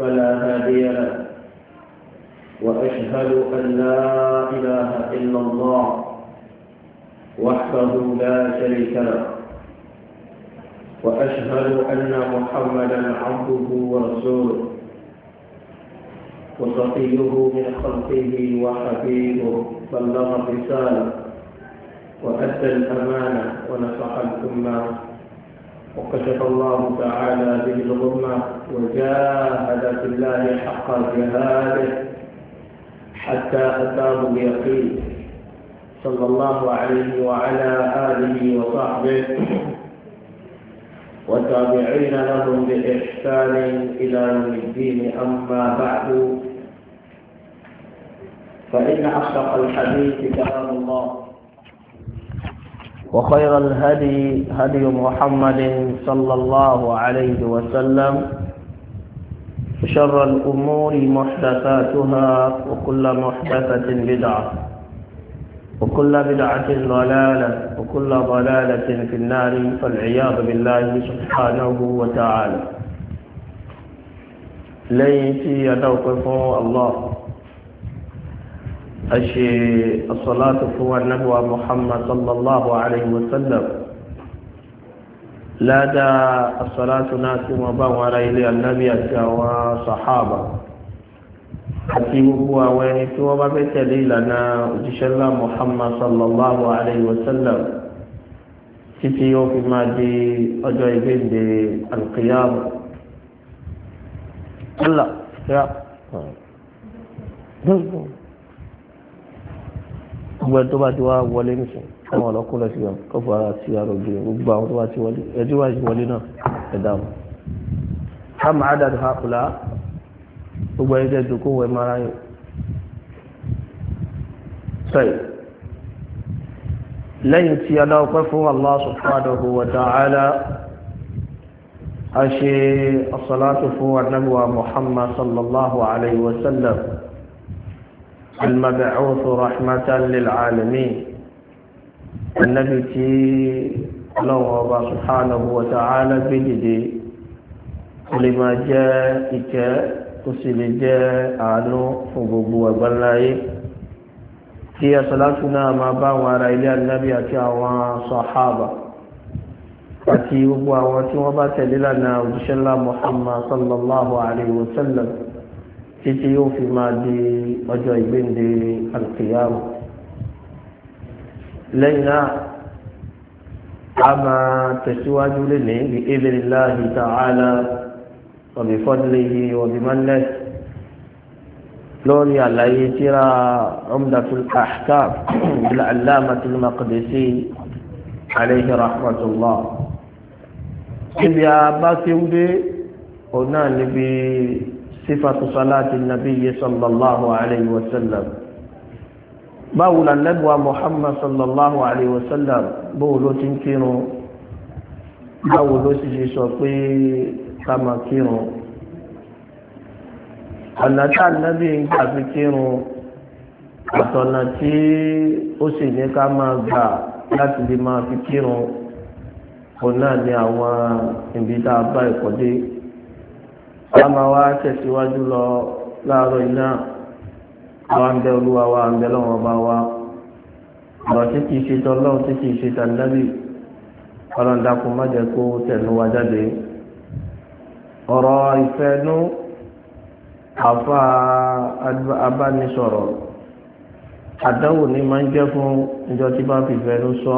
فلا هادي له وأشهد أن لا إله إلا الله وحده لا شريك له وأشهد أن محمدا عبده ورسوله وصفيه من خلقه وحبيبه بلغ الرسالة وأدى الأمانة ونصح الأمة وكشف الله تعالى به الغمة وجاهد في الله حق جهاده حتى أتاه اليقين صلى الله عليه وعلى آله وصحبه وتابعين لهم بإحسان إلى يوم الدين أما بعد فإن أصدق الحديث كلام الله وخير الهدي هدي محمد صلى الله عليه وسلم شر الأمور محدثاتها وكل محدثة بدعة وكل بدعة ضلالة وكل ضلالة في النار فالعياذ بالله سبحانه وتعالى ليتي يتوقف الله أشي الصلاة هو النبوة محمد صلى الله عليه وسلم لا دا الصلاة ناس وبان ورأي النبي وصحابة àti gbogbo àwọn ẹni tí wọ́n bá fẹ́ tẹ̀lé ìlànà òjíṣẹ́ ńlá Muhammad sallallahu alayhi wa sallam títí yóò fi máa di ọjọ́ ìgbéǹde alqiyam. Allah ya gbogbo ẹni tó bá ti wá wọlé nìsín káwọn ọlọ́kùn lọ sí ọkọ̀ ara sí ara òbí gbogbo àwọn tó bá ti wọlé ẹjọ́ wá sí wọlé náà ẹ dáhùn. hàmà àdàdù hàkùlá gbogbo ẹni tẹ́ dùkú wẹ̀ mara yìí. sẹ́yìn lẹ́yìn tí a fún Allah subhanahu wa ta'ala a ṣe as-salatu fún annabuwa Muhammad sallallahu alayhi wa sallam. المبعوث رحمة للعالمين النبي تي الله أبا سبحانه وتعالى بجدي لما جاء إكا تسل جاء عنه فقب وبلاي هي صلاتنا ما باوى إلى النبي أتي صحابة أتي وبوا وتي وبات لنا وجشلا محمد صلى الله عليه وسلم títí yóò fi máa di ọjọ́ ìgbéǹde alkiyam lẹ́yìn náà a máa tẹ̀síwájú lénìí bí idhnillahi ta'ala wa bi fadlihi wa bi mannihi lórí àlàyé tíra Umdatul Ahkam bil Allamatil Maqdisi alayhi rahmatullah ibi a bá ti ń dé òun náà níbi. صفة صلاة النبي صلى الله عليه وسلم باولا ندوى محمد صلى الله عليه وسلم بولو تنكينو بولو سجي سوقي كما كينو ọ̀nà tá ànábì ń gbà fi kírun àtọ̀nà tí ó sì ní ká máa gbà láti lè máa fi kírun ọ̀nà ni àwọn ibi tá a bá ìkọ́dé àmà wa tẹ̀síwájú lọ láàárọ̀ iná àwọn àǹdẹ olúwa wa àǹdẹ lọ́wọ́ ọba wa ọ̀rọ̀ tí kìí ṣe tọ́lọ́ tí kìí ṣe tàǹdábì ọlọ́ndàkùn má jẹ́ kó tẹ̀nu wa jáde ọ̀rọ̀ ìfẹ́nú àfa abánisọ̀rọ̀ àdáwò ni máa ń jẹ́ fún ìjọ tí bá fìfẹ́nú sọ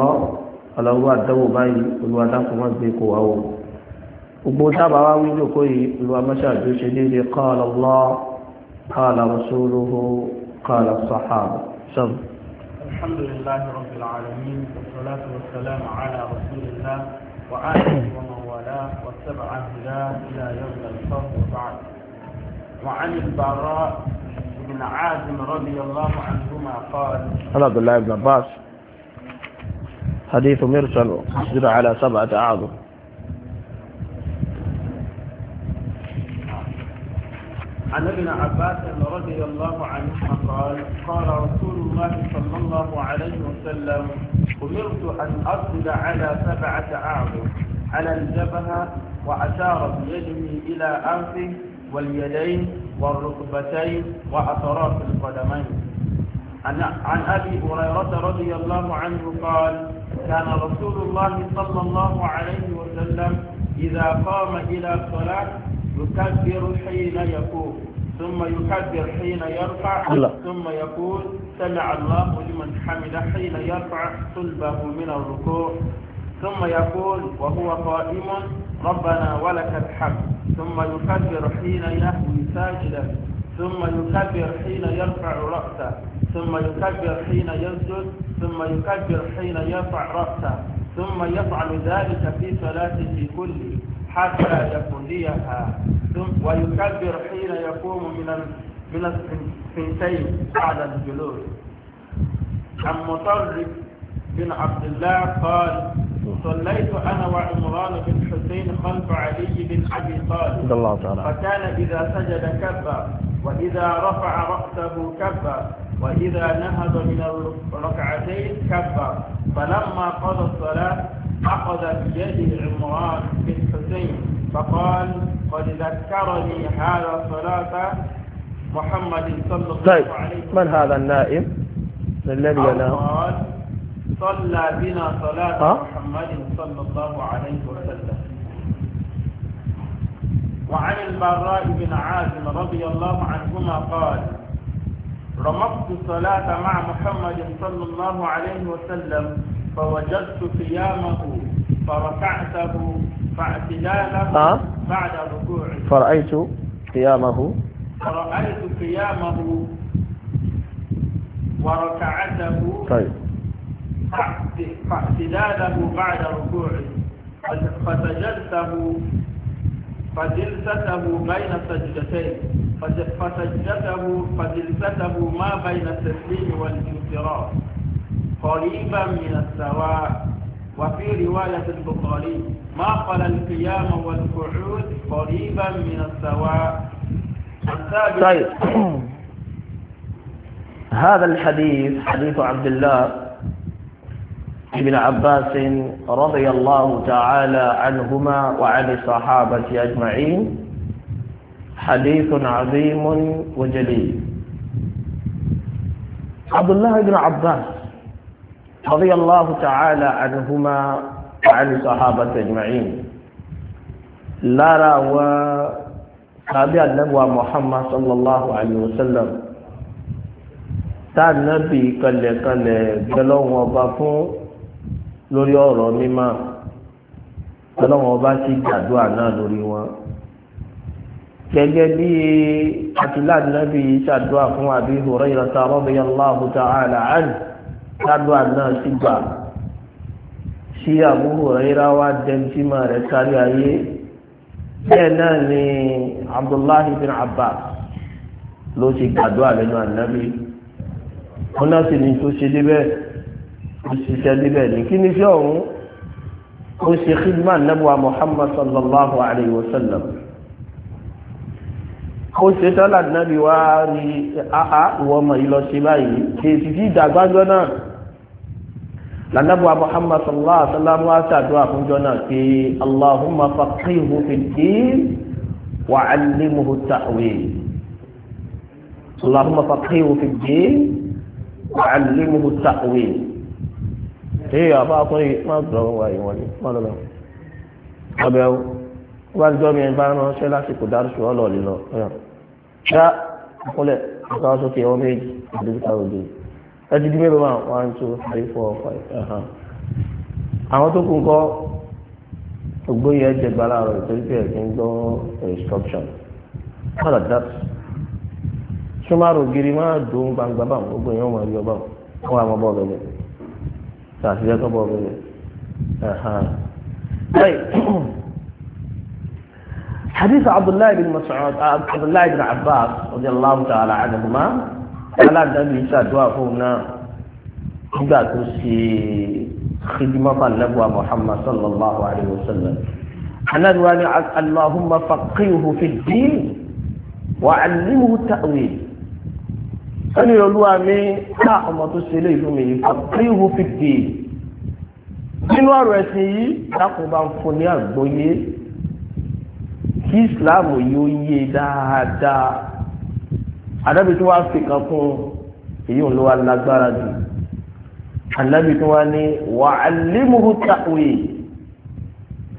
ọlọ́wọ́ àdáwò báyìí olúwa dákùn má gbé kó wa wò. gbogbo dábàá wá wíjò kó yìí ìlú amáṣáájú ṣe déédé qala Allah qala rasuluhu qala sahaba sọ́m. alhamdulillahi rabbil alamin wassalatu wassalamu ala rasulillah wa alihi wa man wala wa tabi'a hudah ila yawm al-fath wa ba'd wa 'an al-bara' بن عازم رضي الله عنهما قال قال عبد الله بن عباس حديث مرسل على سبعة أعظم عن ابن عباس رضي الله عنهما قال قال رسول الله صلى الله عليه وسلم أمرت أن أصل على سبعة أعظم على الجبهة وأشار بيده إلى أنفه واليدين والركبتين وأطراف القدمين عن أبي هريرة رضي الله عنه قال كان رسول الله صلى الله عليه وسلم إذا قام إلى الصلاة يكبر حين يقوم ثم يكبر حين يرفع الله. ثم يقول سمع الله لمن حمد حين يرفع صلبه من الركوع ثم يقول وهو قائم ربنا ولك الحمد ثم يكبر حين يهوي ساجدا ثم يكبر حين يرفع رأسه ثم يكبر حين يسجد ثم يكبر حين يرفع رأسه ثم يفعل ذلك في صلاته كله حتى يصليها ويكبر حين يقوم من من الثنتين بعد الجلوس عن مطرب بن عبد الله قال صليت انا وعمران بن حسين خلف علي بن ابي طالب الله تعالى فكان اذا سجد كبر واذا رفع راسه كبر واذا نهض من الركعتين كبر فلما قضى الصلاه أخذ بيد عمران بن حسين فقال قد ذكرني هذا صلاة محمد صلى الله طيب، عليه وسلم من هذا النائم الذي ينام قال صلى بنا صلاة محمد صلى الله عليه وسلم وعن البراء بن عازم رضي الله عنهما قال رمضت الصلاة مع محمد صلى الله عليه وسلم فوجدت قيامه فركعته طيب. فاعتداله بعد ركوعه فرأيت قيامه فرأيت قيامه وركعته طيب فاعتداله بعد ركوعه فسجدته فجلسته بين سجدتين فسجدته فجلسته ما بين التسليم والانصراف قريبا من السواء وفي رواية البخاري ما قال القيام والقعود قريبا من السواء طيب هذا الحديث حديث عبد الله بن عباس رضي الله تعالى عنهما وعن الصحابة أجمعين حديث عظيم وجليل عبد الله بن عباس رضي الله تعالى عنهما وعن الصحابة أجمعين لارا و صحابي النبوة محمد صلى الله عليه وسلم táà nábì kalẹ̀kalẹ̀ gbẹlọ́wọ́n ọba fún lórí ọ̀rọ̀ mímọ́ gbẹlọ́wọ́n ọba sì gbàdúrà náà lórí wọn. gẹ́gẹ́ bí àtìláàdì nábì ṣàdúrà fún Abi Hurayrata radiyallahu ta'ala anhu ládùá náà sì gbà sí àbúrò rírá wá dẹ́gbìmọ̀ rẹ̀ kárí ayé bẹ́ẹ̀ náà ni abdullahi bin abbas ló ti gbàdúrà lẹ́nu ànábì wọn náà sì ní tó ṣe débẹ̀ tó ṣiṣẹ́ débẹ̀ ní kí ni ọ̀hún ó ṣe khidma nabuwa muhammad sallallahu alayhi wa sallam ó ṣe tọ́lá náàbí wá rí àá ìwọ ọmọ yìí lọ ṣe báyìí kèsì tí ìdàgbàjọ́ náà lànàbọ̀ Muhammad sallallahu alaihi wasallam wá ṣàdúrà fúnjọ́ náà pé Allahumma faqihu fid-din wa 'allimhu at-ta'wil Allahumma faqihu fid-din wa 'allimhu at-ta'wil èyí àbá akọ́rin má gbọ́n wá ìwọ̀n má lọ́lọ́ ọbẹ̀ wọ́n bá jọ́ mi ẹ̀ bá ránṣẹ́ lásìkò dárúṣù ọlọ́ọ̀lì lọ ṣá ìkúnlẹ̀ ìkọ́ sókè ọmọ méjì àdúgbò òde ẹtì dí mélòó máa one two three four five àwọn tó kù ń kọ́ ògbóyè ẹ̀jẹ̀ gbára rẹ̀ torí pé ẹ̀sìn gbọ́ instruction what are that súnmọ́rò gírí máa dùn gbangba báwọn gbogbo èèyàn máa rí ọba wọn àwọn ọba ọbẹ̀ lẹ̀ ṣàṣìṣẹ́ kọ́ bọ̀ ọbẹ̀ lẹ̀ حديث عبد الله بن مسعود عبد الله بن عباس رضي الله تعالى عنهما على النبي سادوافونا nígbà tó ṣe xidimọ́fà lẹ́bùwà muhammad sallallahu alayhi wa sallam anaduwa ni allahumma faqihu fi diin wa alimuhu ta'wil sani olúwa mi ká ọmọ tó ṣe léyìí fún mi yìí faqihu fi diin nínú ọ̀rọ̀ ẹ̀sìn yìí dákun bá ń fún ní àgbọ́yé kí islam yóò yé dáadáa adábí tó wá fi kan kún èyí ló wá lágbára jù anábì tó wá ní wà á límùú tàwé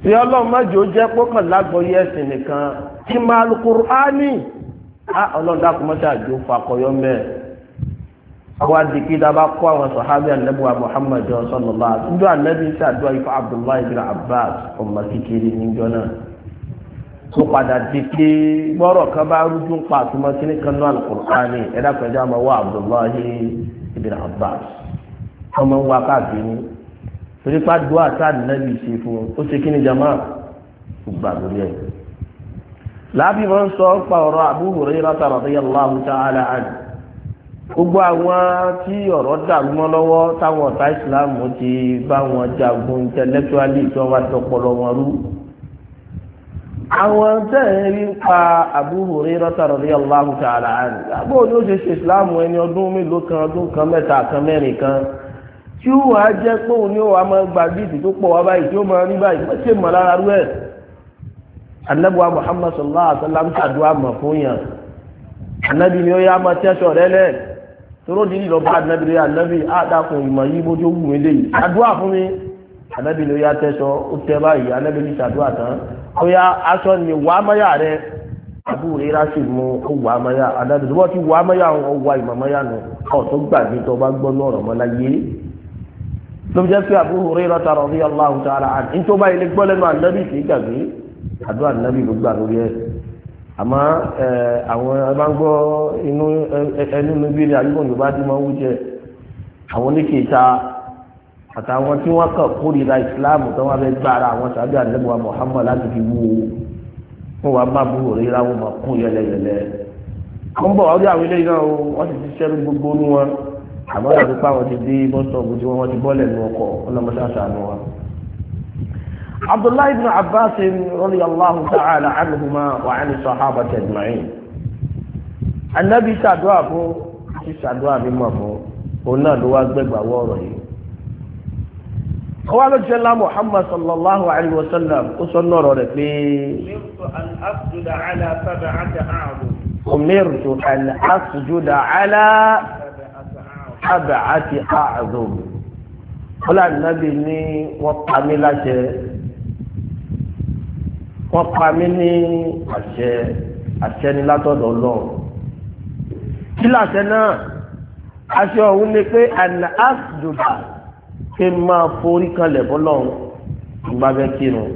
tí ọlọ́run mọ́jọ́ jẹ́ pọ́kàn lágbọ́yé ẹ̀sìn nìkan kí máa lu kùránì á ọlọ́run dákun àjò fàkọyọ́ mẹ́ẹ̀ àwọn adìkí dábà kọ́ àwọn sọ̀hábí ànábùwà Muhammad sallallahu alaihi wasallam níjọ́ ànábì sàdúrà ifá Abdullahi bin Abbas ọmọ kékeré níjọ́ náà tó padà di pé gbọ́rọ̀ kan bá rújú ń pa àtúmọ̀ kíní kan náà alukur'ani ẹ̀dá pẹ̀lú àmọ́ wa abdullahi ibn abbas ọmọ wa káàkiri torí pàdó àtàdé nàbì ṣe fún ó ṣe kíni jama gbà lórí ẹ̀. láàbì máa ń sọ pa ọ̀rọ̀ Abu Hurairah radiyallahu ta'ala anhu gbogbo àwọn tí ọ̀rọ̀ dàrú mọ́ lọ́wọ́ táwọn ọ̀tá ìsìláàmù ti bá wọn jagun intellectually tí wọ́n wá tọpọlọ wọn rú àwọn tẹ́ẹ̀rí pa Abu Hurairah radiyallahu ta'ala anhu àbó ní ó ṣe ṣe ìsìláàmù ẹni ọdún mélòó kan ọdún kan mẹ́ta kan mẹ́rin kan tí ó wàá jẹ́ pé òun ni ó wàá máa gba bíìtì tó pọ̀ wá báyìí tí ó máa rí báyìí wọ́n ṣe mọ̀ lára rú ẹ̀ anábùwà Muhammad sallallahu alaihi wasallam ṣàdúrà mọ̀ fún yàn anábì ni ó yá máa tẹ́sọ̀ rẹ́lẹ̀ tóró di lílọ anábì bóyá aṣọ ni wàá mọ́yà rẹ àbúrò rírá sì mú ó wàá mọ́yà adájọ́ tó bá ọ wàá mọ́yà wọn wà ìmọ̀ mọ́yà nù ọ̀tún gbàgbé tó bá gbọ́ láyé lóbi jẹ́ pé àbúrò rírá ta rọ̀ bí aláhùn tó ara àti nítorí báyìí lè gbọ́ lẹ́nu ànábì kì í gbàgbé àdúrà ànábì ló gbà lórí àmọ́ àwọn ẹbá ń gbọ́ inú ẹnu ni yorùbá ti máa ń wú jẹ àwọn oníkèéta àtàwọn tí wọ́n kàn kórìíra ìsìláàmù tó wọ́n fẹ́ gbá ara àwọn sàbí àdébùwà Muhammad láti fi wú o wọ́n wá má bú òrìra wọn mà kún yẹlẹyẹlẹ. wọ́n bọ̀ ọdún àwọn eléyìí náà wọ́n ti ti ṣẹ́nu gbogbo ní wọn àmọ́ ìyàtọ̀ pé àwọn ti dé bọ́sọ̀ọ̀bù tí wọ́n ti bọ́ọ̀lẹ̀ nù ọkọ̀ ọlọ́mọṣáṣánu wa. Abdullahi ibn Abbas radiyallahu ta'ala anhuma wa ani sahabati ajma'in. Annabi ṣàdúrà fún ti ṣàdúrà mímọ̀ fún òun náà ló wá gbẹ̀gbà wọ́ ọwá ló jẹ́ lá Muhammad sallallahu alayhi wa sallam ó sọ náà rẹ̀ pé umirtu an asjuda ala sab'ati a'zum kọ́lá nàbì ní wọ́n pa mí láṣẹ wọ́n pa mí ní àṣẹ àṣẹ ni látọ̀dọ̀ Ọlọ́run kí láṣẹ náà àṣẹ ọ̀hún ni pé an asjuda. kí n máa forí kanlẹ̀ bọ́lọ́run ìgbà kírun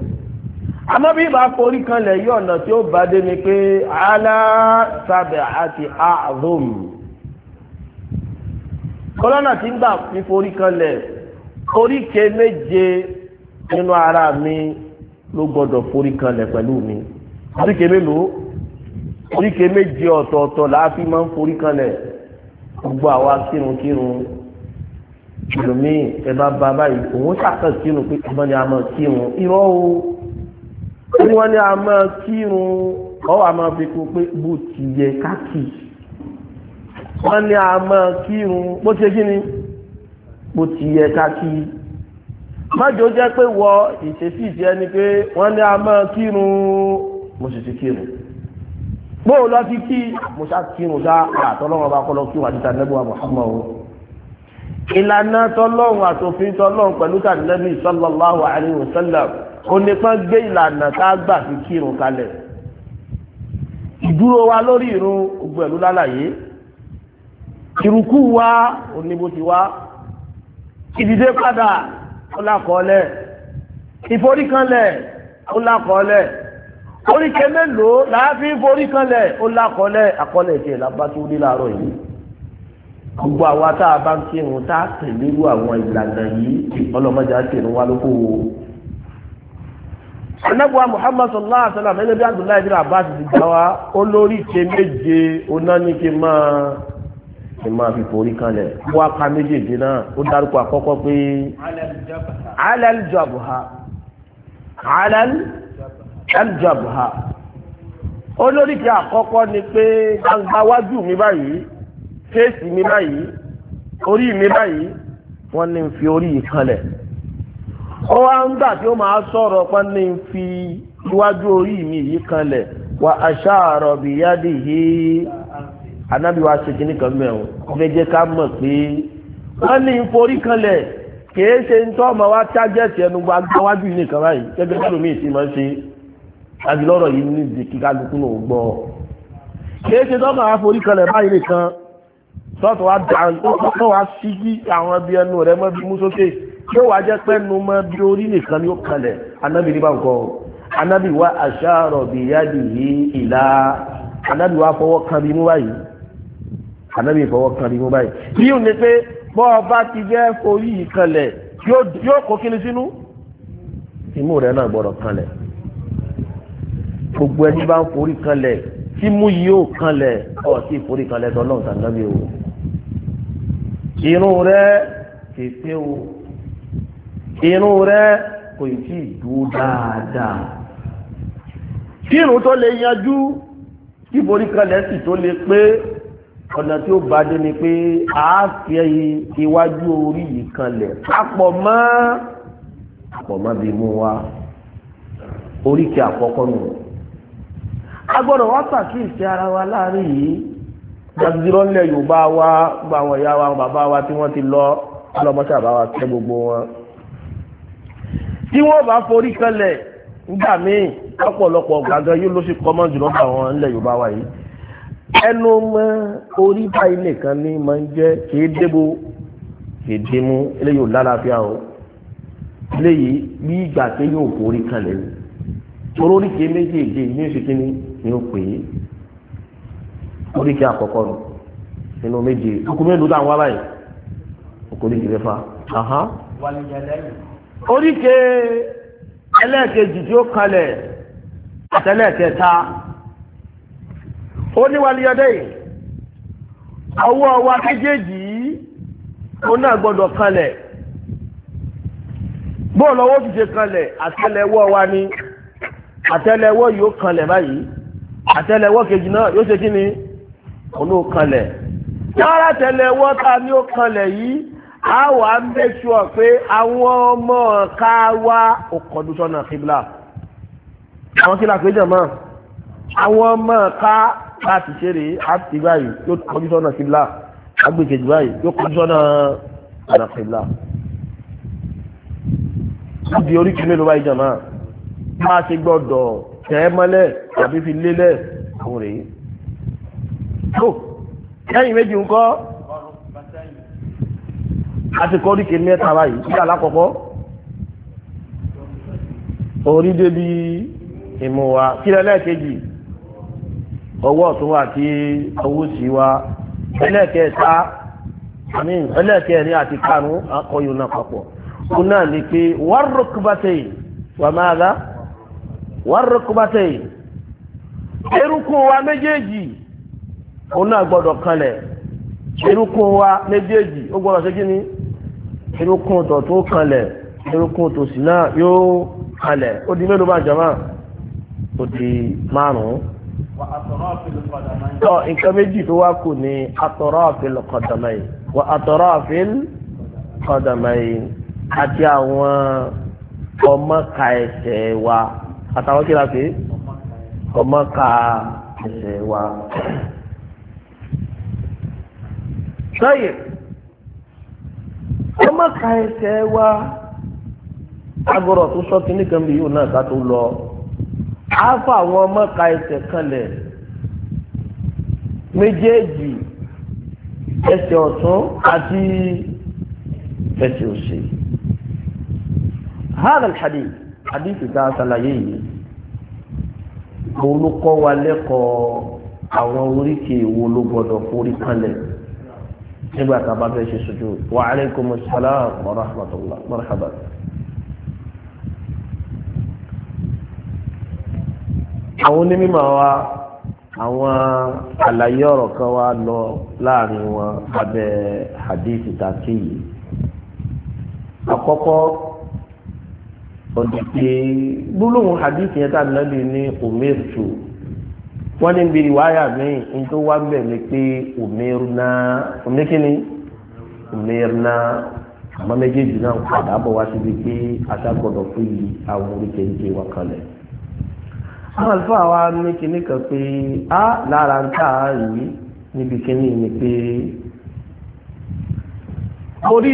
àmọ́ bí bá forí kanlẹ̀ yí ọ̀nà tí ó bá dé ni pé aláṣàbẹ̀ àti kọ́lọ́nà tí gbà fi forí kanlẹ̀ oríkè méje nínú ara mi ló gbọdọ forí kanlẹ̀ pẹ̀lú mi oríkè mélòó oríkè méje ọ̀tọ̀ọ̀tọ̀ fi máa ń forí kanlẹ̀ gbogbo ẹlòmíì ẹ bá ba báyìí òun ṣàkàn kírun pé ọmọ ni a máa kírun irọ́ o ẹni wọn ni a máa kírun ọwọ́ a máa fi kó pé bó ti yẹ ká kì wọn a máa kírun bó ṣe kí ni bó ti yẹ ká májò jẹ́ pé wọ ìṣesí ìṣe ẹni pé wọ́n ní a máa kírun mo sì ti kírun bóò lọ ti kí mo ṣá kírun ṣá àtọ́lọ́wọ́n bá kọ́ lọ kí wàá ti ta nẹ́bùwà Muhammadu ìlànà tọlọ́run àtòfin tọlọ́run pẹ̀lú tàdínlẹ́bí sallallahu alaihi wasallam onípa gbé ìlànà tá a gbà fi kírun kalẹ̀ ìdúró wa lórí irun gbogbo ẹ̀lú lálàyé ìrùkú wa oníbo ti wá ìdìde padà ó lákọọ́lẹ̀ ìforíkanlẹ̀ ó lákọọ́lẹ̀ oríkẹ́ mélòó làá fi foríkanlẹ̀ ó lákọọ́lẹ̀ àkọọ́lẹ̀ ìjẹ́ ìlàbá tó dé láàárọ̀ yìí gbogbo àwa tá a bá ń kírun tá a tẹ̀lé irú àwọn ìlànà yìí ọlọ́mọdé á kírun wá lóko o. anábùwà muhammad sallallahu alaihi wa sallam ẹgbẹ́ bí abdullahi bin abbas ti gbà wá olórí ìṣe méje onánìkè máa ẹ máa fi forí kalẹ̀ wọ́n apá méjèèjì náà ó dárúkọ àkọ́kọ́ pé alẹ́lẹ́jọ̀bùhá alẹ́lẹ́jọ̀bùhá olórí ìṣe àkọ́kọ́ ni pé gbangba wájú mi báyìí. kéèsì mi báyìí orí mi báyìí ní fi orí yìí ó wá ń gbà tí ó máa sọ̀rọ̀ pé ní fi iwájú orí mi yìí kanlẹ̀ wà yìí anábì wa ṣe kíní kan mẹ́wọ̀n méje ká mọ̀ pé wọ́n ní forí kanlẹ̀ kìí ṣe ń tọ́ ọmọ wa tájẹ́tì ẹnu gba gbáwájú nìkan báyìí gẹ́gẹ́ bí lómi ìsìn máa ń ṣe àti yìí ní náà gbọ́ kìí ṣe tọ́ ọmọ wa forí báyìí nìkan tọ́tù wa dàn tó wá sí kí àwọn ẹbí ẹnu rẹ mọ́ bí mú sókè yóò wá jẹ́ pé ẹnu mọ́ bí orí nìkan ni ó kalẹ̀ anábì ní báńkọ́ anábì wa aṣáàrọ̀ bìyàdì yìí ìlà anábì wa fọwọ́ kan bí mú báyìí anábì fọwọ́ kan bí mú báyìí yíò ní pé bọ́ ọba ti jẹ́ forí ìkanlẹ̀ yóò kó kíni sínú imú rẹ náà gbọ́dọ̀ kanlẹ̀ gbogbo ẹni bá ń forí kanlẹ̀ tí mú yìí ó kanlẹ̀ ọ̀ sí forí kanlẹ̀ tọ́lọ́ irun rẹ kèsè o irun rẹ kò tí ì dáadáa kí irun tó lè yanjú kí borí kalẹ̀ sì tó lè pé ọ̀nà tí ó bá dé ni pé a fi iwájú orí yìí kanlẹ̀ papọ̀ mọ́ papọ̀ mọ́ wa oríkì àkọ́kọ́ nù a wá pàkíyèsí ara wa láàrin yìí. gbàdúrà ńlẹ̀ yorùbá wa gba àwọn ìyá wa àwọn bàbá wa tí wọ́n ti lọ ọlọ́mọṣẹ́ àbá wa kẹ́ gbogbo wọn. tí wọ́n bá forí kanlẹ̀ nígbà míì lọ́pọ̀lọpọ̀ gbàgbọ́ yóò ló sì kọ́mọ́ jùlọ bá wọn ńlẹ̀ yorùbá wa yìí. ẹnu mọ orí báyìí nìkan ní máa ń jẹ́ kéé débò kéé démú eléyìí ò lálàáfíà o eléyìí bí ìgbà tí yóò forí kanlẹ̀ toróríkè méjèèjì ní oṣù kínní ni ó pè é oríkì àkọ́kọ́ nù nínú méje okùn mélòó dáhùn wá báyìí okùn oríkì mẹ́fà oríkì ẹlẹ́ẹ̀kejì tí ó kalẹ̀ àtẹlẹ́ẹ̀kẹta ó ní wàlíyọdẹ́ yìí ọwọ́ wa méjèèjì yìí ó náà gbọ́dọ̀ kalẹ̀ bọ́ọ̀lù ọwọ́ ti ṣe kalẹ̀ àtẹlẹwọ́ wa ni àtẹlẹwọ́ yìí ó kalẹ̀ báyìí àtẹlẹwọ́ kejì náà yóò ṣe kí ni òun ò kanlẹ̀ tí wọ́n rà tẹ̀lé wọ́ta ni ó kanlẹ̀ yìí a wà ń bẹ́ sọ pé àwọn ọmọ ọ̀ka wa ò kọ̀dú sọ́nà kíbla àwọn kílà pé jẹ̀mọ́ àwọn ọmọ ọ̀ka láti ṣeré àti báyìí yóò kọjú sọ́nà kíbla agbèkejì báyìí yóò kọjú sọ́nà ọ̀nà kíbla láti orí kí báyìí jẹ̀mọ́ bá a ṣe gbọ́dọ̀ tẹ́ mọ́lẹ̀ tàbí fi lélẹ̀ àwọn rèé. tó méjì ń kọ́ àti kọ́ oríkè mẹ́ta báyìí sí alákọ̀ọ́kọ́ orí débi kí lẹ́lẹ́kejì ọwọ́ ọ̀tún àti sí wa àmì àti náà ni pé wà máa wa òun náà gbọ́dọ̀ kanlẹ̀ irúkún wa méjèèjì ó gbọ́dọ̀ ṣe kíni irúkún tọ̀ tó kanlẹ̀ irúkún tòsì náà yóò kanlẹ̀ ó di mélòó bá jama ó di márùn-ún. tọ́ nǹkan méjì tó wá kù ní atrafil qadamayn wa atrafil qadamayn àti àwọn ọmọka ẹsẹ̀ wa àtàwọn kí la fi ọmọka ẹsẹ̀ wa sọ́yẹ̀ ọmọ ka ẹsẹ̀ wa agbọ̀rọ̀ tó sọ kí nìkan bí yóò náà ká tó lọ áfà àwọn ọmọ ka ẹsẹ̀ kanlẹ̀ méjèèjì ẹsẹ̀ ọ̀tún àti ẹsẹ̀ òsì hàn àlhàdì àdìsí tá a yìí mo ló kọ́ wa lẹ́kọ̀ọ́ àwọn oríkèé wo ló gbọ́dọ̀ forí kanlẹ̀ nígbà tá a bá fẹ́ ṣe sùjú wa aleykum salaam wa rahmatulah marhaba. àwọn onímọ̀ wa àwọn àlàyé ọ̀rọ̀ kan wá lọ láàrin wọn abẹ́ hadithi tàkì yìí. àkọ́kọ́ ọ̀dùnkè gbólóhùn hadithi yẹn tá a nàbì ní omeru wọ́n ní bí wáyà míì ní tó wá bẹ̀ ni pé òmìnirna òmìnirkíni òmìnirna àmọ́ méjèèjì náà padà bọ̀ wá síbi pé aṣágbọ̀dọ̀ fún yìí àwọn oríkèéríkèé àwọn àlùfáà wa ní kinní kan pé a lára ń tà á yìí níbi kinní ni pé orí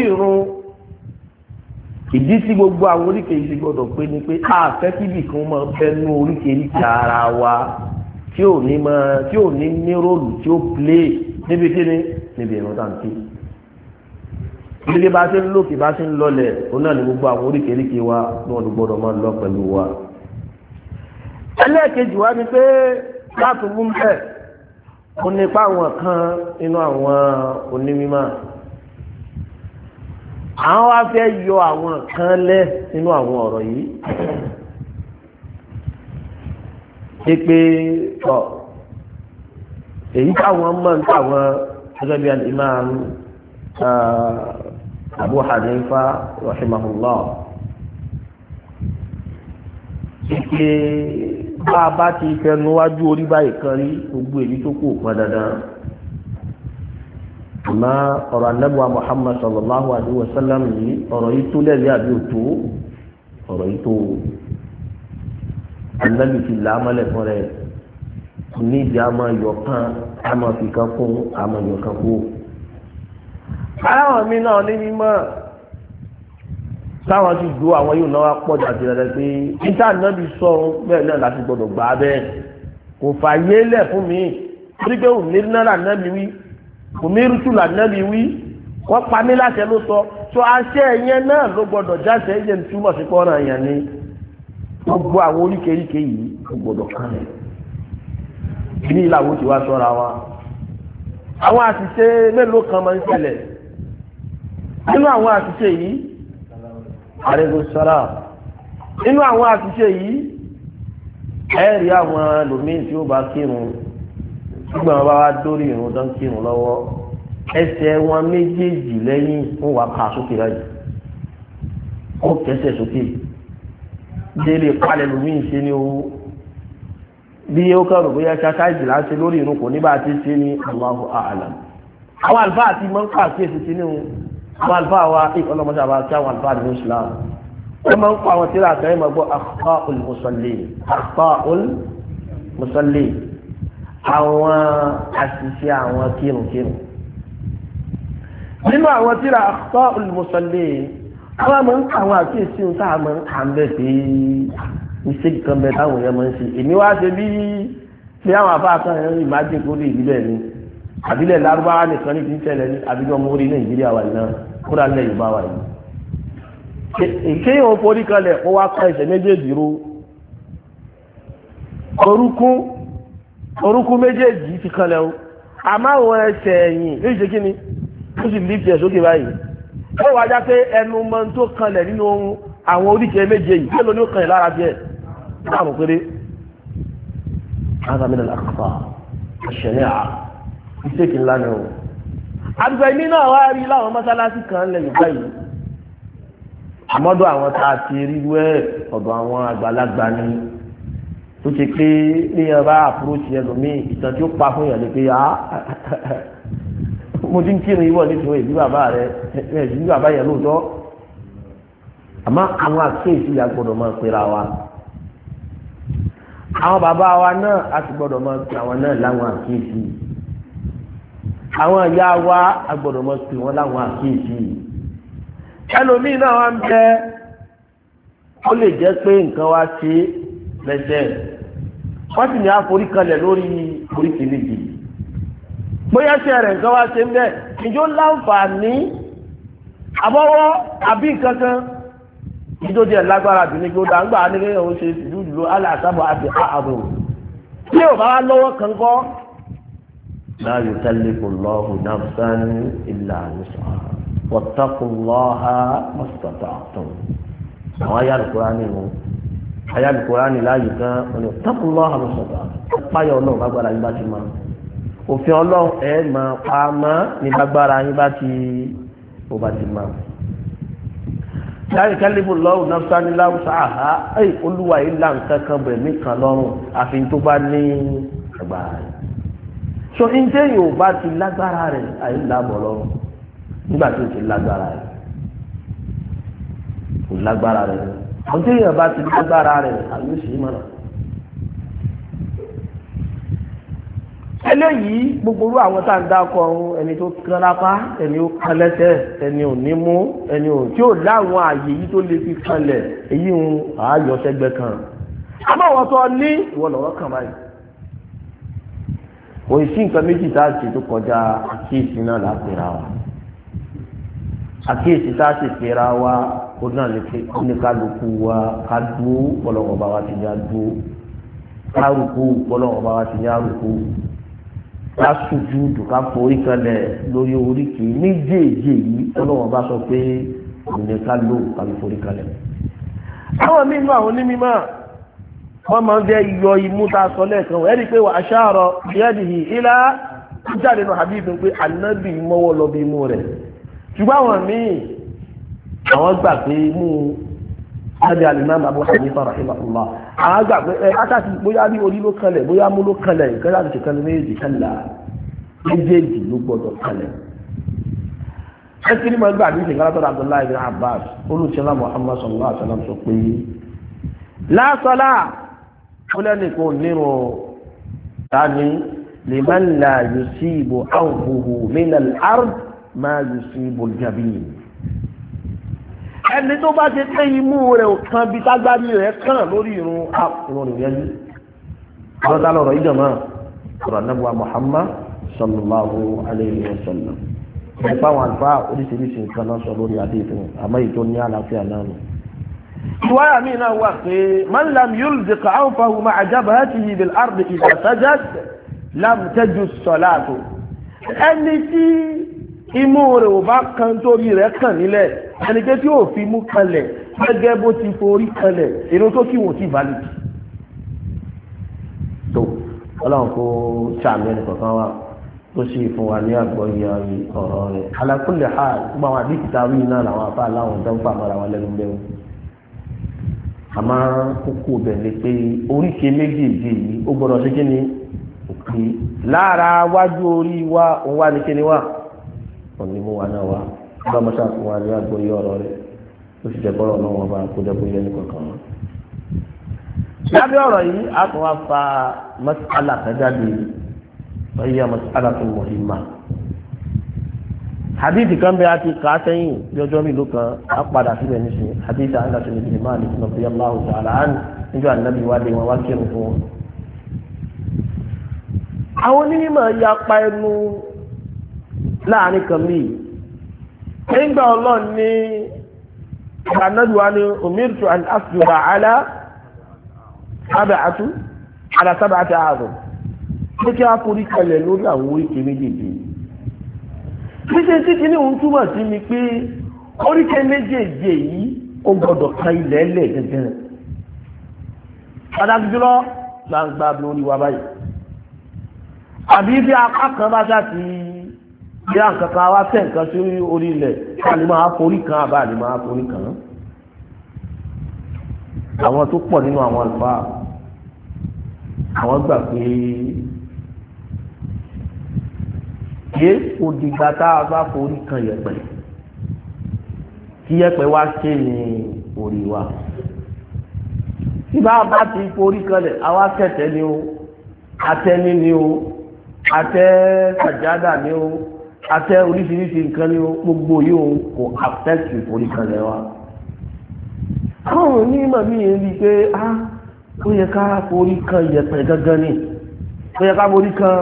gbogbo àwọn oríkèéríkèé gbọdọ̀ pé ni pé a fẹ́ kíbi kan máa bẹ́nu oríkèéríkèé ara wa. tí ò ní máa tí ò ní ní róòlù tí ó plé níbi kíni níbi ẹ̀rọ tá à ń ké gbígbé bá ṣe ń lòkè bá ṣe ń lọlẹ̀ òun náà ní gbogbo àwọn oríkèéríkèé wa ní wọn gbọdọ̀ máa lọ pẹ̀lú wa. ẹlẹ́ẹ̀kejì wa ni pé láti mú bẹ́ẹ̀ ó nípa àwọn kan nínú àwọn onímọ̀ àwọn wá yọ àwọn kan lẹ́ nínú àwọn ọ̀rọ̀ yìí pípé tọ èyí táwọn máa ń táwọn gẹ́gẹ́ bí alimam abu hanifa rahimahullah pípé bá a bá ti fẹnu wájú orí báyìí kan rí gbogbo èyí tó kù pọn dandan àmọ́ ọ̀rọ̀ anábùwà muhammad sallallahu alayhi wa sallam yìí ọ̀rọ̀ yìí tó lẹ́rìí àbí òtó ọ̀rọ̀ yìí tó anabi ti là á mọ́lẹ̀ fún rẹ̀ níbi àmọ́ yọkan àmọ́ fìkan kún àmọ́ yọkan kú. aláwọ̀ mi náà ní mímọ́ táwọn ti do àwọn yóò náwó pọ̀ jàdí rẹ̀ pé níta anabi sọ̀rọ̀ bẹ́ẹ̀ náà láti gbọ́dọ̀ gbà á bẹ́ẹ̀ kò fà yélẹ̀ fún mi torí pé òun ní náírà anabi wí kò ní rútù lànàbí wí wọ́n pa mí láṣẹ ló sọ tó aṣẹ yẹn náà ló gbọ́dọ̀ jáṣẹ yẹn túmọ̀ sí pọ́nrán yẹn ni gbogbo àwọn oríkèéríkèé yìí kò gbọdọ̀ kan rẹ̀ ní ìlàwó ti wá sọ́ra wa àwọn àṣìṣe mélòó kan máa ń ṣẹlẹ̀ nínú àwọn àṣìṣe yìí àrẹ́gbò sọ́ra nínú àwọn àṣìṣe yìí ẹ̀rí àwọn lòmíì tí ó bá kírun nígbà wọn bá wá dórí ìrun tó ń kírun lọ́wọ́ ẹsẹ̀ wọn méjèèjì lẹ́yìn fún wa kà sókè láyìí ó kẹsẹ̀ sókè yìí délé palẹ̀ lómi ìṣe ni o bí ó kẹ́rù bóyá ṣáṣáìjì láti lórí irun kò nígbà tí ṣe ni Allahu a'lam àwọn àlùfáà àti máa ń pa àkíyèsí sí ní àwọn àlùfáà wa ìkọlọmọṣẹ àbá àti àwọn àlùfáà nínú Islam wọ́n máa ń pa àwọn tíra àtẹ́yìn máa gbọ́ akhta'ul musallin akhta'ul musallin àwọn àṣìṣe àwọn kírunkírun nínú àwọn tíra akhta'ul musallin àwọn àmọ́ ń kà àwọn àkíyèsí ohun tá a mọ̀ ń kà ń bẹ̀ pé mistake kan bẹ táwọn èèyàn máa ń ṣe èmi wá ṣe bí pé àwọn afáà kan ẹ̀rọ ìmájì kó lè ìbílẹ̀ ni àbílẹ̀ lárúbáwá nìkan ní ti ń tẹ̀lé ní àbíjọ́ ọmọ orí nàìjíríà wà náà kódà nílẹ̀ yorùbá wà yìí. kéèyàn forí kalẹ̀ ó wá kan ẹsẹ̀ méjèèjì ro orúnkún orúnkún méjèèjì ti kalẹ̀ o àmọ́ àwọn ẹsẹ̀ ẹ̀yìn yóò ṣe ó wá já pé ẹnu mọ tó kanlẹ̀ nínú ohun àwọn oríṣi méje yìí mélòó ni ó kanlẹ̀ lára díẹ̀ láàmú péré ádámínà làkàfà àṣẹyà ìṣèkì ńlá ni ó àdùgbò ìní náà wá rí láwọn mọ́sálásí kan lẹ̀ Yorùbá yìí àmọ́dọ̀ àwọn tá a ti rí wẹ́ ọ̀dọ̀ àwọn àgbàlagbà ni tó ṣe pé níyàn bá àpúrò tiẹ̀ lómi ìtàn tí ó pa fún yàn ni pé á ah, mo ti ń kírun ìwọ nítorí ìdí bàbá rẹ ìdí bàbá yẹn lóòótọ́ àmọ́ àwọn àkéèsí ya gbọ́dọ̀ máa pera wa àwọn bàbá wa náà a sì gbọ́dọ̀ máa pe àwọn náà láwọn àkéèsí àwọn ìyá wa a gbọ́dọ̀ máa pe wọn láwọn àkéèsí ẹlòmíín náà wá ń bẹ ó lè jẹ́ pé nǹkan wa ṣe lẹ́sẹ̀ wọ́n sì ní àforíkalẹ̀ lórí oríkèéléjì bóyá ṣe rẹ̀ nǹkan wá ṣe ń bẹ́ẹ̀ ìjó láǹfààní àbọ̀wọ́ àbí kankan ìjó díẹ̀ lágbára àbí ní kí ó dáńgbà ní kí òun ṣe ìlú ìlú aláàtàbọ̀ àti ààbò tí ò bá wá lọ́wọ́ kankan la yukallifu Allahu nafsan illa wus'aha wattaqullaha mastata'tum àwọn ayálùkúrá nínú ayálùkúrá níláyìí kan wọn ni wattaqullaha mastata'tum páyọ̀ náà bá gbára yín bá òfin ọlọ́run ẹ máa pa á mọ́ ní gbàgbára yín bá ti ó bá ti máa. láyé kálífù lọ́rùn náà sani láwùsá àhá ẹ̀ olúwa yìí là ń kankan bẹ̀ mí kan lọ́rùn àfi tó bá ní agbára rẹ̀. so ǹjẹ́ yóò bá ti lágbára rẹ̀ àyè lábọ̀ lọ́rùn nígbà tí o ti lágbára rẹ̀ kò lágbára rẹ̀ ǹjẹ́ yóò bá ti lágbára rẹ̀ àyè sì mọ̀ràn. eléyìí gbogbo orú àwọn tá à ń dákọ ọ̀hún ẹni tó kan lápá ẹni ó kan lẹ́sẹ̀ ẹni ò ní mú ẹni ò tí ò láwọn àyè yìí tó lè fi kanlẹ̀ èyí ń ààyò sẹ́gbẹ́ kan àmọ́ wọ́n ní ìwọ lọ́wọ́ kàn báyìí kò sí nǹkan méjì tá a ṣe tó kọjá àkíyèsí náà lápẹ̀rẹ̀ wa àkíyèsí tá a ṣe pẹ̀rẹ̀ wa ó náà lè fi oníkálukú wa ká dúó ọlọ́wọ́ bá wa ti ní a dúó ká rúkú bá wa ti ní a rúkú ká sùjúdù ká forí kalẹ̀ lórí oríkèé méjèèjì yìí ọlọ́wọ́n bá sọ pé òní ká lò kábi forí kalẹ̀. àwọn mímú àwọn onímọ̀ wọ́n máa ń fẹ́ yọ imú tá a sọ lẹ́ẹ̀kan wọ́n ẹ̀rí pé wà á ṣáàrọ̀ bíẹ́dìhì ilá jáde nù habib pé ànábì mọ́wọ́ lọ bí imú rẹ̀ ṣùgbọ́n àwọn míì àwọn gbà pé imú sábẹ́ alimami abu hanifa rahimahullah àágbà pé ẹ eh, ákàtì bóyá bí orí ló kanlẹ̀ bóyá mú ló kanlẹ̀ nǹkan láti ṣe kanlẹ̀ méjèèjì kanlà méjèèjì ló gbọdọ̀ kanlẹ̀. ẹ ti ní mọ̀gbà bí ṣèǹkà látọ̀dọ̀ Abdullahi bin Abbas olùsọ́lá Muhammad sallallahu alaihi wasallam sọ pé lásọlá ó lẹ́nu kò tani liman la yusibu awhuhu min al-ard ma ẹni tó bá ṣe pé imú rẹ̀ ò kan bí tágbárí rẹ̀ kàn lórí irun àkùrọ̀ nìyẹn ní ọlọ́dá lọ́rọ̀ ìjọba ọ̀rọ̀ anábọ̀ Muhammad sallallahu alayhi wa sallam nípa àwọn àlùfáà ìwáyà mi náà wà pé man lam yulziq anfahu ma'a jabhatihi bil ardi idha sajada lam tajuz salatu ẹni tí imú rẹ̀ ò bá kan torí rẹ̀ kàn nílẹ̀ ẹnikẹ́ tí ò fi mú kanlẹ̀ gẹ́gẹ́ bó ti forí kanlẹ̀ èrò tó kí wò sí ìbálẹ̀ tó ọlọ́run kó sàmì ẹnì wa tó sì fún wa ní àgbọ̀yé ọ̀rọ̀ rẹ̀ alákùnlé ha gbogbo àwọn àdìsítà wí náà làwọn afá aláwọn tó ń fà mọ́ra wọn lẹ́nu bẹ́ẹ̀ àmọ́ kókó bẹ̀ ni pé oríṣi méjèèjì yìí ó gbọ́dọ̀ ṣe kí ni lára wájú orí wa òun wá ní kí ni wá òní mú wa náà wá bá mọ́tà fún wa ní agbóyè ọ̀rọ̀ rẹ̀ ó sì jẹ́ bọ́rọ̀ náà wọn bá kójọ́gbóyè ní kankan. lábẹ́ ọ̀rọ̀ yìí a tún wá fa mọ́tàlá kájáde ọ̀yẹ́ mọ́tàlá tó mọ̀ yìí mà. hadithi kan bẹ́ẹ̀ àti kàá sẹ́yìn bí ọjọ́ mélòó kan á padà síbẹ̀ nísìnyí hadithi àńdà tó lè dè máa lè fún ọ̀pẹ́ aláwọ̀ tààrà á níjọ́ ànábì wá wọn wá kírun fún wọn. àwọn onímọ̀ yapa ẹnu láàrin kan míì nígbà ọlọ́run ní ìbànújúwa ni umirtu an asjuda ala sábàtú ala sábàtú ààrùn pé kí a forí kalẹ̀ lórí àwọn oríkèé méjèèjì ṣíṣe tí kìíní òun túmọ̀ sí ni pé oríkèé méjèèjì yìí ó gbọ́dọ̀ ka ilẹ̀ ẹlẹ̀ gẹ́gẹ́ pàtàkì jùlọ gbangba lórí wa báyìí àbí bí apá kan bá ṣáà ti ìyá nǹkan kan wá fẹ́ nǹkan sí orí ilẹ̀ ká lè máa forí kan àbá lè máa forí kan àwọn tó pọ̀ nínú àwọn àlùfáà àwọn gbà pé yé òdìgbà tá a bá forí kan yẹ̀pẹ̀ kí yẹ̀pẹ̀ wá ké ní orí wa tí bá a bá ti forí kanlẹ̀ àwa kẹ̀tẹ̀ ni o atẹ́ni ni o atẹ́ sàjádà ni o atẹ oríṣiríṣi nǹkan ní gbogbo yóò kò affect ìforí kan lẹ́wà kọ́rùn ní màmí yẹn rí pé á ah, ó yẹ ká forí kan yẹ̀pẹ̀ gangan ni ó yẹ ká forí kan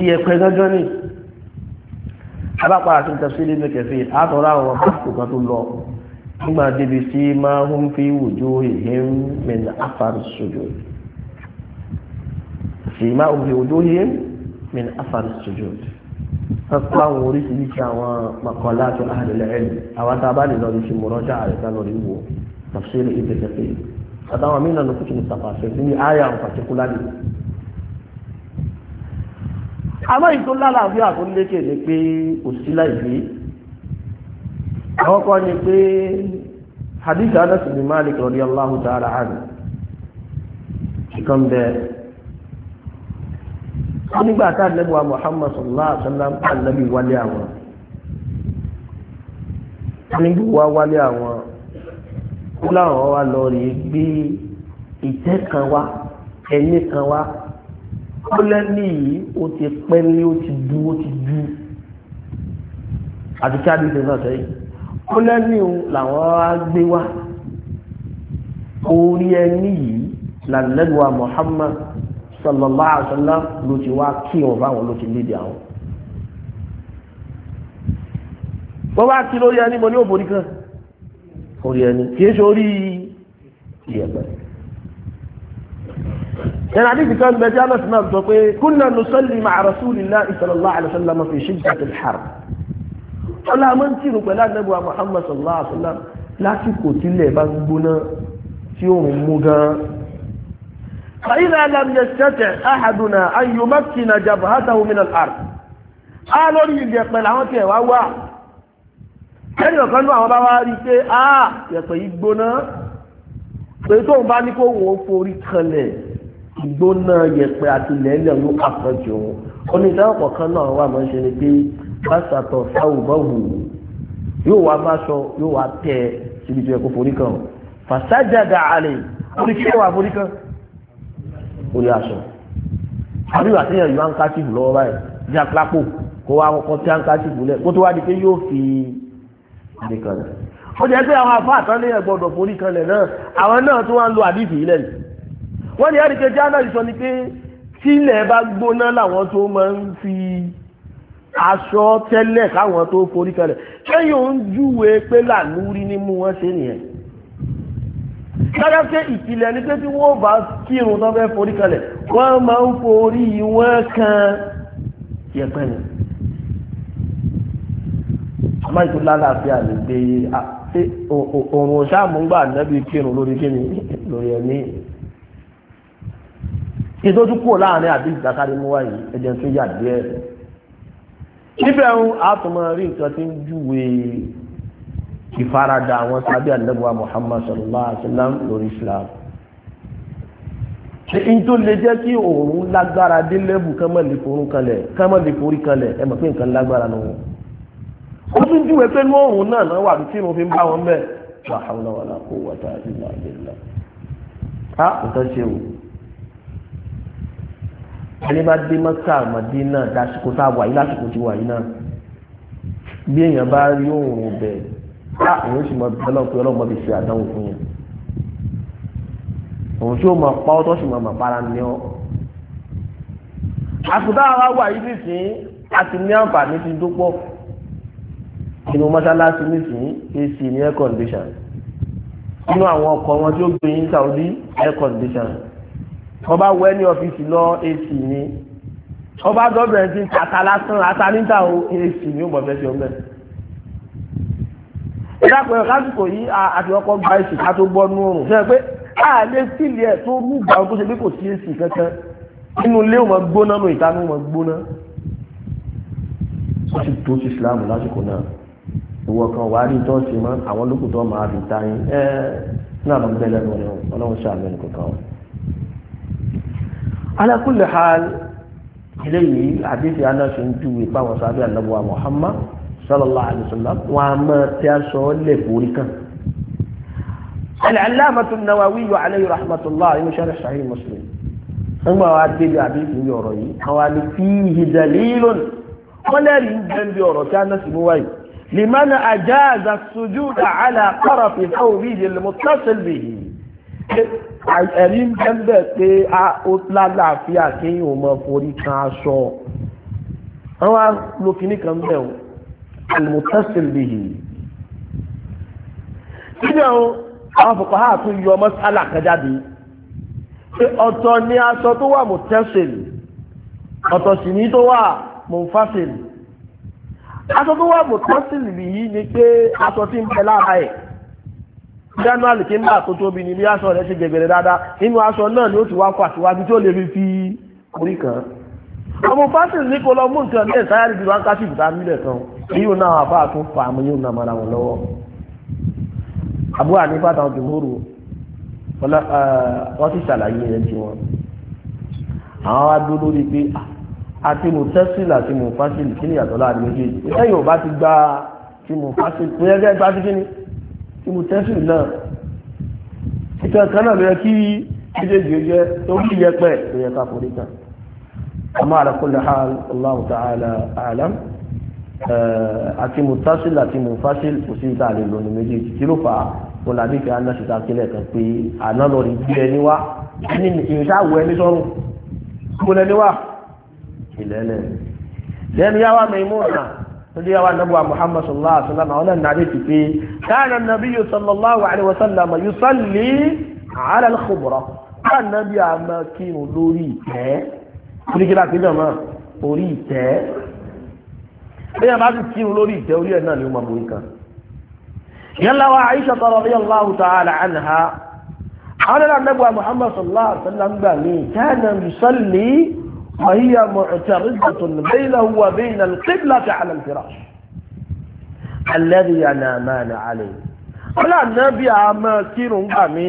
yẹ̀pẹ̀ gangan ni alápàá àti tẹ̀sílẹ̀ mẹ́kẹ̀fẹ́ àtọ̀rọ̀ àwọn pásítọ̀ kan tó lọ nígbà débi sí máa ń fi wòjó ìhìn mẹ́nà afárí sujud sí máa ń fi wòjó ìhìn mẹ́nà afárí sujud ọ̀pọ̀ àwọn oríṣiríṣi àwọn makọ̀lá àti àhàlẹ̀ ẹ̀lì àwọn tá a bá lè lọ ṣe mọ̀rọ́jà àrẹ sá lórí wo tafsir ibn kathir àtàwọn mí nànú kùtù ní tàfàṣẹ sí ní àyà ń pàtíkúlárì. àmọ́ ìtò lálàáfíà tó lékè ni pé kò sí láìpé àwọn kan ní pé hadith anas bin malik radiyallahu ta'ala anhu kíkan bẹ́ẹ̀ wọ́n nígbà tá àlẹ́bùwà Muhammad sallallahu alaihi wasallam àlẹ́bì wálé àwọn nígbà wá wálé àwọn kó láwọn wá lọ rí gbé ìtẹ́ kan wá ẹni kan wá ó lẹ́ni yìí ó ti pẹ́ ní ó ti du ó ti du àti kí adé ìṣẹ̀lẹ̀ sọ̀tọ̀ yìí ó lẹ́ni làwọn wá gbé wá orí ẹni yìí làlẹ́bùwà Muhammad sallallahu alaihi wasallam ló ti wá kí wọn báwọn ló ti léde àwọn. wọ́n bá kí lórí ẹni mo ní òbòrí kan orí ẹni kì í ṣe orí ìyẹ̀pẹ̀. ẹ̀rọ àdìsí kan bẹ tí anas náà sọ pé kunna nusalli ma'a rasulillahi sallallahu alaihi wasallam fi shiddatil harb. ọlá máa ń tìrù pẹ̀lú àdébùwà muhammad sallallahu alaihi lásìkò tílẹ̀ bá gbóná tí òun mú gan-an. فإذا لم يستطع أحدنا أن يمكن جبهته من الأرض a lórí ìyẹ̀pẹ̀ làwọn tiẹ̀ wá wà ẹnì ọ̀kan náà àwọn bá wá rí i pé a yẹ̀pẹ̀ yìí gbóná pé tóun bá ní kó wọ́n ó forí kanlẹ̀ ìgbóná yẹ̀pẹ̀ àti lẹ́lẹ̀ ló àpọ̀jù òun oníṣẹ́ ọ̀kan náà wà máa ń ṣe ni pé pásítọ̀ sáwùbọ̀wù yóò wá máa sọ yóò wá tẹ̀ síbi tó yẹ kó forí kan fàṣájàdà àlè oníṣẹ́ wà forí kan orí aṣọ àbí wà sí ẹ̀yọ́ ankachifu lọ́wọ́ báyìí bí aklápò kó wá kọ́ sí ankachifu lẹ̀ kó tó wá di pé yóò fi ìdè kan lẹ̀ ó jẹ́ pé àwọn afá àtọ́lé ẹ̀gbọ́dọ̀ forí kan lẹ̀ náà àwọn náà tó wá ń lo àdìsí ilẹ̀ yìí wọ́n ní ẹ̀rí kejì àná ìsọ ni pé tílẹ̀ bá gbóná làwọn tó máa ń fi aṣọ tẹ́lẹ̀ káwọn tó forí kan lẹ̀ ṣé yóò ń júwe pé làlúrí ní mú wọn ṣe nìyẹn kájá pé ìpìlẹ̀ ní pé tí wọ́n bá kírun tó fẹ́ forí kalẹ̀ wọ́n máa ń forí wọ́n kan yẹpẹ́ ni àmọ́ ìtò lálàáfíà lè gbé òrùn sáàmùgbà nẹ́bí kírun lórí kíni lórí ẹ̀mí ìtọ́jú kúrò láàrin àbí ìdákárí mú wáyé ẹ̀jẹ̀ tó yà díẹ̀ níbẹ̀ ń àtúmọ̀ rí nǹkan tí ń júwe ìfaradà àwọn sábẹ́ àdébùwà Muhammad sallallahu alaihi wa sallam lórí Islam èyí tó lè jẹ́ kí òun lágbára dé lẹ́bù kámẹ́lì forí kalẹ̀ kámẹ́lì forí kalẹ̀ ẹ mọ̀ pé nǹkan lágbára nù wọn. ó tún júwe pé ní òun náà náà wà tí mo fi ń bá wọn bẹ́ẹ̀ wà hàwọn àwọn àkó wà tá a ti là lè là. a nǹkan ṣe o ẹni bá dé mọ́tà Mádínà dásìkò tá a wà yìí lásìkò tí wà yìí náà bí èèyàn bá rí òun bẹ́ẹ̀ á òun sì mọ bíi ọlọ́run pé ọlọ́run mọ bíi ṣe àdánwò fún yẹn òun tí ó mọ pa ọtọ́ sì mọ mọ para ni ọ. àkùdá wa wà yìí nísìnyí a ti ní àǹfààní ti dúpọ̀ inú mọ́ṣáláṣí nísìnyí AC ní air condition inú àwọn ọkọ̀ wọn tí ó gbé yín Saudi air condition wọ́n bá wẹ́ ní ọ́fíìsì lọ AC ni wọ́n bá gọ́ọ̀bẹ̀rẹ̀ ti tàtà lásán àtàlítà AC ni ó mọ̀ fẹ́ fi ọmọ ẹ̀ ẹ̀dá pẹ̀lú lásìkò yìí àti ọkọ̀ gba èsì ká tó gbọ́nú oòrùn ṣe pé a lè fìlì ẹ̀ tó mú gbà tó ṣe bí kò sí èsì kankan inú ilé wọn gbóná nù ìtanú wọn gbóná ó sì tó sí Islam lásìkò náà ìwọ kan wàá rí tó ṣe mọ́ àwọn lókùn tó máa fi ta yín ẹ́ náà ló ń bẹ́ lẹ́nu ọ̀nà ọlọ́run ṣàmì ẹnì kankan. ala kulli hal eléyìí àdéhìí anáṣe ń ju ìpáwọn sábẹ́ àlọ́bùwà Muhammad sallallahu alaihi wasallam wọn a máa tí a sọ lè forí kan. al-allamatu an-nawawi alayhi rahmatullah inú sharh sahih muslim ń gbà wá débi àbíkú ní ọ̀rọ̀ fihi dalilun wọ́n lẹ́rìí ń bẹ́ẹ̀ bí ọ̀rọ̀ tí a náà sì mú wáyé لمن أجاز السجود على طرف ثوبه المتصل به ẹ̀rí ń bẹ́ẹ̀ pé ó lálàáfíà kéèyàn máa forí kan aṣọ àwọn lókìní kan bẹ́ẹ̀ المتصل به. nínú àwọn afọ̀kọ̀ ha tún yọ mas'ala kan jáde pé ọ̀tọ̀ ni aṣọ tó wà mutasil ọ̀tọ̀ sì ní tó wà munfasil aṣọ tó wà mutasil bihi ni pé aṣọ tí ń bẹ lára ẹ̀ dánú àlìkí ńlá tó tóbi ni bí aṣọ rẹ̀ ṣe gẹ̀gẹ̀rẹ̀ dáadáa nínú aṣọ náà ni ó ti wá kó àtiwájú tí ó lè fi fi orí kan. ọmọ fásitì ní kò lọ mú nǹkan ní ẹ̀sáyà yóò náà àbá tún fà mú yóò náà mara wọn lọ́wọ́ àbúrò àníbàtà jùmúrù wọ́n ti ṣàlàyé rẹ̀ tí wọ́n àwọn adó lórí pé àti mú tẹ́sílì àti mú fásílì kí ni ìyàtọ̀ láàrin méjèèjì ìṣẹ́ yóò bá ti gba tí mú fásílì kò yẹ kẹ́ gbá sí kí ni tí mú tẹ́sílì náà ìtàn kan náà ló kí méjèèjì ó jẹ́ tó kí yẹ pẹ́ tó ká forí kan àmọ́ àlàkùnlé hàn Allahu ta'ala a'lam. Eh, àti mutasil àti mufasil kò sí ìta àlè lónìí méjèèjì kí ló fà á wọn làbí kí aná ṣe ta sílẹ̀ kan pé àná lọ rí bí ẹni wá ẹni ìṣàwọ̀ ẹni sọ́run kí wọn ẹni wá ìlẹ́lẹ̀ lẹ́nu yá wa Maimuna lórí yá wa nàbọ̀ Muhammad sallallahu alaihi wa sallam àwọn ẹ̀nà àdé ti pé káàna nabiyyu sallallahu alaihi wa sallam yusalli ala al-khubra káàna bí a máa kírun lórí bẹ́ẹ̀ máa ti kírun lórí ìtẹ́ orí ẹ̀ náà ni ó máa borí kan yálà wa Aisha radiyallahu ta'ala anha àwọn ẹ̀rọ anẹ́gbà Muhammad sallallahu alaihi wasallam gbà mí kana yusalli wa hiya mu'taridatun baynahu wa bayna al-qiblati 'ala al-firash alladhi yanamani 'alayhi ọlá ànábì àmọ́ kírun gbà mí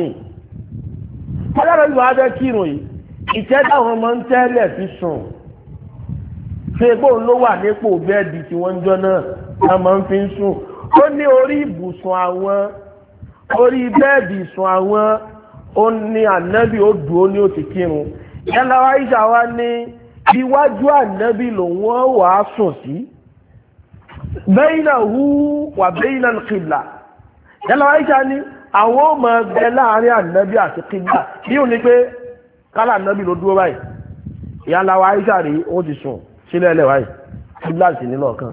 ọlọ́run yóò wá bẹ́ kírun yìí ìtẹ́jáwọn ọmọ ń tẹ́lẹ̀ fi sùn ṣe bóun ló wà nípò bẹ́ẹ̀dì tí wọ́n ń jọ náà wọ́n máa ń fi ń sùn ó ní orí ibùsùn àwọn orí bẹ́ẹ̀dì sùn àwọn ó ní ànábì ó dùn ó ní ó kírun yálà wá ìṣà wa ní iwájú ànábì lòun ó wà á sùn sí bẹ́yìnà hu wà bẹ́yìnà kìlà yálà wá ìṣà ní àwọn ó máa bẹ láàrin ànábì àti kìlà bí òun ni pé kálá ànábì ló dúró báyìí yálà wá ìṣà ó ti sùn sílẹ̀ ẹlẹ́ wáyé fúláàsì nínú ọ̀kan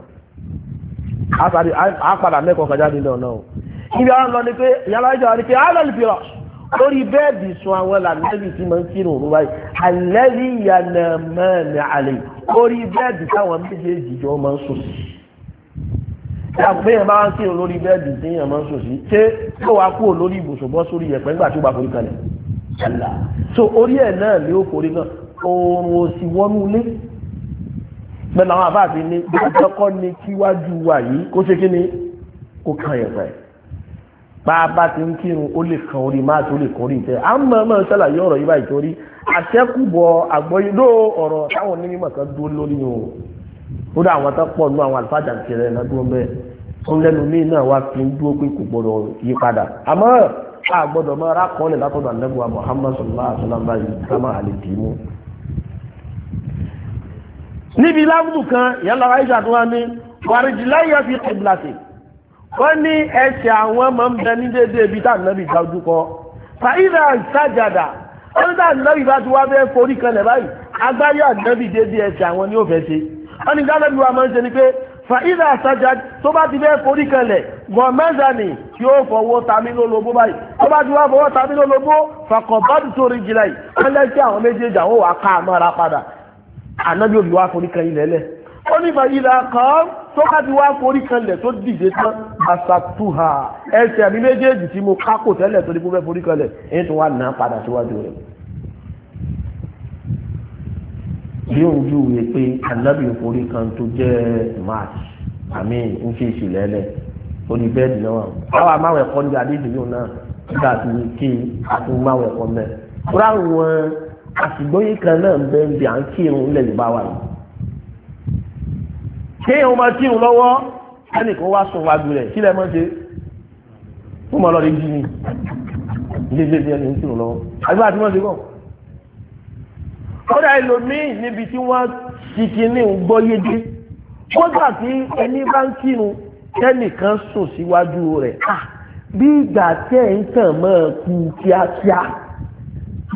àpàdà mẹ́kọ̀ọ́ kọjá nílé ọ̀nà o ibi àwọn lọ ni pé ìyálà ìjọ ni pé àlọ́ lè fi rọ̀ lórí bẹ́ẹ̀dì sun àwọn làmẹ́bì tí mo ń kírun òru wáyé àlẹ́lì ìyànà mẹ́rin àlè lórí bẹ́ẹ̀dì táwọn méjèèjì jọ máa ń sùn sí àpéyàn bá wá ń kírun so orí ẹ̀ náà ni ó forí náà oorun òsì wọnú ilé bẹ́ẹ̀ làwọn àbáàfi ní ìjọkọ́ ni kíwájú wà yìí kó ṣe kí ni kó kan yẹ̀pẹ̀ bá a bá ti ń kírun ó lè kan orí máa tó lè kan orí tẹ à ń mọ ọmọ ṣàlàyé ọ̀rọ̀ yìí báyìí torí àṣẹkùbọ̀ àgbọ̀yìndó ọ̀rọ̀ táwọn onímọ̀ kan dúró lórí o ó dá àwọn tó pọ̀ nú àwọn àlùfáàjà kẹrẹ náà dúró bẹ́ẹ̀ ó lẹ́nu míì náà wá fi ń dúró pé kò gbọdọ̀ yí padà àmọ́ a gbọdọ̀ mọ́ arákọ́ọ̀lẹ̀ látọ̀dọ̀ àdẹ́gbọ̀ Muhammad sallallahu alaihi wasallam báyìí níbi lábùkù kan yálà aisha tó wá ní wàrìjìláyà fi kìbìlàtì wọ́n ní ẹsẹ̀ àwọn máa ń bẹ ní déédéé ibi tá nàbì dájú kọ fàìlà ìsàjàdà wọ́n ní tá nàbì bá ti wá fẹ́ forí kanlẹ̀ báyìí agbárí ànábì déédéé ẹsẹ̀ àwọn ni ó fẹ́ ṣe wọ́n ní dánábì wa máa ń ṣe ni pé fàìlà ìsàjà tó bá ti fẹ́ forí kanlẹ̀ gọ̀mẹ́sànì yóò fọwọ́ ta mí lólobó báyìí tó bá ti wá fọwọ́ ta mí lólobó fàkọ̀bọ́dù tó rí jìlá yìí wọ́n lẹ́sẹ̀ ànábí òbí wá forí kan ilẹ̀ lẹ̀ ó ní ìbá ilẹ̀ kan tó bá ti wá forí kan lẹ̀ tó dìde tán àṣàtúhà ẹsẹ̀ mi méjèèjì tí mo kákò tẹ́lẹ̀ tó ní kó fẹ́ forí kan lẹ̀ èyí tó wà ná padà síwájú rẹ̀ yóò ju wí pé ànábí forí kan tó jẹ́ march àmì ń ṣe ìṣìlẹ̀ lẹ̀ ó ní bẹ́ẹ̀dì náà báwa máa wẹ̀ kọ́ ní adé ìdílé náà nígbà tí kí a tún máa wẹ̀ kọ́ mẹ́ àsìgbóyè kan náà ń bẹ ń bẹ à ń kírun lẹ́yìn bá wà yìí. kéèyàn máa kírun lọ́wọ́ ẹnìkan wá sùn wájú rẹ̀ sílẹ̀ mọ́ ṣe fún mọ́ lọ́ọ́ rí jí ni ilé ilé ilé ń kírun lọ́wọ́ àgbà àti wọ́n ṣe kọ́. kódà ẹlòmíì níbi tí wọ́n ti kíní ń gbọ́ yédé kódà tí ẹni bá ń kírun kẹ́nìkan sùn síwájú rẹ̀ bí ìgbà tẹ̀ ń tàn mọ́ ku kíákíá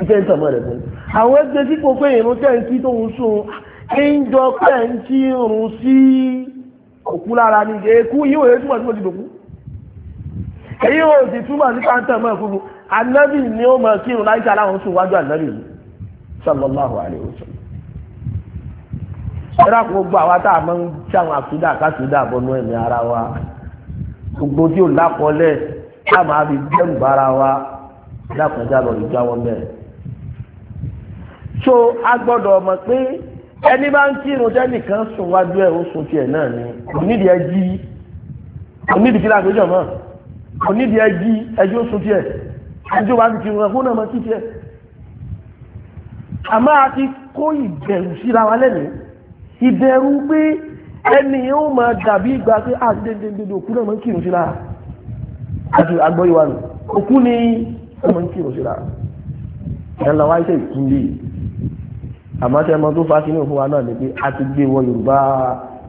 bí ń tàn mọ́ rẹ̀ fún àwọn ẹgbẹ́ sípò pé ìrún tẹ́ ń kí tóun sùn ń jọ pé ń kí irun sí òkú lára ní èkú yíò èyí túmọ̀ sí mo ti dòkú èyí ò sì túmọ̀ sí káńtà mọ́ ìfúnfún anábì ni ó mọ̀ kí irun láì sá láwọn sùn wájú anábì yìí sallallahu alaihi wasallam ẹ̀rọ àpò gbogbo àwa tá a máa ń ṣàwọn àkúdà káṣídà bọ́nú tí ò lákọọ́lẹ̀ tá a máa fi gbẹ́rù bára wa lákọjá lọ ìjáwọ́ bẹ́ẹ̀ so a gbọ́dọ̀ mọ̀ pé ẹni bá ń kírun tẹ́nìkan sùn wájú ẹ̀ ó sùn tiẹ̀ náà ni onídìí ẹjí onídìí kí láàgbéjọ mọ́ onídìí ẹjí ẹjí ó sùn tiẹ̀ ẹjí ó wá ti kírun ẹkún náà mọ́ sí tiẹ̀ àmọ́ a ti kó ìbẹ̀rù síra wa lẹ́nu ìbẹ̀rù pé ẹni ó máa dàbí ìgbà pé a ah, ti dé dé òkú náà mọ́ kírun síra àti àgbọ̀yìnwá nù òkú ni ọmọ ń kírun síra ẹ̀ ń lọ wáyé sẹ́yìn kúndé yìí àmọ́ tẹ́ mọ́ tó fà sínú fún wa náà ni pé a ti gbé wọ yorùbá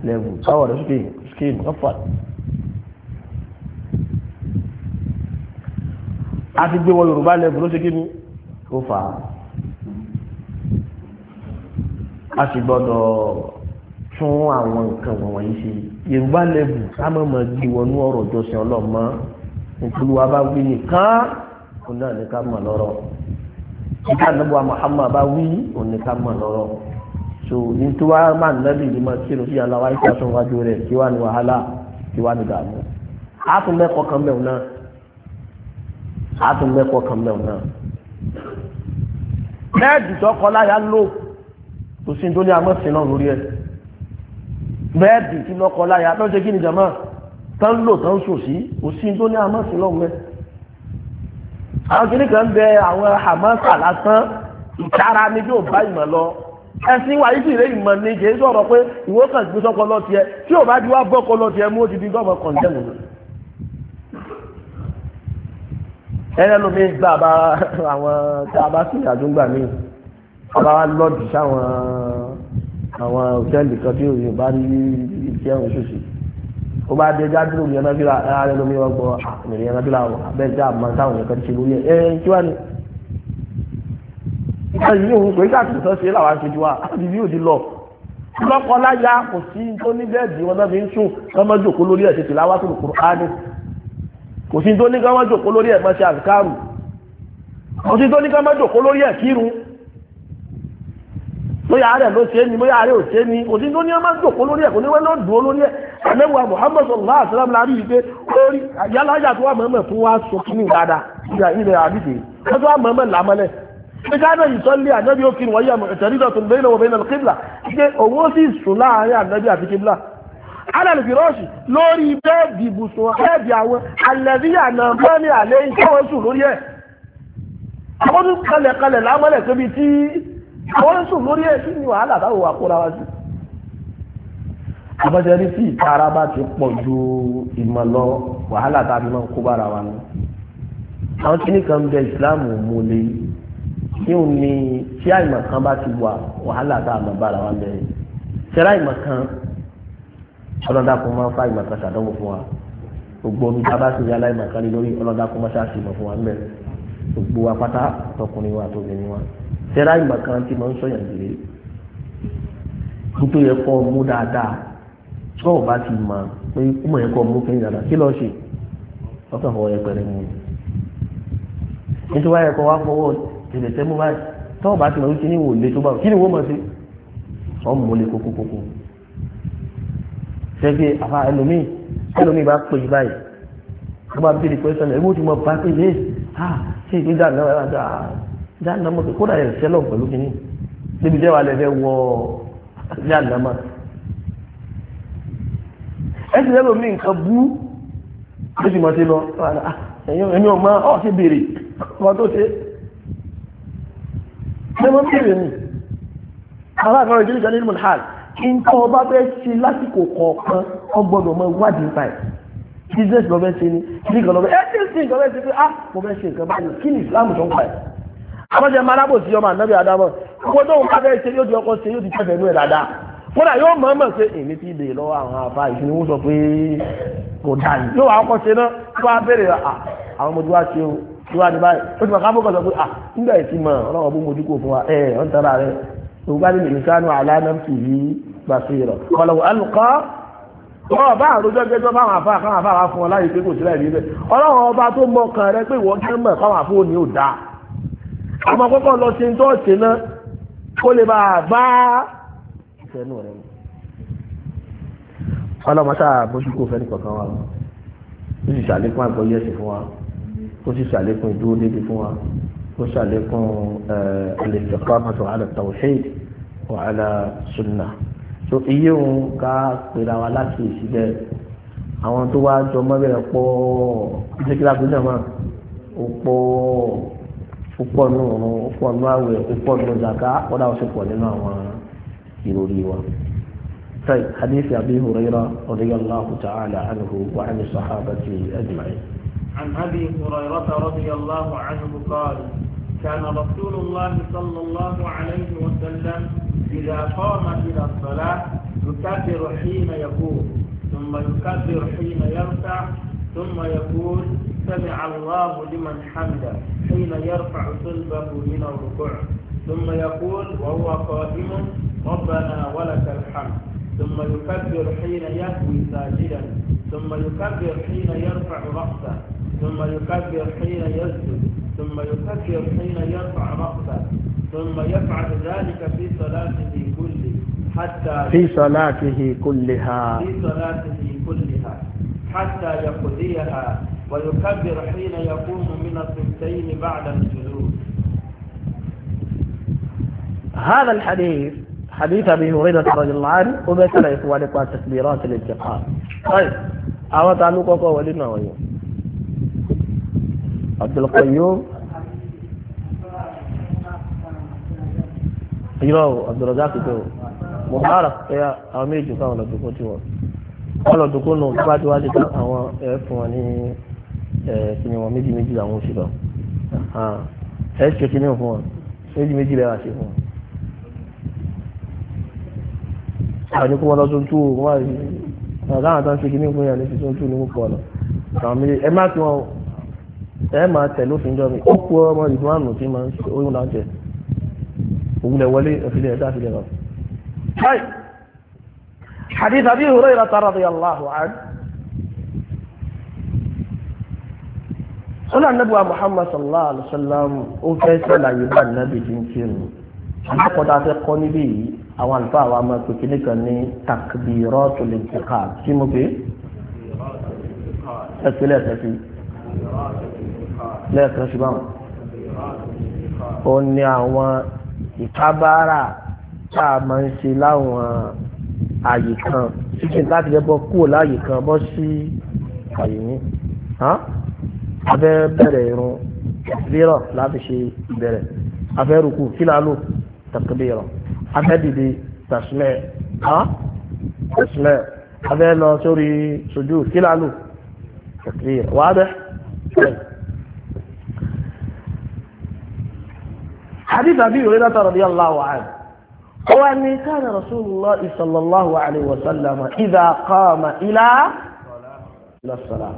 lẹ́wù káwọ̀ rẹ̀ sókè sókè ọ̀fà a ti gbé wọ yorùbá lẹ́wù ló ṣe kí ni ó fà a sì gbọ́dọ̀ tún àwọn nǹkan wọ̀nyí ṣe yorùbá lẹ́wù ká mọ̀ mọ̀ gbé wọnú ọ̀rọ̀ ìjọsìn ọlọ́mọ nítorí bá gbé nìkan òun náà ní ká mọ̀ lọ́rọ̀ ìdá nàbọ̀ Muhammad bá wí òníkà mọ̀ lọ́rọ̀ so nítorí máa nàbì ni mo kí ló fi àlọ́ wáyé kí a sún wájú rẹ̀ kí wà ní wàhálà kí wà ní dààmú àtúnmẹ́kọ̀ọ́ kan bẹ̀rù náà àtúnmẹ́kọ̀ọ́ kan bẹ̀rù náà bẹ́ẹ̀dì tọkọ láyà lò kò sí nítorí amọ̀sìn náà lórí ẹ̀ bẹ́ẹ̀dì tí lọ́kọ láyà lọ́jọ́ kí ni jàmọ́ tán lò tán sòsí kò sí nítorí amọ̀sìn náà mẹ́ẹ̀ àwọn kìnnì kan bẹ àwọn hamasa lásán ìtara ni yóò bá ìmọ̀ lọ ẹsìn wa yìí sì rẹ ìmọ̀ ni kì í sọ̀rọ̀ pé ìwọ kan gbé sọ́kọ lọ tiẹ̀ tí ò bá di wá bọ́kọ lọ tiẹ̀ mú ó ti di gọ́ọ̀mù kọ̀ǹdẹ́mù lọ. ẹnlẹ́ lómi gba àbá àwọn tá a bá sì ìyàjú gbà mí àbá wa lọ́ọ̀dù sáwọn àwọn òtẹ́ẹ̀lì kan tí Yorùbá ní iṣẹ́ òṣooṣù ó bá dé jáde lómi ẹ̀rọ bíra ah, ẹ̀rọ alẹ́ lómi ẹ̀rọ gbọ́ àmì ẹ̀rọ bíra wọn abẹ́ jẹ́ àmọ́ táwọn ẹ̀kọ́ ti lórí ẹ̀ ẹ̀ kí wá ni. ìgbà yìí òun pé káàkiri sọ ṣe làwọn aṣojú wa àbí bí òdi lọ. lọ́kọ́ láyà kò sí tó ní bẹ́ẹ̀dì wọn náà fi ń sùn kọ́mọ́ jòkó lórí ẹ̀ tètè láwá tó lùkùrù áni. kò sí tó ní kọ́mọ́ jòkó lórí ẹ̀ mọ́ṣẹ́ kò sí tó ní kọ́mọ́ jòkó lórí ẹ̀ kírun. bóyá rẹ̀ ló ṣe ni bóyá rẹ̀ ò ṣe ni kò sí tó ní kọ́mọ́ jòkó lórí kò ní wọ́n lọ́ dùn ó lórí àlẹ́wà Muhammad sallallahu alaihi wasallam láàrin yìí pé orí yálàyà tó wà mọ́mọ́ fún wa sọ kí ní dáadáa ilẹ̀ àdìdè wọ́n tó wà mọ́mọ́ làmọ́lẹ̀ nígbàdà ìsọ́lé ànábì ó kiri wáyé àtẹ̀rídọ̀ tó ń bẹ́ẹ̀ lọ́wọ́ bẹ́ẹ̀ náà kíbla ṣe òun ó sì sùn láàrin ànábì àti kíbla alàlù fìrọ́ọ̀ṣì lórí bẹ́ẹ̀dì ibùsùn bẹ́ẹ̀dì àwọn alẹ́bíyà náà mọ́ ní àlẹ́ ìṣọ́wọ́ sùn lórí ẹ̀ àwọn tún kalẹ̀ kalẹ̀ lámọ́lẹ̀ tóbi tí àwọn sùn lórí ẹ̀ sí ni wàhálà báwo wà kóra wá sí i àbájáde si taraba bá ti pọ̀ ju ìmọ̀ lọ wàhálà tá a fi máa ń kó bára wa ni àwọn kìnnì kan bẹ ìsìláàmù mo lè kí n ní tí àìmọ̀ kan bá ti wà wàhálà tá a máa bára wa bẹ̀rẹ̀ tẹ́lá àìmọ̀ kan ọlọ́dà kò máa fa àìmọ̀ kan ṣàdánwò fún wa gbogbo omi tá a bá ti kan lórí ọlọ́dà máa ṣàṣì mọ̀ fún wa bẹ̀rẹ̀ gbogbo wa pátá tọkùnrin wa tóbìnrin wa tẹ́lá àìmọ̀ kan ti máa ń sọ̀yàn dìde nítorí ẹ̀kọ́ mú dáadáa tó o bá ti mọ̀ pé ó mọ̀ yẹn kọ́ mú kí n dàda kí lọ́ọ́ ṣe ọkàn fọwọ́ yẹn pẹ̀lẹ́ mu nítorí wáyé kọ́ wá fọwọ́ tẹ̀lẹ̀ tẹ́ mú báyìí tó o bá ti mọ̀ wípé ní wò lé tó bá kí ni wọ́n mọ̀ sí ọmọ mo lè kókó kókó ṣẹ́gbẹ́ àfa ẹlòmíì ẹlòmíì bá pè é báyìí wọ́n bá bí rìpẹ́sọ̀nù ẹ̀mú ti mọ̀ bá pé yé ah ṣé ìgbé dáná ah, wà láti ah dáná mọ̀ kódà ẹ̀ sẹ́lọ̀ pẹ̀lú kínní níbi jẹ́wàá lẹ́fẹ́ wọ dáná mọ̀ ẹ̀sìn lẹ́lò mí nǹkan bú ó sì mọ̀ sí lọ ah, ẹ̀yìn ọmọ ọ̀ sí bèrè ọmọ tó ṣe ṣe mọ́ bèrè mi aláàkọ́rọ̀ ìdílé kan nínú hàn kí n tọ́ ọba fẹ́ ṣe lásìkò kọ̀ọ̀kan ọgbọ́dọ̀ mọ wádìí pa ẹ̀ business lọ fẹ́ ṣe ni kí nǹkan lọ fẹ́ ẹ́ ṣe nǹkan fẹ́ ṣe pé ah mo fẹ́ ṣe nǹkan báyìí kí ni Islam tó ń pa ẹ̀ àbájá máa rábò sí ọmọ ànábì àdámọ̀ gbogbo tóun bá fẹ́ ṣe yóò di ọkọ̀ ṣe yóò di tẹ̀fẹ̀ kódà yóò mọ̀ mọ̀ pé èmi ti dè lọ́wọ́ àwọn àbá ìṣúná wọ́n sọ pé kò dà yìí yóò wá ọkọ̀ ṣe náà kí wọ́n á bèrè àwọn ọmọdé wa ṣe o tí wọ́n á ní báyìí ó ti mọ̀ káfọ́ kan sọ pé à nígbà yìí ti mọ̀ ọlọ́wọ́ bó mojú kò fún wa ẹ̀ ọ́n tara rẹ̀ òun bá ní lè sánú àlànà tì í gbàsíyìrọ̀ kọlọ̀wọ̀ alùkọ́ ọba àròjọ gẹjọ báwọn afá káwọn afá wa fún ọ láyé pé kò sílẹ̀ níbẹ̀ ọlọ́run ọba tó mọ kan rẹ pé ìwọ́n kí ń mọ̀ káwọn afó ni ò dáa ọmọ kọ́kọ́ lọ sí ń tọ́ ṣe náà kó lè ìfẹ́ inú rẹ̀ ni ọlọ́mọta àbójúkò fẹ́ nìkankan wa ó sì ṣàlékún àgbọ́yé ẹ̀sìn fún wa ó sì ṣàlékún ìdúró débi fún wa ó ṣàlékún eh, al-istiqamatu ala tawhid wa ala sunnah so iye òun ká pera wa láti ìsílẹ̀ àwọn tó wá jọ mọ́bẹ̀rẹ̀ pọ̀ ní kí lápẹ́ náà ó pọ̀ ó pọ̀ nù ó pọ̀ nù àwẹ̀ ó pọ̀ nù zaka ó dáwọ́ sí pọ̀ nínú àwọn ìròrí طيب حديث أبي هريرة رضي الله تعالى عنه وعن الصحابة أجمعين عن أبي هريرة رضي الله عنه قال كان رسول الله صلى الله عليه وسلم إذا قام إلى الصلاة يكبر حين يقوم ثم يكبر حين يرفع ثم يقول سمع الله لمن حمده حين يرفع صلبه من الركوع ثم يقول وهو قائم ربنا ولك الحمد ثم يكبر حين يهوي ساجدا ثم يكبر حين يرفع رأسه ثم يكبر حين يسجد ثم يكبر حين يرفع رأسه ثم يفعل ذلك في صلاته كله حتى في صلاته كلها في صلاته كلها حتى يقضيها ويكبر حين يقوم من الصفتين بعد الجنة هذا الحديث حديث أبي هريرة رضي الله عنه وبيت لا يقوى تكبيرات الانتقال طيب أو تعلق قولنا ويوم عبد القيوم يرو عبد الرزاق تو mubarak ẹ̀yà àwọn méjì káwọn lọ́dúnkún tí wọ́n wọ́n lọ́dúnkún nù bá ti wá ti tán àwọn ẹ̀ fún wọn ní ẹ̀ kí ni wọn méjì méjì làwọn ò sí lọ ẹ̀ ṣe kí ni fún wọn méjì méjì lẹ́wà sí fún wọn. àwọn ní wọn lọ tó ń tú òun wá àwọn tó ṣe kíní fún yàrá ní fi tó ń tú ní púpọ̀ lọ àwọn mi ẹ má tí wọn ẹ máa tẹ̀ lófin jọ mi ó kú ọmọ ìdúnwànù tí máa ń ṣe oyún láǹtẹ̀ òun lẹ wọlé ẹ̀fílẹ̀ ẹ̀dá àfilẹ̀ lọ. حديث أبي هريرة رضي الله عنه sọ́lá nẹ́bùwà muhammad sallallahu alaihi wasallam ó fẹ́ sọ́lá yìí bá nẹ́bì tí ń kírun àkọ́dá fẹ́ kọ́ níbí yìí àwọn àlùfáà wa máa pè kíní kan ní takbiratul intiqal kí mo pè é ẹsẹ lẹ́ẹ̀kan sí lẹ́ẹ̀kan sí báwọn ó ní àwọn ìkábára tá a máa ń ṣe láwọn àyè kan síkìn láti lè bọ́ kúrò láàyè kan bọ́ sí àyè yín abẹ́ bẹ̀rẹ̀ irun takbira láti ṣe ìbẹ̀rẹ̀ abẹ́ rúkú kí láà lò takbira abẹ́dìde tẹ̀sílẹ̀ hàn tẹ̀sílẹ̀ abẹ́ lọ sórí sojú kílálù tẹ̀sílẹ̀ wàá bẹ́ حديث أبي هريرة رضي الله عنه هو أن كان رسول الله صلى الله عليه وسلم إذا قام إلى lọ́sọ̀lá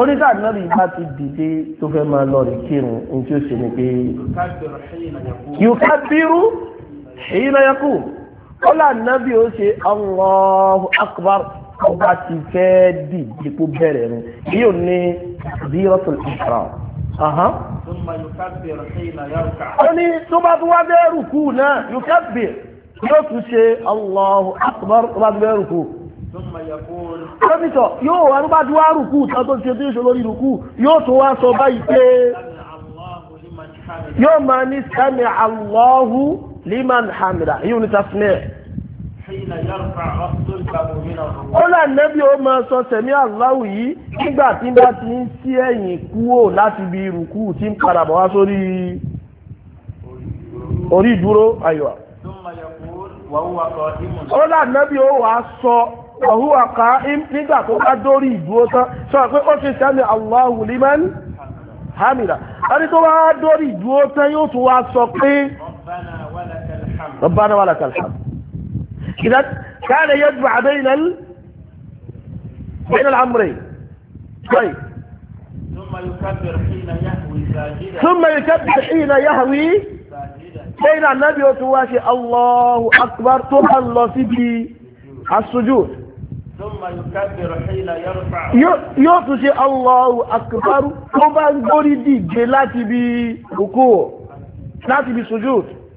ó ní káàdì náà yìí bá ti dìde tó fẹ́ máa lọ rí kírun ní tí ó ṣe ni pé yóò ká bírú hina yaqum kọ́lá nábì ó ṣe Allahu akbar ọba ti fẹ́ dì dípò bẹ̀rẹ̀ rẹ̀ bí ó ní ziratul ihram. ó ní tó bá tún wá bẹ́ẹ̀ rùkú náà yukabbir yóò tún ṣe Allahu akbar tó bá tún bẹ́ẹ̀ rùkú. Kọ́mítọ̀ yóò wà ní bá wá rùkú tán tó ṣe tí ṣe lórí rùkú yóò tó wá sọ báyìí pé yóò máa ní sami Allahu liman hamida yíò ní tasmir ó là nẹ́bí ó máa sọ tẹ̀mí aláwù yìí nígbà tí bá ti ń sí ẹ̀yìn kúrò láti bí irùkú tí ń padà bọ̀ wá sórí orí ìdúró ayọ̀ ó là nẹ́bí ó wàá sọ ọ̀húwà ká nígbà tó bá dórí ìdúró tán sọ pé ó ti sẹ́mi aláwù liman hamida ẹni tó bá dórí ìdúró tán yóò tún wá sọ pé. ربنا ولك الحمد إذا كان يجمع بين ال... بين الأمرين طيب ثم يكبر حين يهوي ساجدا ثم يكبر حين يهوي بين النبي وتواشي الله أكبر تخلص الله في السجود ثم يكبر حين يرفع yóò الله اكبر Allahu akbar دي جلاتي بي ركوع ناتي بسجود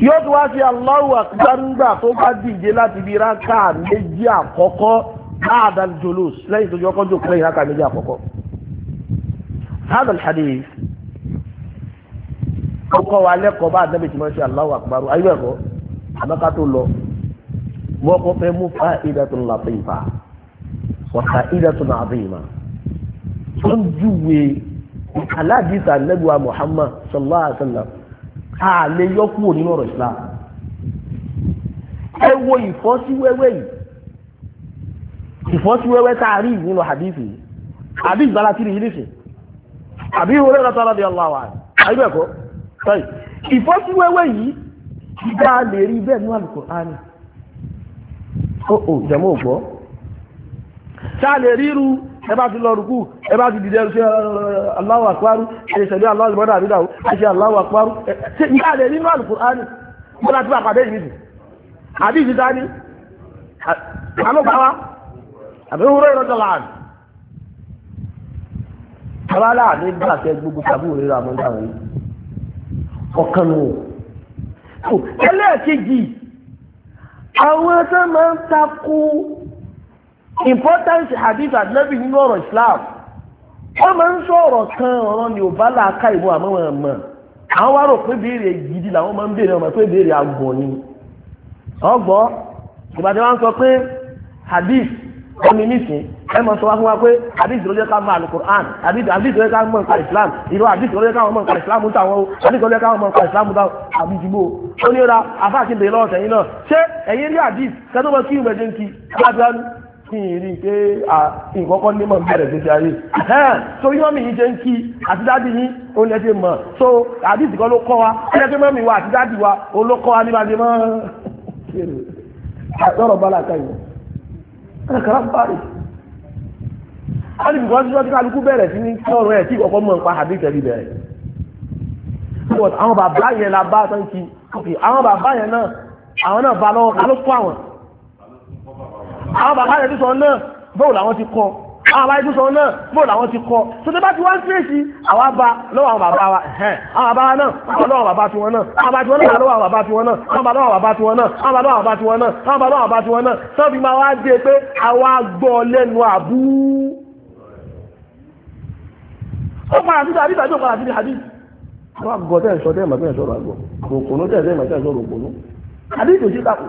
yóò tún wá sí Allahu Akbar ńgbà tó bá dìde láti bí rákà méjì àkọ́kọ́ ba'da al-julus lẹ́yìn tó jọ́kọ́ jòkó lẹ́yìn rákà méjì àkọ́kọ́. hadha al-hadith ó kọ́ wa lẹ́kọ̀ọ́ bá àdébì tí wọ́n ṣe Allahu Akbar ayé ẹ̀kọ́ àbáká tó lọ wọ́n kọ́ fẹ́ mú fa'idatun latifa wa fa'idatun azima tó ń júwe aláàdìsà nẹ́gbà Muhammad sallallahu alaihi wasallam a lè yọ kúrò nínú ọ̀rọ̀ Islam ẹ wo ìfọ́síwẹ́wẹ́ yìí ìfọ́síwẹ́wẹ́ tá a rí nínú hadith yìí àbí ìgbàlá tí nìyí nìsín àbí ìwọlé ọ̀rọ̀ tọ́lá di ọlọ́ wa àyè ẹ̀kọ́ sọ́yì ìfọ́síwẹ́wẹ́ yìí ìgbà lè rí bẹ́ẹ̀ ní Al-Qur'ani ó ò jẹ́mọ́ ògbọ́ sáà lè ríru ẹ bá ti lọ rùkú ẹ bá ti dìde eh, ṣe aláwọ̀ àpárú ẹ̀ṣẹ̀lẹ̀ aláwọ̀ ìbọ̀dà àbídáwò ẹ̀ṣẹ̀ aláwọ̀ àpárú ṣe ìyá rẹ̀ nínú àlùkùránì bọ́dá tí pàpàdé ìrìnì àbí ìjìdá ní alóbáwá àbíwúrẹ́ ìrọ́jọ́ láàrín tàbálà ní gbàṣẹ gbogbo tàbí òrèrè àmọ́dáwò ọ̀kan nù ẹlẹ́ẹ̀kejì àwọn tó máa ń takú importance hadith àdínẹ́bì nínú ọ̀rọ̀ Islam wọ́n máa ń sọ̀rọ̀ kan ọ̀rọ̀ ni ò bá làákà ìwọ àmọ́ wọn mọ̀ àwọn wá rò pé béèrè gidi làwọn máa ń béèrè ọmọ pé béèrè àgbọ̀n ni ọgbọ́ ìbàdàn wa ń sọ pé hadith ọmọ nísìn ẹ máa sọ wá fún wa pé hadith ló yẹ ká mọ̀ alukur'an hadith hadith ló yẹ ká mọ̀ nǹkan islam ìró hadith ló yẹ ká mọ̀ nǹkan islam táwọn o hadith ló yẹ ká mọ̀ nǹkan islam táwọn àbíjúgbò ó ní ra àfáàkì bèèrè lọ́sẹ̀ yìí náà ṣé ẹ̀yin rí hadith kẹ́tọ́ bọ́ kí ìwé kí n rí i pé ìkọ́kọ́ ní mọ̀ bẹ̀rẹ̀ gbèsè ayé so yọ́ mi yìí ṣe ń kí àti dáàdì yín ó lẹ́ ṣe mọ̀ so àdìsí kan ló kọ́ wa ó lẹ́ ṣe mọ́ mi wa àti dáàdì wa ó wa nípa mọ́ lọ́rọ̀ bá làkà yìí ẹ̀rọ kàrà ń parí wọ́n ní bìkọ́ sísọ́ kálukú bẹ̀rẹ̀ sí ní sọ̀rọ̀ ẹ̀ tí ìkọ̀kọ́ mọ̀ nípa àdìsẹ̀ bí bẹ̀rẹ̀ àwọn bàbá yẹn la bá tán àwọn bàbá rẹ̀ tó sọ náà bóò làwọn ti kọ àwọn bàbá rẹ̀ tó sọ náà bóò làwọn ti kọ tó tẹ́ bá ti wá ń fèsì àwọn bá lọ́wọ́ àwọn bàbá wa ẹ̀hẹ́n àwọn bàbá náà àwọn lọ́wọ́ bàbá tiwọn náà àwọn bàbá tiwọn náà lọ́wọ́ àwọn bàbá tiwọn náà àwọn bàbá lọ́wọ́ bàbá tiwọn náà àwọn bàbá lọ́wọ́ bàbá tiwọn náà àwọn bàbá lọ́wọ́ bàbá tiwọn náà sọ́bí máa wá dé pé àwa gbọ́ lẹ́nu àbú ó padà sí àbí ìtàjọ́ padà sí ní àbí àwọn àgọ́ tẹ́ ń sọ tẹ́ ń ìtòsí kàkùn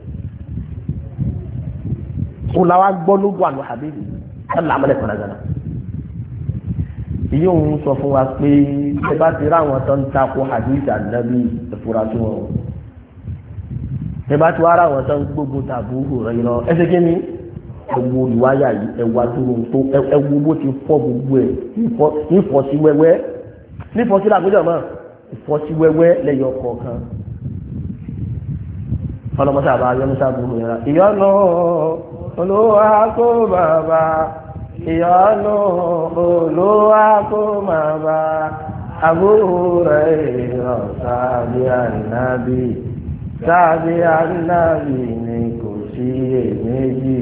o la wa gbọ́ ló bu àlọ́ àbẹ́bí ẹ̀la amẹ́lẹ̀ kọ̀ọ̀dọ̀dọ̀ ìyí òun sọ fún wa pé ẹ bá ti ráwọn tó ń takò hadith ànábì ìfura sí wọn o ẹ bá ti wá ráwọn tó ń gbógun tàbí òrò yìí lọ ẹ ṣe kí ni ẹwu ìwáyà yìí ẹwà dúró tó ẹwu bó ti fọ́ gbogbo ẹ nífọ̀sí wẹ́wẹ́ nífọ̀sí làgbéjọ mọ́ ìfọ̀sí wẹ́wẹ́ lẹ́yọ kọ̀ọ̀kan ọlọmọsáàbà ayọmọsáàbà òmìnira ìyọ́nà olúwa kó bàbá ìyọ́nú olúwa kó bàbá àbúrò ìrọ̀ sábì ànábì sábì ànábì ni kò sí èméjì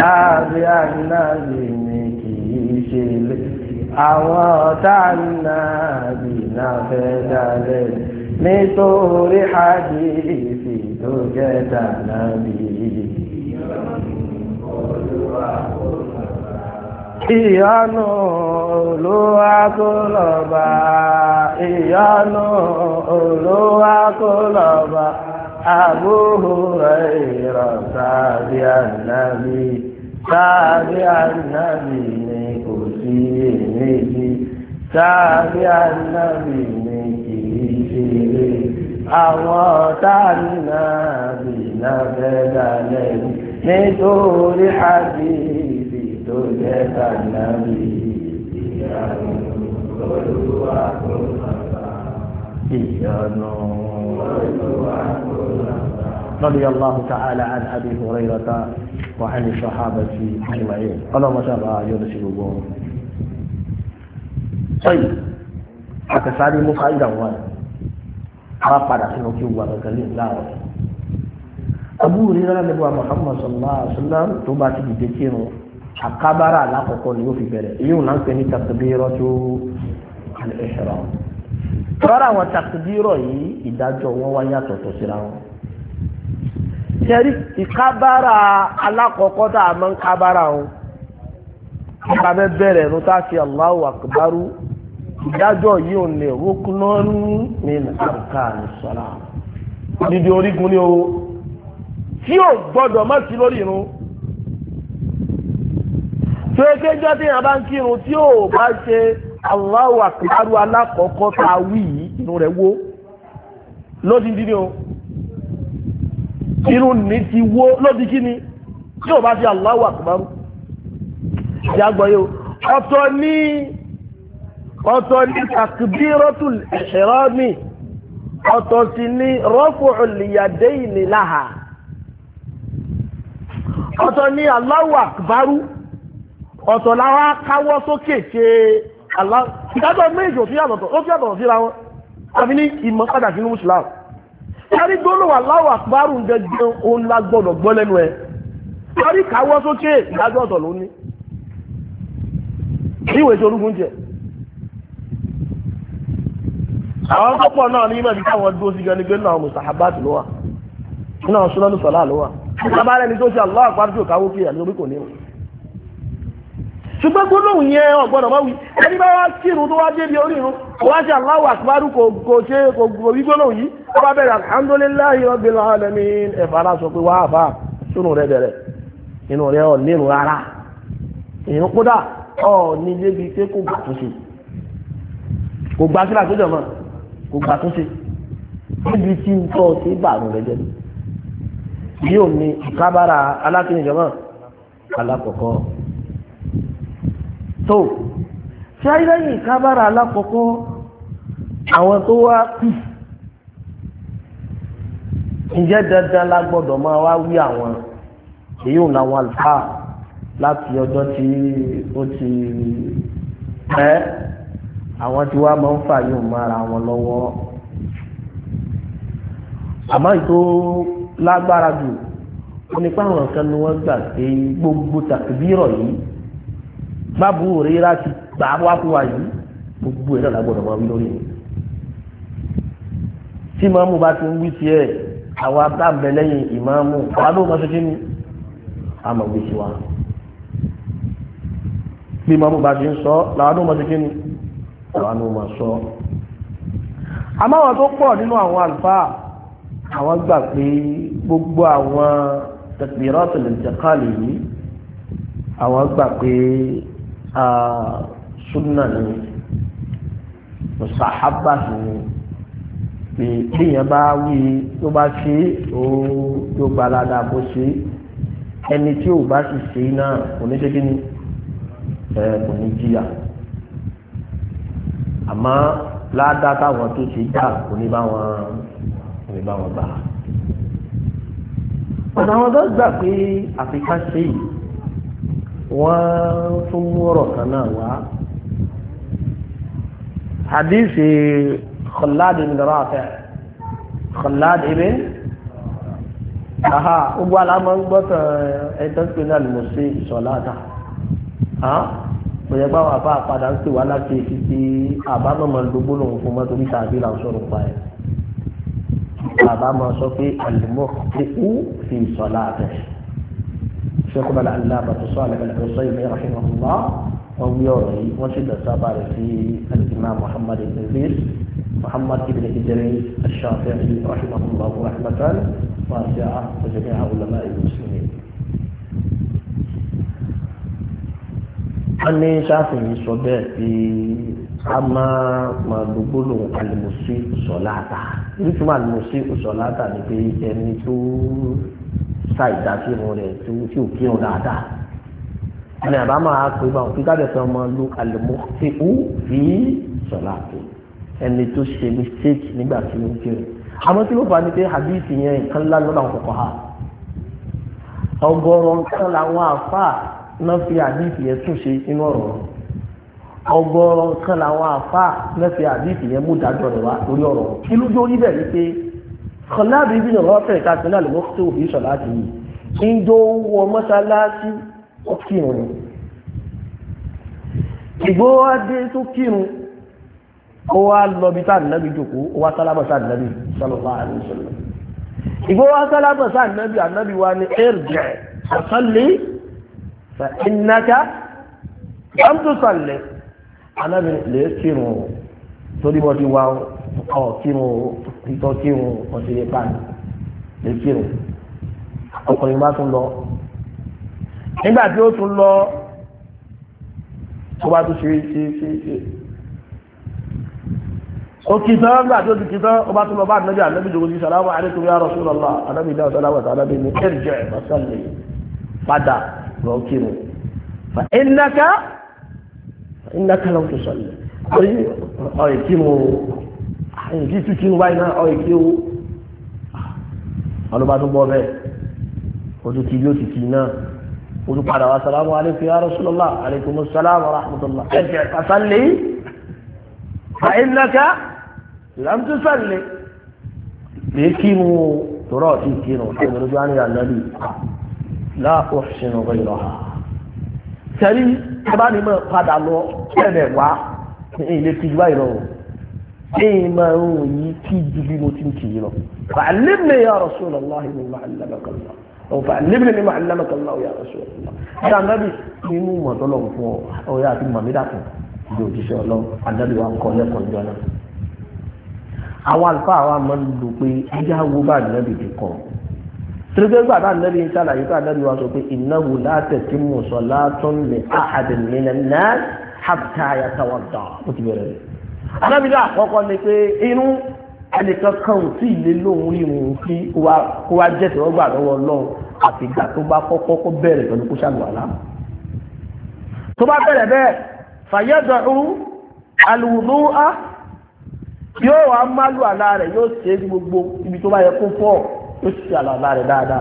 sábì ànábì ni kì í ṣe lé àwọn ọ̀tá ànábì náà fẹ́ dalẹ̀ nítorí hadisi tó jẹ́ ìyanu olúwa kó lọ́ba ìyanu olúwa kó lọ́ba àbúrò rẹ̀ ìrọ̀ta bí ànábì sáàbí ànábì ni kò sí èméjì sáàbí ànábì ni kì í ṣe eré. أغطرنا بنا فدلني نتول حبيبي تجد النبي رضي الله تعالى عن ابي هريره وعن الصحابه اجمعين قال ما شاء الله يرسل الله طيب حتى سالم فائدة وانا a padà sínú kí kali kankan lè láàrọ̀ Abu Hurairah níbo Muhammad sallallahu alaihi wasallam tó bá ti dìde kírun àkábára alákọ̀ọ́kọ́ ni yóò fi bẹ̀rẹ̀ èyí ò náà ń pè ní takbiratu al-ihram tọ́ra àwọn takbirọ̀ yìí ìdájọ́ wọn wáyé àtọ̀tọ̀ síra wọn tẹ́rí ìkábára alákọ̀ọ́kọ́ tá a máa ń kábára wọn nípa bẹ́ẹ̀ bẹ̀rẹ̀ ẹ̀rù fi Allahu akbaru ìdájọ́ yìí ò lè rókúná ní nàìjíríà ní sọ́lá nídìí orígun ní o tí ò gbọ́dọ̀ má sí lórí irun tí ó kéjọ́ tí yàrá bá ń kírun tí ò bá ṣe Allahu akbar alákọ̀ọ́kọ́ tá wí yìí inú rẹ̀ wó lódì dídí o irun ní ti wó lódì kí ni tí ò bá ṣe Allahu akbar ìyá gbọ́ yìí o ọ̀tọ̀ ní. Ọtọ ní takbiratul ihrami ọ̀tọ̀ sì ní raf'ul yadayni laha ọ̀tọ̀ ní Ọtọ akbaru ọ̀tọ̀ láwa káwọ́ sókè ṣe aláwọ̀ ìdájọ́ méjì ó fi síra wọn àfi ní mùsùlùmí kárí gbólóhùn ń òun kárí sókè àwọn tó pọ̀ náà ní ìmọ̀ bí káwọn dúró sí gani pé náà mustahabat ló wà nínú àwọn súnánù sọ̀lá ló wà lábára ẹni tó ṣe Allah àpárí tó káwó kí àlórí kò ní o ṣùgbọ́n gbólóhùn yẹn ọ̀gbọ́dọ̀ máa wí ẹni bá wá kírun tó wá débi orí irun kò wá ṣe Allahu akbar kò kò ṣe kò wí gbólóhùn yìí ó bá bẹ̀rẹ̀ alhamdulillahi rabbil alamin ẹ̀fà aláṣọ pé wá àfà sínú rẹ bẹ̀rẹ̀ inú rẹ ọ̀ nínú rárá ìrún kódà ọ̀ ní débi pé kò gbà tó ṣe kò gbà sílà tó jọ̀ mọ́ kò gbà tó ṣe níbi tí ń tọ́ sí bàrùn rẹ jẹ́ bí ò ní ìkábára alákìnìjọba alákọ̀ọ́kọ́ tó tí a rí lẹ́yìn ìkábára alákọ̀ọ́kọ́ àwọn tó wá kù ǹjẹ́ dandan la gbọ́dọ̀ máa wá wí àwọn èyí ò làwọn àlùfáà láti ọjọ́ tí ó ti pẹ́ àwọn tí wàá máa ń fà yóò mára wọn lọ́wọ́ àmọ́ ètò lágbára jù wọn ni páwọn kan ni wọ́n gbà pé gbogbo tàkìbírọ̀ yìí bábú òrera ti gbà wá fún wa yìí gbogbo ẹ̀rọ làgbọ̀dọ̀ máa ń lórí mi tí màmú bá ti ń wí tiẹ̀ àwa bá ń bẹ lẹ́yìn ìmáàmù àwa ló máa ṣe kí ni àmọ̀ gbèsè wa bí màmú bá ti ń sọ làwa ló máa ṣe kí ni àwọn ni wọ́n sọ àmọ́ àwọn tó pọ̀ nínú àwọn àlùfáà àwọn gbà pé gbogbo àwọn tẹ̀pìrọ́tì lè jẹ́ káàlì yìí àwọn gbà pé súnà ni mùsàhábà sì ni pé kéèyàn bá wí tó bá ṣe ó tó gbalada bó ṣe ẹni tí ò bá sì ṣe náà kò ní ṣe kí ni ẹ kò ní jìyà àmọ́ ládàá táwọn tó ṣe gbà kò ní bá wọn kò ní bá wọn gbà. ọ̀nà àwọn tó gbà pé àfikà ṣe yìí wọ́n tún mú ọ̀rọ̀ kan náà wá. hadisi Khalad ibn Rafi' Khalad ibn aha gbogbo alamọ ń gbọ́tàn ẹ̀ẹ́dẹ́gbẹ̀rún àlùmọ̀ṣẹ́ ìṣọ̀lá ta òye bá wà fà padà ń ṣe wà láti títí àbámọ̀mọ̀ gbogbo lòun fún mọ́tò bí tàbí là ń sọ̀rọ̀ pa ẹ̀. àbámọ̀ sọ pé àlùmọ́ ti kú fi sọ̀lá rẹ̀. sẹ́kọ̀ọ́ bá làlá àbàtò sọ àlẹ́ bẹ̀rẹ̀ sọ ìmọ̀ ìrọ̀ fún ọ̀hún wọn wí ọ̀rọ̀ yìí wọ́n sì dọ̀tà bá rẹ̀ sí alimá muhammad ibn idris muhammad ibn idris ash-shafi'i rahimahullah rahmatan wa asi'a wa jami'a ulama al wọ́n ní sáfìyí sọ bẹ́ẹ̀ pé a máa máa gbogbo alimusi sọ̀láta nítorí alimusi sọ̀láta ni pé ẹni tó ṣàìdásímù rẹ̀ tó tí ò kírun dáadáa ẹni àbá máa pè bá òun kíkà dẹ̀fẹ́ ọmọ lu alimusi ó fi sọ̀láta ẹni tó ṣe mistake nígbà tí ó ń kírun àmọ́ tí ló fà ní pé hadith yẹn nǹkan ńlá lọ́dọ̀ kọ̀ọ̀kan ha ọgọ́rọ̀ nǹkan làwọn àfáà náà fi àdìsí yẹn túnṣe inú ọ̀rọ̀ wọn ọgọ́rọ̀ kan làwọn àfa náà fi àdìsí yẹn mú dájọ́ rẹ̀ wá lórí ọ̀rọ̀ wọn kí ló dé orí bẹ́ẹ̀ ni pé kọláàbí bí nàá wọ́n fẹ̀ka sí náà lọ́wọ́ tó fi sọ̀lá ti yìí ń jó wọ mọ́sálásí ó kírun ni ìgbówó adé tó kírun ó wá lọ bí sáà nàbí jòkó ó wá sálábà sáà nàbí sallallahu alaihi wasallam ìgbówó sálábà sáà nàbí ànábì wa ni ẹ̀rẹ̀ àtàlẹ́ fa innaka lam tusalli anábì lè kírun torí bọ́ ti wá ọ̀ kírun ìtọ́ kírun ọ̀sẹ̀ báyìí lè kírun ọkùnrin bá tún lọ nígbà tí ó tún lọ tó bá tún ṣe ṣe ṣe ṣe ó kì í tán nígbà tí ó ti kì í tán ó bá tún lọ bá ànábì ànábì jòkó sí sàlámù alaykum ya rasulullah ànábì dáhùn sàlámù àti ànábì ní ẹ̀rìjẹ́ ìbásàlẹ̀ padà lọ kírun fa ẹnaka fa ẹnaka lọ tó sọlẹ ọyẹ ọyẹ kírun o àyè kí tu kírun báyìí náà ọyẹ kí o ọlọ́ba tó bọ́ bẹ́ẹ̀ ojú kí yóò ti kì í náà ojú padà wá salamu aleykum ya rasulallah aleykum salaam wa rahmatulah ẹ̀jẹ̀ kasalẹ̀ fa ẹnaka lọ́n tó sọlẹ̀ lè kírun o tòrọ̀ ti kírun ọ̀sẹ̀ lójú àná yà lọ́lẹ̀ láàpọ̀ ṣẹ̀nà ọ̀rọ̀ ìrọ̀hà tẹ̀lé abánimọ̀ padà lọ ẹ̀rẹ̀ wá ní ilé kí wá ìrọ̀rùn ẹ̀yìn máa ń wò yí kí ju bí mo ti ń kì í lọ. fàlẹ́mì ya Rasulullah ni mà alámàkàlá ọ̀ fàlẹ́mì ni mà alámàkàlá ya Rasulullah. ẹ̀rọ anábì nínú mọ̀tọ́lọ̀ fún ọ ọ̀yà àti màmídàkùn ìdí òjíṣẹ́ ọlọ́run anábì wa ń kọ́ lẹ́kọ̀ọ́ ìjọ náà. àwọn àlùfáà wa pé ẹjẹ́ àwo bá ànábì ti kọ́ tìrìgbẹ́gbà náà lẹ́bi ṣàlàyé tó àlẹ́bi wa sọ pé innahu la tatimmu salatun li ahadin minan nas hatta yatawadda ó ti bẹ̀rẹ̀ rẹ̀. anábìlẹ̀ àkọ́kọ́ ni pé inú ẹnìkan kan ò tí ì lé lóhun rí òun kí kó wá jẹ́ tẹ́wọ́ gbà lọ́wọ́ ọlọ́run àti ìgbà tó bá kọ́kọ́ kó bẹ̀rẹ̀ pẹ̀lú kó ṣàlùwàlá. tó bá bẹ̀rẹ̀ bẹ́ẹ̀ fayad'u alwudu'a yóò ó sì àlàlà rẹ̀ dáadáa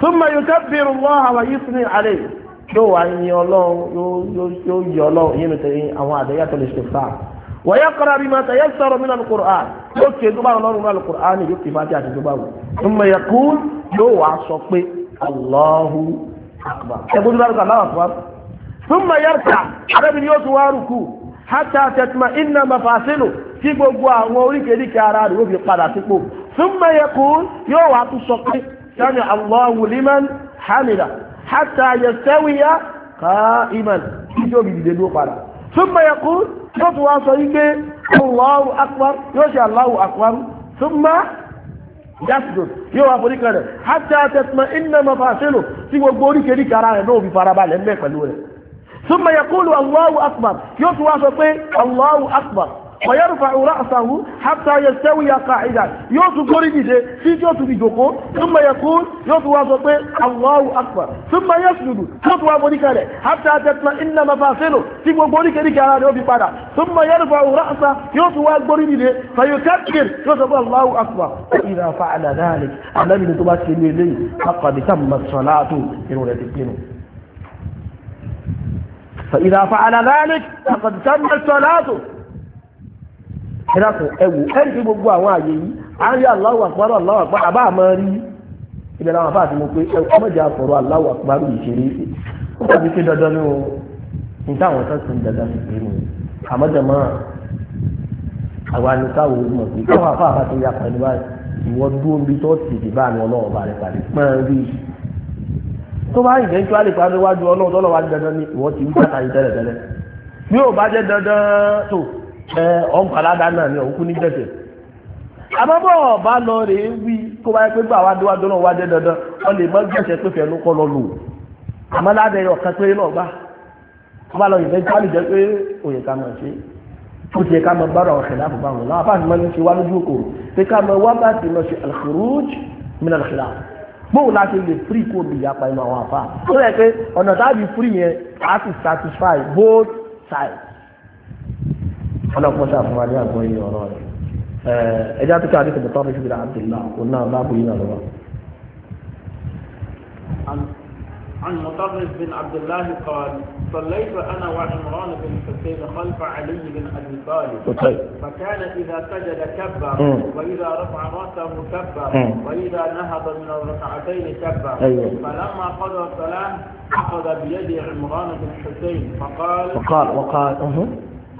thumma yukabbiru Allah wa yusni alayhi yóò wá yin ọlọ́run yóò yọ ọlọ́run yín nítorí àwọn àdéyàtọ̀ lè ṣe fáà wa yaqra bima tayassara min al-Qur'an yóò ké tó ọlọ́run náà al yóò ké fàájì àti tó bá wù thumma yóò wá sọ pé Allahu akbar ẹgbẹ́ tó bá rúkà láwà fún gbogbo àwọn oríkèéríkèé ara rẹ̀ yóò fi padà sípò thumma yaqul yóò wá tún sọ pé sami Allahu liman hamida hatta yastawiya qa'iman ìjọ gidi ló padà thumma yaqul yóò tún wá sọ yí pé Allahu akbar yóò ṣe Allahu akbar thumma yasjud yóò wá forí kan rẹ̀ hatta tatma'inna mafasilu tí gbogbo oríkèéríkèé ara rẹ̀ náà fi farabalẹ̀ mẹ́ pẹ̀lú rẹ̀ thumma yaqulu Allahu akbar yóò tún wá sọ pé Allahu akbar ọ̀yẹ́rùfà ìrọ̀sáwú hátà yẹ̀sẹ́wù ya kàìdà yóò tún kórí dìde tí yóò tún ìjòkó túnmọ̀ yẹ kú yóò tún wá sọ pé Allahu akbar túnmọ̀ yẹ sùdù yóò tún wá boríkalẹ̀ hátà tẹ̀tìmọ̀ iná mafà sílò tí gbogbo oríkèríkè ara rẹ̀ ó fi padà túnmọ̀ yẹ̀rùfà ìrọ̀sá yóò tún wá gbórí dìde fayukakir yóò sọ pé Allahu akbar ìrà fa'ala dhalik alábìnrin tó bá ṣe ní eléyìí akọ̀dìtà mọ̀sálátù irun rẹ̀ ti pinnu فإذا فعل ذلك فقد تمت صلاته ẹ̀dàkùn ẹ̀wù ẹ̀rì ewu gbogbo àwọn àyè yìí a ń rí Allahu Akbar àbá àmọ́ rí ilẹ̀ làwọn afáàtì mo pé ẹ̀wù ọmọdé àfọ̀rọ̀ dandan ní o ní táwọn tó ti ń dandan ní ìlú àmọ́jọmọ́ àwa ni táwọn olùmọ̀ pé káwọn àbá ti ya pẹ̀lú báyìí ìwọ dúró bí tó ti di bá rí tó bá dandan ní ìwọ ti yìí ẹ ọ̀npàládà náà ni òkú ní gbẹ̀sẹ̀ àbábọ̀ ọba lọ rèé wí kó wáyé pé gbà wá déwájú náà wájẹ́ dandan wọ́n lè mọ́ gbẹ̀sẹ̀ pé fẹ́ẹ́ ló kọ́ lọ lò àmọ́ ládẹ́ yọ ọ̀kan péré náà gbà wọ́n bá lọ yìí fẹ́ẹ́ jẹ́ pé òye ká mọ̀ ṣe ó ti yẹ ká mọ bára ọ̀sẹ̀ láàbò báwọn náà àbá àtìmọ́ ní ti wá lójú òkòrò pé ká mọ wá bá ti mọ̀ ṣe al-khuruj min al-khilaf bóun láti lè firi kó bì yapa inú àwọn àfa ó rẹ̀ pé ọ̀nà táàbì firi yẹn á ti satisfy both sides ọlọ́pọ̀ sàfihàn ní àgbọ̀ yìí ọ̀rọ̀ rẹ̀ ẹjá tó káàdì tó bọ̀tọ́ rẹ̀ Abdullah òun عن مطرف بن عبد الله قال صليت انا وعمران بن حسين خلف علي بن ابي طالب فكان اذا سجد كبر واذا رفع راسه كبر واذا نهض من الركعتين كبر فلما قضى الصلاه اخذ بيد عمران بن حسين فقال وقال وقال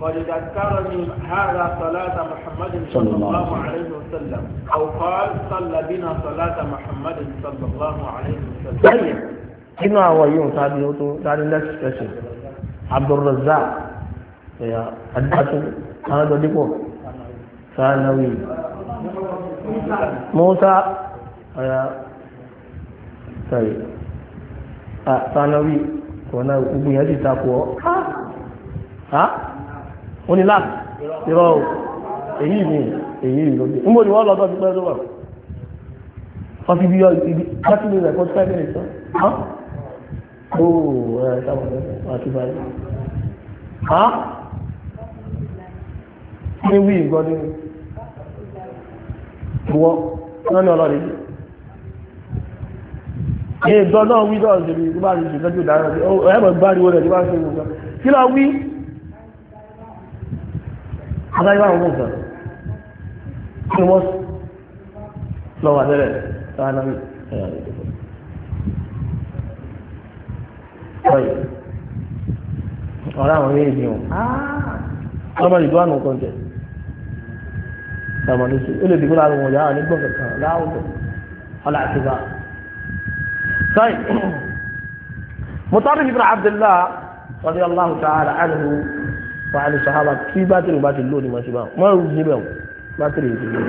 قد ذكرني هذا صلاة محمد صلى الله عليه وسلم أو قال صلى بنا صلاة محمد صلى الله عليه وسلم طيب هو يوم تعالي نوتو تعالي لك كشي عبد الرزاق يا الحسن هذا ديكو ثانوي موسى يا طيب آه، ثانوي كنا وبيهدي تاكو ها ها ó ní láti irọ́ o èyí ni èyí ìlú ní mo ní wọ́n lọ́dọ̀ ti pẹ́ lọ́wọ́ wọ́n fi bí ibi láti lè rẹ̀kọ́ tí pẹ́ẹ́lẹ̀ sọ óò ẹ̀ sábà lọ́wọ́ àti báyìí ha ní wí ìgbọ́ nínú wọ́ wọ́n ní ọlọ́rin ní ìgbọ́ náà wí náà ṣe bí bá rí ṣe lọ́jọ́ ìdáná ẹ̀mọ̀ gbáriwo rẹ̀ ní bá ṣe gbogbo kí lọ wí abáyé báwọn mú nǹkan kí wọ́n lọ wà bẹ́rẹ̀ sáà náà ẹ̀yà ìdìbò. ọ̀yẹ̀ ọ̀rọ̀ àwọn ilé ìdìbò ah. ọmọ ìlú àná kan jẹ ọmọ ìlú ó lè dìbò láàrin wọn yàrá nígbọ̀n kankan láwùjọ ọlá àti bá. sọ́yìn mutari ibn abdullah radiyallahu ta'ala anhu. wà á lè sàhábà tí bátìrì bá ti lò ní mọ̀ṣíbà wọ́n rú níbẹ̀ wọ́n bátìrì ti lò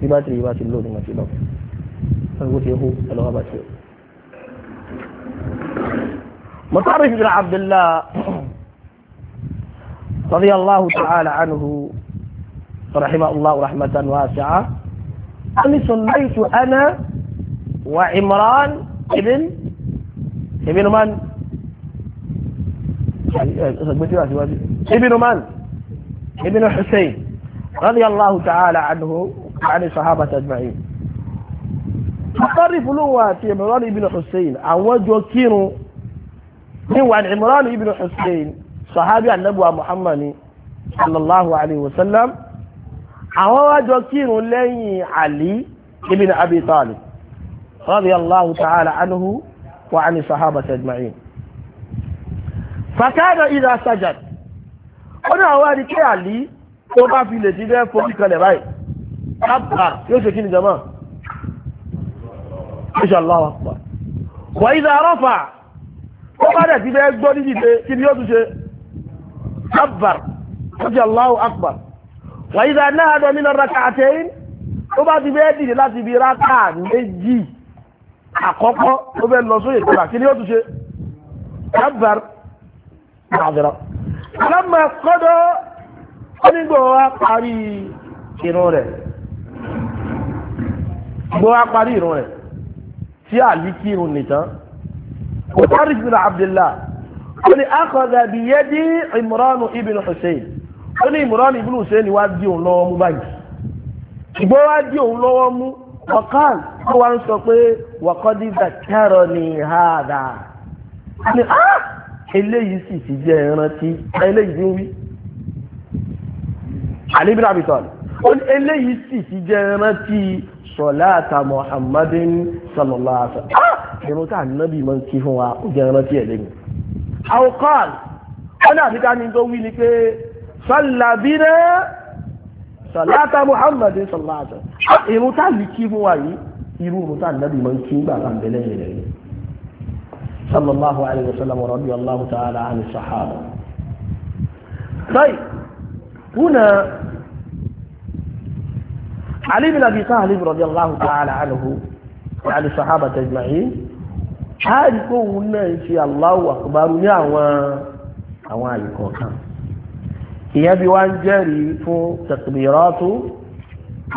tí bátìrì bá ti lò ní mọ̀ṣíbà ẹgbẹ́ ti hó ẹlọ́wọ́ bá ti. مطرف بن عبد الله رضي الله تعالى عنه رحمه الله رحمة واسعة أن صليت أنا وعمران ابن ابن من؟ ẹ̀sọ̀gbẹ́tí wà síwájú ibn man ibn hussein radiyallahu ta'ala anhu àni sahaba tajma'in akọ́rí fúlùwà àti imran ibn hussein àwọn jọ kírun níwà ní imran ibn hussein sahabi annabuwa muhammad sallallahu alaihi wasallam àwọn wá jọ kírun lẹ́yìn ali ibn abi talib radiyallahu ta'ala anhu wa àni sahaba tajma'in fàkádà ìdá sajad ó ní àwọn àríkẹ́ àlí tó bá fi lè ti bẹ́ forí kalẹ̀ báyìí kábà yóò ṣe kí ni jama inshallah akpa wà ìdá rọ́fà tó bá dẹ̀ ti bẹ́ gbọ́ ní ìdè kí ni yóò ṣe kábà inshallah akpa wà ìdá náà dọ̀ nínú rak'atayn tó bá ti bẹ́ dìde láti ibi rákà méjì àkọ́kọ́ tó bẹ́ lọ sóyè kí ni yóò ṣe kábà àdúrà lọ́mọ kọ́dọ̀ parí rẹ̀ parí rẹ̀ tí kí ní akọ̀dà bí yé dí ìmúránù hussein ní ìmúránù hussein wá dí òun lọ́wọ́ mú báyìí dí òun lọ́wọ́ mú wá ń sọ pé eléyìí sì ti jẹ́ ìrántí eléyìí ti ń wí àlébìnrin àbìtàn eléyìí sì ti jẹ́ ìrántí sọ̀láàtà Muhammadin sallallahu alaihi wasallam ìrún ah! tá ànábì máa ń kí fún wa ó jẹ́ ìrántí ẹ̀lẹ́yìn àwòkọ́l wọ́n dàbí ká ní tó wí ni pé sọ̀làbínà sọ̀láàtà Muhammadin sallallahu alaihi wasallam ìrún ah! tá àlìkí fún wa yìí irú ìrún tá ànábì máa ń kí gbàgbà bẹ́lẹ̀ yẹn صلى الله عليه وسلم ورضي الله تعالى عن الصحابة طيب هنا علي بن أبي طالب رضي الله تعالى عنه وعن الصحابة أجمعين àríkò náà ń ṣe Allahu Akbar ní àwọn àwọn àyíkọ̀ kan ìyẹn bí wọ́n ń jẹ́rìí fún takbiratu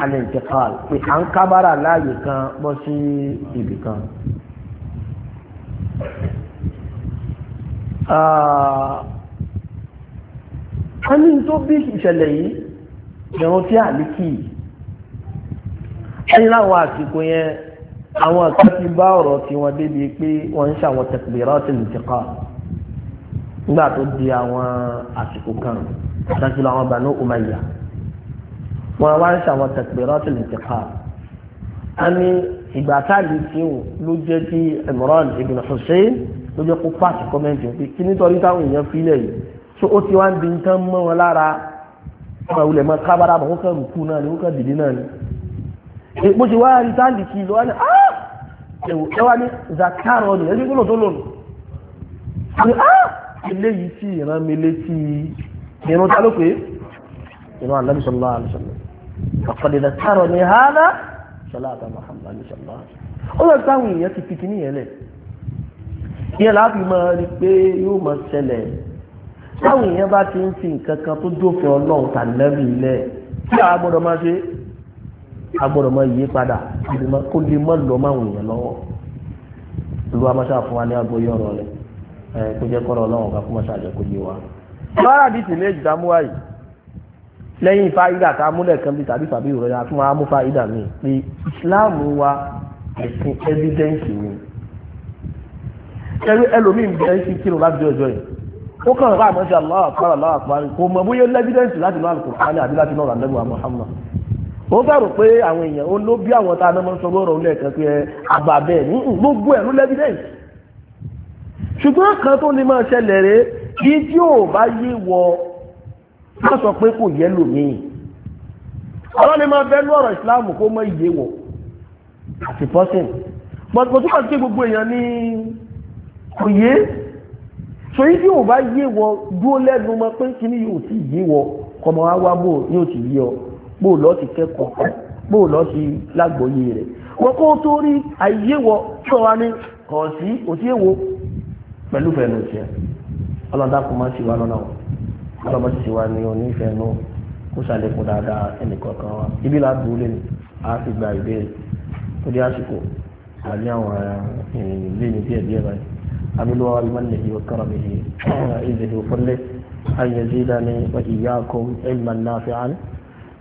al-intiqal pé à ń kábàrà láàyè kan bọ́ sí ibì kan Ah, a ní tó bí ìṣẹ̀lẹ̀ yìí ìrún tí àlékì ẹni láwọn àsìkò yẹn àwọn kan ti bá ọ̀rọ̀ tí wọ́n débi pé wọ́n ń ṣàwọn takbiratul intiqal nígbà tó di àwọn àsìkò kan àtàkì làwọn Banu Umayya wọ́n wá ń ṣàwọn takbiratul intiqal a ní ìgbà táàlì tí ò ló jẹ́ kí Imran ibn Hussein ló jẹ́ kó pàṣẹ kọ́mẹ́ntì pé kí nítorí táwọn èèyàn filẹ̀ yìí tó ó ti wá ń di nǹkan mọ́ wọn lára ọmọ ìwúlẹ̀ mọ́ kábàrà bọ̀ kókàn rùkú náà ni kókàn dìde náà ni bó ṣe wá rí táàlì kí lọ́wọ́ ni ẹ wá ní ah! zakaro ni ẹni gbọ́dọ̀ tó lòlù ah! eléyìí tí ìran mi létí ìran ta ló pé ìran sọlá àti Muhammad ní sọlá ó lọ sáwọn èèyàn ti fi kíní yẹn lẹ̀ ìyẹn láàfin máa rí pé yóò máa ṣẹlẹ̀ táwọn èèyàn bá ti ń fi nǹkan kan tó dófin ọlọ́run tàlẹ́rì ilẹ̀ tí a gbọ́dọ̀ máa ṣe a gbọ́dọ̀ máa yí padà kó lè má lọ máwọn èèyàn lọ́wọ́ ìlú amáṣá fún wa ní agbóyọ̀ ọ̀rọ̀ rẹ̀ kó jẹ́ kọ́rọ̀ ọlọ́run ká kó máa ṣàjẹ́ kó yé wa. bára bíi tìlẹ́ẹ̀jì dámúwáyìí lẹ́yìn fáyidà tá a múlẹ̀ kan bíi tàbí tàbí ìrọ̀lẹ́ àtúnwá á mú fáyidà mi pé ìsìláàmù wa ẹ̀sìn ẹ́fídẹ́ǹsì ni ẹ̀rí ẹlòmíín bẹ̀rẹ̀ sí kírun láti ọjọ́ yìí ó kàn rà mọ́ sí Allahu Akbar Allahu Akbar kò mọ̀ bóyá lẹ́fídẹ́ǹsì láti náà Al-Qur'ani àbí láti náà àdẹ́gbà Muhammad ó gbàrò pé àwọn èèyàn ó ló bí àwọn tá a náà sọ lọ́rọ̀ lẹ́ẹ̀kan pé àgbà bẹ́ẹ̀ ní gbogbo ẹ̀ ló lẹ́fídẹ́ǹsì ṣùgbọ́n kan tó lè máa ṣẹlẹ̀ rèé kí tí ò wọ́n sọ pé kò yẹ lòmíì ọlọ́ni máa bẹ́nu ọ̀rọ̀ ìsìláàmù kó mọ ìyé wọ̀ àti pọ́sìn but kò túbọ̀ sí gbogbo èèyàn ní kò yé so yí tí ò bá yé wọ dúró lẹ́nu mọ pé kí ni yóò ti yé wọ kọmọ wa wá bò yóò ti yé ọ bò lọ ti kẹ́kọ̀ọ́ bò lọ ti lágbòye rẹ̀ wọ́n kó tó rí àyè wọ tí wọ́n wá ní kọ̀ sí òsì èwo pẹ̀lú fẹ̀lú tiẹ̀ ọlọ́dà kò má sí wa lọ́nà wọn ọlọ́mọ ti wá ní onífẹ̀ẹ́ náà kó sàlékún dáadáa ẹnìkọ̀ọ̀kan wa ibi là ń dúró lé ní a ti gba ìbéèrè tó dé àsìkò wà ní àwọn ìrìn lé ní díẹ̀ díẹ̀ báyìí abiluwa wa liman nahi wa karamihi izihi wa falle an yazidani wa iyyakum ilman nafi'an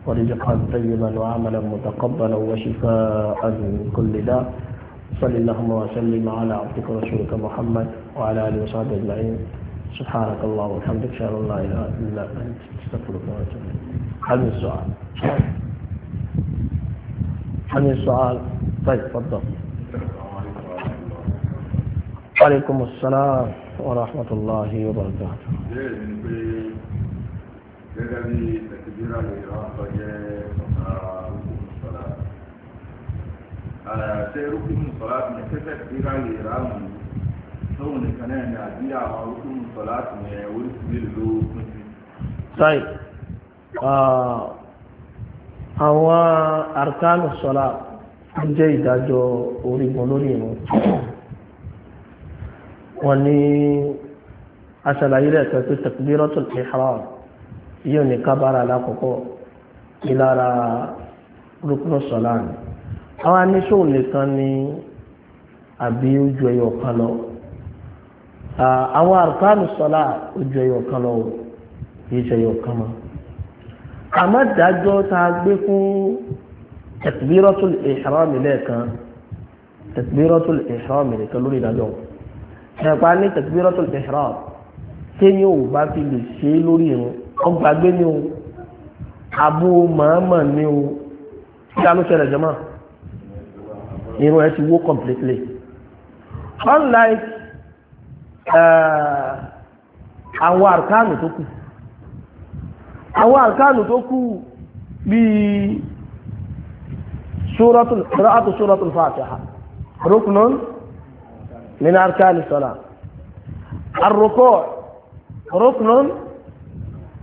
wa rizqan tayyiban wa amalan mutaqabbalan wa shifaa'an min kulli da' صلى اللهم وسلم على عبدك ورسولك محمد وعلى اله وصحبه اجمعين سبحانك الله وبحمدك شاء الله لا اله الا انت استغفرك واتوب هذا السؤال هذا السؤال طيب تفضل عليكم السلام ورحمة الله وبركاته ṣe rúkúnù sọ́lá ní tóun nìkan náà ni àbí àwọn orúkún sọ láti yẹn oríṣi mélòó ló pín sí. sáì àwọn arkanu sọlá ń jẹ́ ìdájọ́ orígun lórí ìrun wọ́n ní aṣàlàyé rẹ̀ pẹ̀lú takbiratul ihram yíò ní kábàárà lákòókò ìlara rúkúnù sọ̀lá ni àwọn aníṣòwò nìkan ni àbí ojú ẹyọ kan lọ Ah, àwọn àrùkánù sọlá ojú ẹyọ kan lọ kìí ṣe ẹyọ kan mọ àmọ́ dájọ́ tá a gbé fún takbiratul ihram lẹ́ẹ̀kan takbiratul ihram nìkan lórí ìdájọ́ ẹ̀pá ní takbiratul ihram kéyìn ò bá fi lè ṣe é lórí irun ọgbàgbé ni o abo màmá ni o kí ló ṣẹlẹ̀ jọmọ́ irun ẹ ti wó completely unlike Eh, àwọn àrkánù tó kù àwọn àrkánù tó kù bí ráàtù suratul fatiha ruknun min arkani sọ́lá arrukọ́ ruknun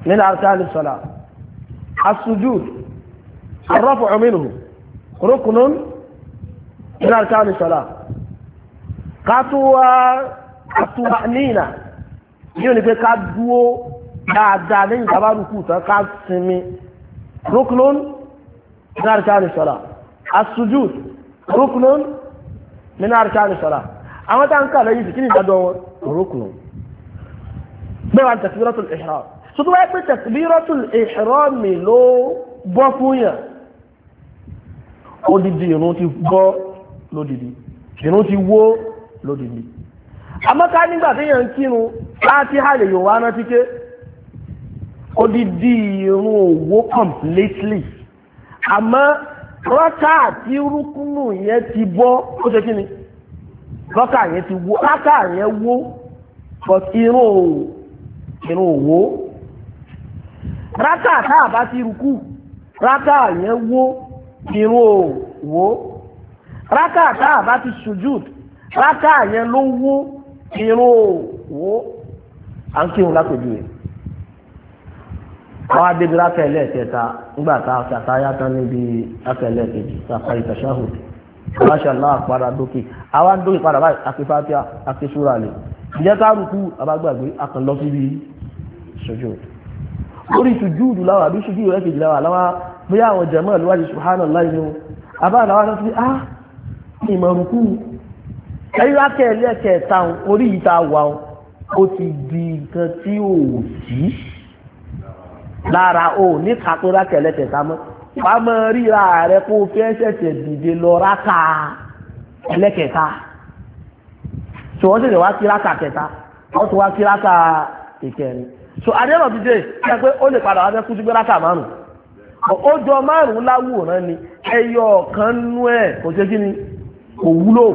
min arkani sọ́lá asujud arrafu minhu ruknun min arkani sọ́lá katuwa eh, àtúwà níìnà yóò ní pé ká dúó dáadáa lẹ́yìn tá a bá rúkú tán ká sinmi rukunun min arkani sọ̀rọ̀ asujud rukunun min arkani sọ̀rọ̀ àwọn tá à ń kà lẹ́yìn kí ni ìdájọ́ wọn bẹ́ẹ̀ wà ní takbiratul ihram tó tó wáyé pé takbiratul ihram mi ló bọ́ fún yàn odidi ìrun ti bọ́ lódìdí ìrun ti wó lódìdí àmọ́ ká nígbà téèyàn ń kírun láti hàlè yòówá náà ti ké odidi irun òwò completely àmọ́ rọ́kà àti rúkúnù yẹn ti bọ́ ó ṣe kí ni rọ́kà yẹn ti wó rọ́kà yẹn wó but irun irun òwò rọ́kà tá a bá ti rúkú rọ́kà yẹn wó irun òwò rọ́kà tá bá ti sujud rọ́kà yẹn ló wó kírun wo à ń kírun lápèjú rẹ̀ àwọn adébí láfẹ̀lẹ́ kẹta nígbà tá a ṣàtàyà tán níbi láfẹ̀lẹ́ kejì sàkàrí tàṣáhùdì aláṣàlá àpárá dókè àwọn dókè padà báyìí akífáfíà akíṣúra lè ìjẹ́ ká rùkú abágbàgbé akànlọ síbi ṣojú lórí ìṣùjúùdù láwà bí ṣojú rẹ̀ kejì láwà láwà bóyá àwọn jẹ̀mọ́ ìlú wájú subhanallah inú abáàláwà náà fi ah ìmọ̀ ẹ̀rílákẹ́ ẹlẹ́kẹ̀ẹ́ta orí ìta wà ó ti di nǹkan tí ò sí lára o ní kàtó rákẹ́ ẹlẹ́kẹ̀ẹ́ta mọ́ wàá mọ ríra rẹ kó o fẹ́ ṣẹ̀ṣẹ̀ dìde lọ rákà ẹlẹ́kẹ̀ẹ́ta tí wọ́n ṣẹ̀ṣẹ̀ wá sí rákà kẹta wọ́n tún wá sí rákà ìkẹrin so àdéhùn dídé ṣe pé ó lè padà wá fẹ́ kú sí pé rákà márùn-ún ọjọ́ márùn-ún ni ẹyọ ọ̀kan nú ẹ̀ kò ṣe kí ni kò wúlò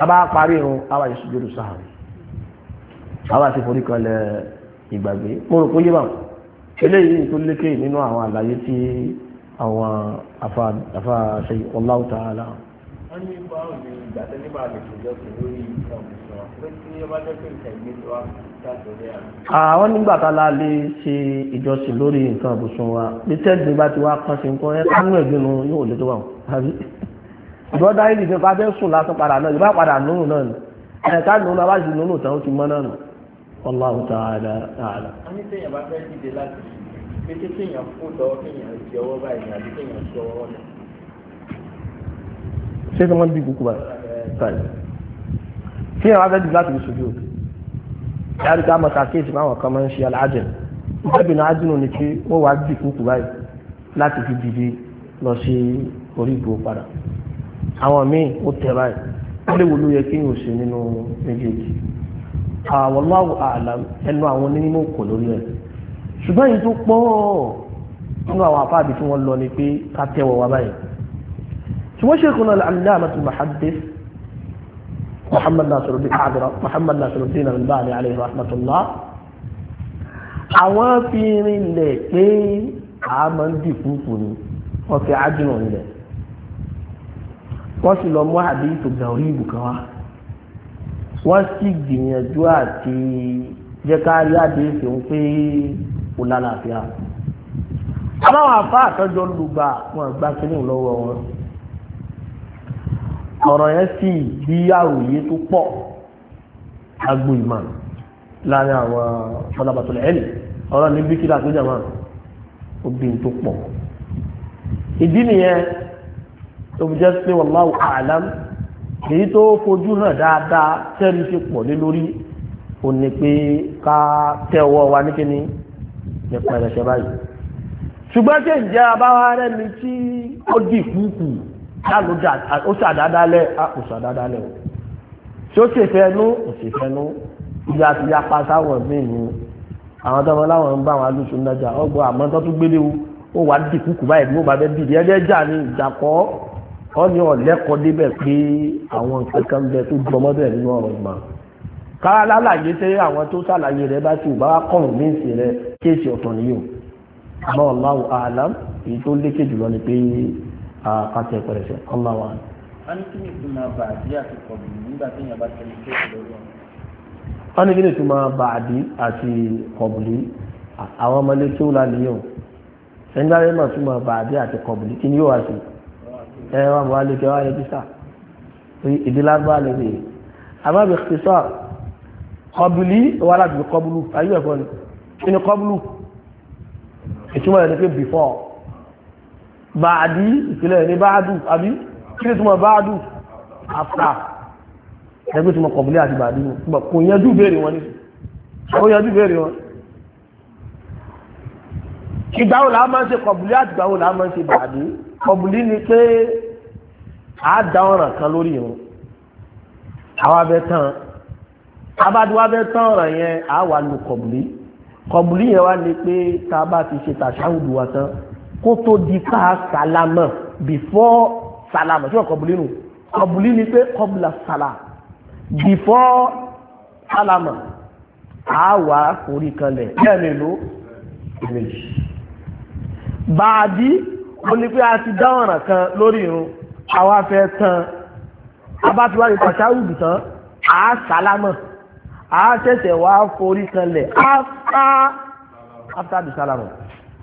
àbá parí irun àwa yìí sùjúdù sahwi àwa sì forí kan lẹ ìgbàgbé mo rò pé yé báwọn eléyìí tó lékè nínú àwọn àlàyé tí àwọn afa ṣe wallahu ta'ala. wọ́n ní báwo ni ìgbà tẹ́lẹ̀ máa lè ṣèjọ́ sí lórí ìtàn ìṣọ́ pé tí ó bá jẹ́ pé nǹkan ìgbé tó wá àwọn nígbà tá la lè ṣe ìjọsìn lórí nǹkan ìbùsùn wa bí tẹ́gbìn bá ti wá kán sí nǹkan ẹ̀ kánú ẹ̀gbìn yóò lè tó wà wọ́n ìbọ́dá yìí nìkan fáfẹ́ sùn lásán padà náà ìbá padà lóhùn náà nù ẹ̀ka lóhùn náà bá sì lóhùn tán ó ti mọ́ náà nù Allahu ta'ala a ní sẹ́yìn bá fẹ́ dìde láti pété kéèyàn kó lọ́wọ́ kéèyàn di ọwọ́ báyìí àbí kéèyàn sọ ọwọ́ ṣé kí wọ́n bí kúkú báyìí? kéèyàn bá fẹ́ dìde láti ṣojú òkè yàrá ká mọ̀ta kéèsì máwọn ń ṣe àwọn míì ó tẹ̀ báyìí ó léwu ló yẹ kí n ò sí nínú méjèèjì wallahu a'lam ẹnu àwọn onímọ̀ kò lórí ẹ̀ ṣùgbọ́n èyí tó pọ̀ nínú àwọn àfáàbí tí wọ́n lọ ni pé ká tẹ́wọ̀ wá báyìí ṣùgbọ́n shaykhuna al-allamah al-muhaddith محمد ناصر الدين محمد ناصر الدين الباني عليه رحمة الله àwọn fi rinlẹ̀ pé a ń dìkú kù ni wọ́n fi ájúnà wọ́n sì lọ mú àdéhùn gàrí ìbù kan wá wọ́n sì gbìyànjú àti jẹ́ ká rí àdéhùn pé kò lálàáfíà aláwọ̀ afá àtọ́jọ́ lùgbà wọn gba kínní lọ́wọ́ wọn ọ̀rọ̀ yẹn sì bí àròyé tó pọ̀ agbo ìmọ̀ láàrin àwọn ọ̀làbàtọ̀lẹ̀ ẹ̀lì ọ̀rọ̀ ní bíkílà tó jẹ̀ wọn obìnrin tó pọ̀ ìdí nìyẹn tó fi jẹ́ pé wallahu a'lam èyí tó fojú hàn dáadáa tẹ́lú ṣe pọ̀ lé lórí ò ní pé ká tẹ́ ọwọ́ wa ní kíní nípa ẹ̀rẹ̀ṣẹ̀ báyìí ṣùgbọ́n ṣe ìjẹ́ abáwá rẹ́ni tí ó dì kúkú ó ṣàdádálẹ̀ ó ṣàdádálẹ̀ o ṣé ó ṣèfẹ́ ẹnu ó ṣèfẹ́ ẹnu ìyá àti ìyá pa sáwọn míì ni àwọn tọmọ láwọn ń bá àwọn alùsùn náà jà ọgbọ àmọ́ tó tún gbélé o ó wà dì kúkú báyìí bí ó bá fẹ́ dìde wọ́n ní ọ̀lẹ́kọ̀ọ́ débẹ̀ pé àwọn nǹkan kan bẹ tó gbọmọ bẹ̀ nínú ọ̀rọ̀ ìmọ̀ ká lálàyé tẹ àwọn tó ṣàlàyé rẹ bá ti ò bá kọ̀ọ̀ míǹsì rẹ kéèsì ọ̀tọ̀ nìyó àmọ́ Allahu a'lam èyí tó lékè jùlọ ni pé àkàtẹ̀ pẹ̀rẹ̀sẹ̀ ọláwà. wọ́n ní kí ni ìtumọ̀ bàdí àti kọ̀bù nígbà tí èèyàn bá tẹ̀lé kéèsì lọ́wọ́. wọ́n ní kí ni ìtumọ̀ bàdí àti kọ̀bù àwọn ẹ wà bọ̀ alókè wà yọjú sá ìdílágbà lè rè àbábẹ̀ ṣiṣọ́ kọbùlí wà láti fi kọbùlù ayé ẹ̀kọ́ ni kí ni kọbùlù ìtumọ̀ rẹ̀ ni pé bìfọ́ bàádì ìpìlẹ̀ ní báádù àbí kí ni túmọ̀ báádù àfà ẹgbẹ́ túmọ̀ kọbùlí àti bàádì kò yanjú béèrè wọn ni kò yanjú béèrè wọn ìgbàwò làá máa ń ṣe kọbùlí àti ìgbàwò làá máa ń ṣe bàádì kọbùlí ni pé a da ọ̀ràn kan lórí irun àwa bẹ tán abáduwa bẹ tán ọ̀ràn yẹn a wà lu kọbùlí kọbùlí yẹn wá ni pé tá a bá ti ṣe tàṣáwùdù wa tán kó tó di ká sálámà before sálámà ṣé wọn kọbùlí nù kọbùlí ni pé kọbùlà sálámà before sálámà a wà forí kanlẹ̀ bẹ́ẹ̀ ni ló bàdí ó ní pé a ti dá ọ̀ràn kan lórí irun àwa fẹ́ tán abátiwárí pàṣáwùdù tán a á sálámọ̀ à á ṣẹ̀ṣẹ̀ wá forí kanlẹ̀ after after the sálámọ̀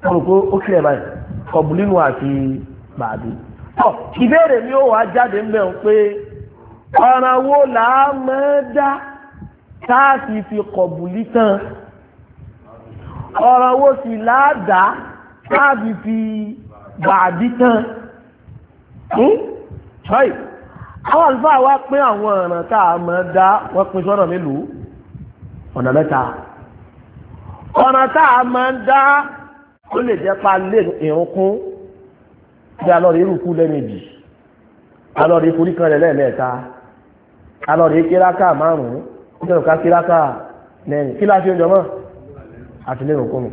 mo rò pé ó kílẹ̀ báyìí kọ̀bùlínú àti bàbí. ìbéèrè mi ó wàá jáde ńbẹ̀ ń pé ọ̀ràn wo là á mọ̀ dá táàsì fi kọ̀bùlí tán ọ̀ràn wo sì là á dá táàbì fi bàbí tán ṣọ́yì hmm? àwọn àlùfáà wá pín àwọn ọ̀ràn tá a mọ̀ dá wọ́n pín sọ́nà mélòó ọ̀nà mẹ́ta ọ̀nà tá a mọ̀ dá ó lè jẹ́ pa lé ìrún kún bí alọ́rẹ̀ irúkú lẹ́mẹ̀jì alọ́rẹ̀ forí kan rẹ̀ lẹ́ẹ̀mẹ́ta alọ́rẹ̀ kíráká márùn-ún kíláàsì ká kíráká mẹ́rin kíláàsì oúnjẹ mọ́ àtìlẹ́rùn kún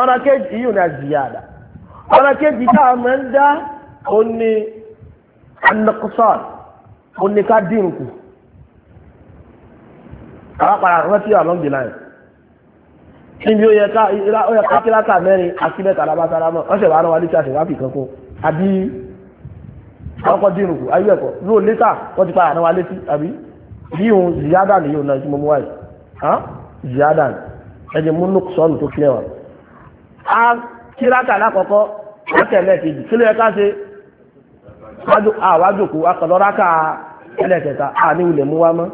ọ̀nà kejì yìí ò ní àjìyà àdá ọ̀rọ̀ kejì tá a máa ń dá ó ní anakusan ó ní ká dín kù àwọn àpàrà rántí along the line níbi ó yẹ ká ó yẹ ká kíláàkà mẹ́rin àti mẹ́ta alábátára mọ́ wọ́n ṣẹ̀wá náà wá ní tí a ṣẹ̀wá fi kankan àbí ọkọ̀ dín kù ayé ẹ̀kọ́ ló létà wọ́n ti pa àná wa létí àbí bí òun ziyada ni yóò náà tí mo mú wáyé ziyada ẹ̀jẹ̀ mú nùkú sọ́ọ̀nù tó kílẹ̀ wọn. a kíláàkà lákọ̀ọ́kọ́ látẹ̀lẹ̀ kejì kí ló yẹ ká ṣe àwájòkó akọ̀lọ́ráka ẹlẹ́kẹta àní ilẹ̀ mú wa mọ́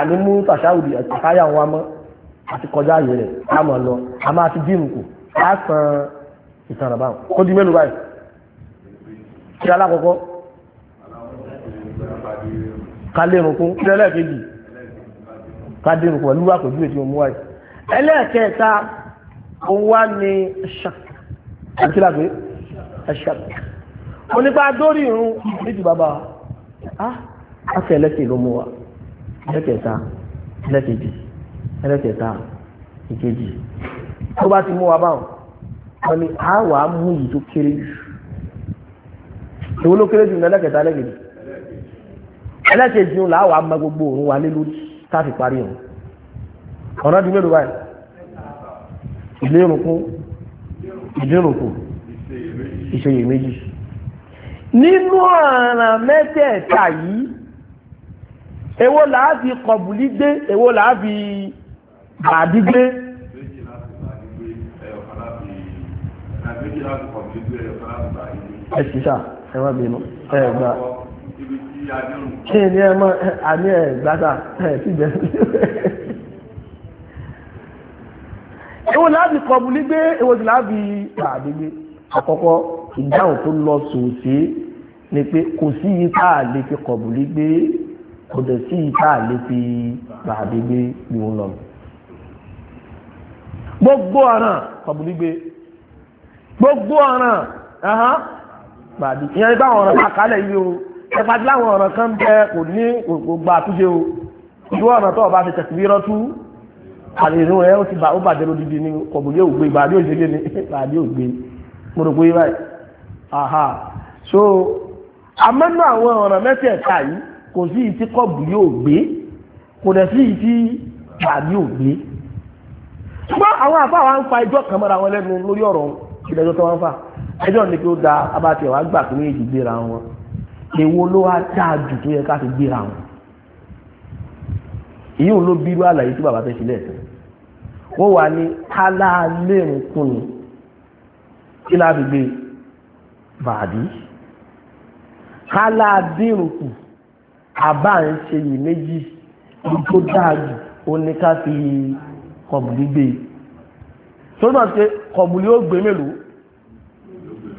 àní mú tàṣáwùdì àtàkáyà wa mọ́ àti kọjá àyè rẹ̀ á mọ̀ lọ a máa ti dìmù kù á san ìtànà báwọn kó di mélòó báyìí kí alákọ̀ọ́kọ́ ká lérun kún kí ẹlẹ́kejì ká dérun pẹ̀lú àpèjúwe tí mo mú wáyé ẹlẹ́kẹta òun wá ṣàkóso àti láti ẹ̀ṣàbù mo nípa dórí irun méjì bàbá ah, a àti ẹlẹ́kẹ̀ ló mú wa ẹlẹ́kẹ̀ẹ́ta ẹlẹ́kẹ̀ẹ́jì ẹlẹ́kẹ̀ẹ́ta ìkejì tó bá ti mú wa báwọn wọn ni a wà á mú yìí tó kéré jù èwo ló kéré jù ní ẹlẹ́kẹ̀ẹ́ta ẹlẹ́kẹ̀ẹ́jì ẹlẹ́kẹ̀ẹ́jì là á wà á mọ gbogbo òun wa lé lórí káfí parí òun ọ̀nà di mélòó báyìí ìlérùn kún ìdíròkò ìṣòyè méjì nínú ọ̀ràn mẹ́tẹ̀ẹ̀ta yìí èwo làá fi kọ̀bùlí gbé èwo làá fi bàdí gbé. ẹ sì sà ẹ má bínú ẹ gbà kí ni ẹ má àní ẹ gbà sà ẹ sì jẹ èwo láàbì kọbu nígbé èwo sì láàbì àdégbé àkọ́kọ́ ìdáhùn tó lọ sòòsé ni pé kò sí yìí tá a lè fi kọbu nígbé kò dẹ̀ sí yìí tá a lè fi àdégbé ni wọn lọ. gbogbo ọ̀ràn kọbu nígbé gbogbo ọ̀ràn gbàdí ìyẹn ní báwọn ọ̀ràn kàkálẹ̀ yìí o ẹ̀fà tí láwọn ọ̀ràn kan bẹ kò ní gbogbo àtúnṣe o ìlú ọ̀ràn tó o bá fi tẹ̀síwírọ́tú àlèrò rẹ ó ti bà ó bàjẹ́ lódìdí ni kọ̀bù yóò gbé bàdí ò ṣeré ni bàdí ò gbé mo rò pé báyìí so amẹ́nu àwọn ọ̀ràn mẹ́tẹ̀ẹ̀ta yìí kò sí ìtí kọ̀bù yóò gbé kò dẹ̀ sí ìtí bàdí ò gbé ṣùgbọ́n àwọn àfa wa ń fa ẹjọ́ kan mọ́ra wọn lẹ́nu lórí ọ̀rọ̀ ìdájọ́ tó wọ́n fà ẹjọ́ ni pé ó da abátiẹ̀ wá gbà pé méjì gbéra wọn èwo ló wá dáa jù wọ́n wà ní aláàlérùnkún ni kí láti gbé bàdí aláàdírùnkù àbá ń ṣe yìí méjì tó dáa jù ó ní ká fi kọ̀bùlí gbé tó náà ṣe kọ̀bùlí ó gbé mélòó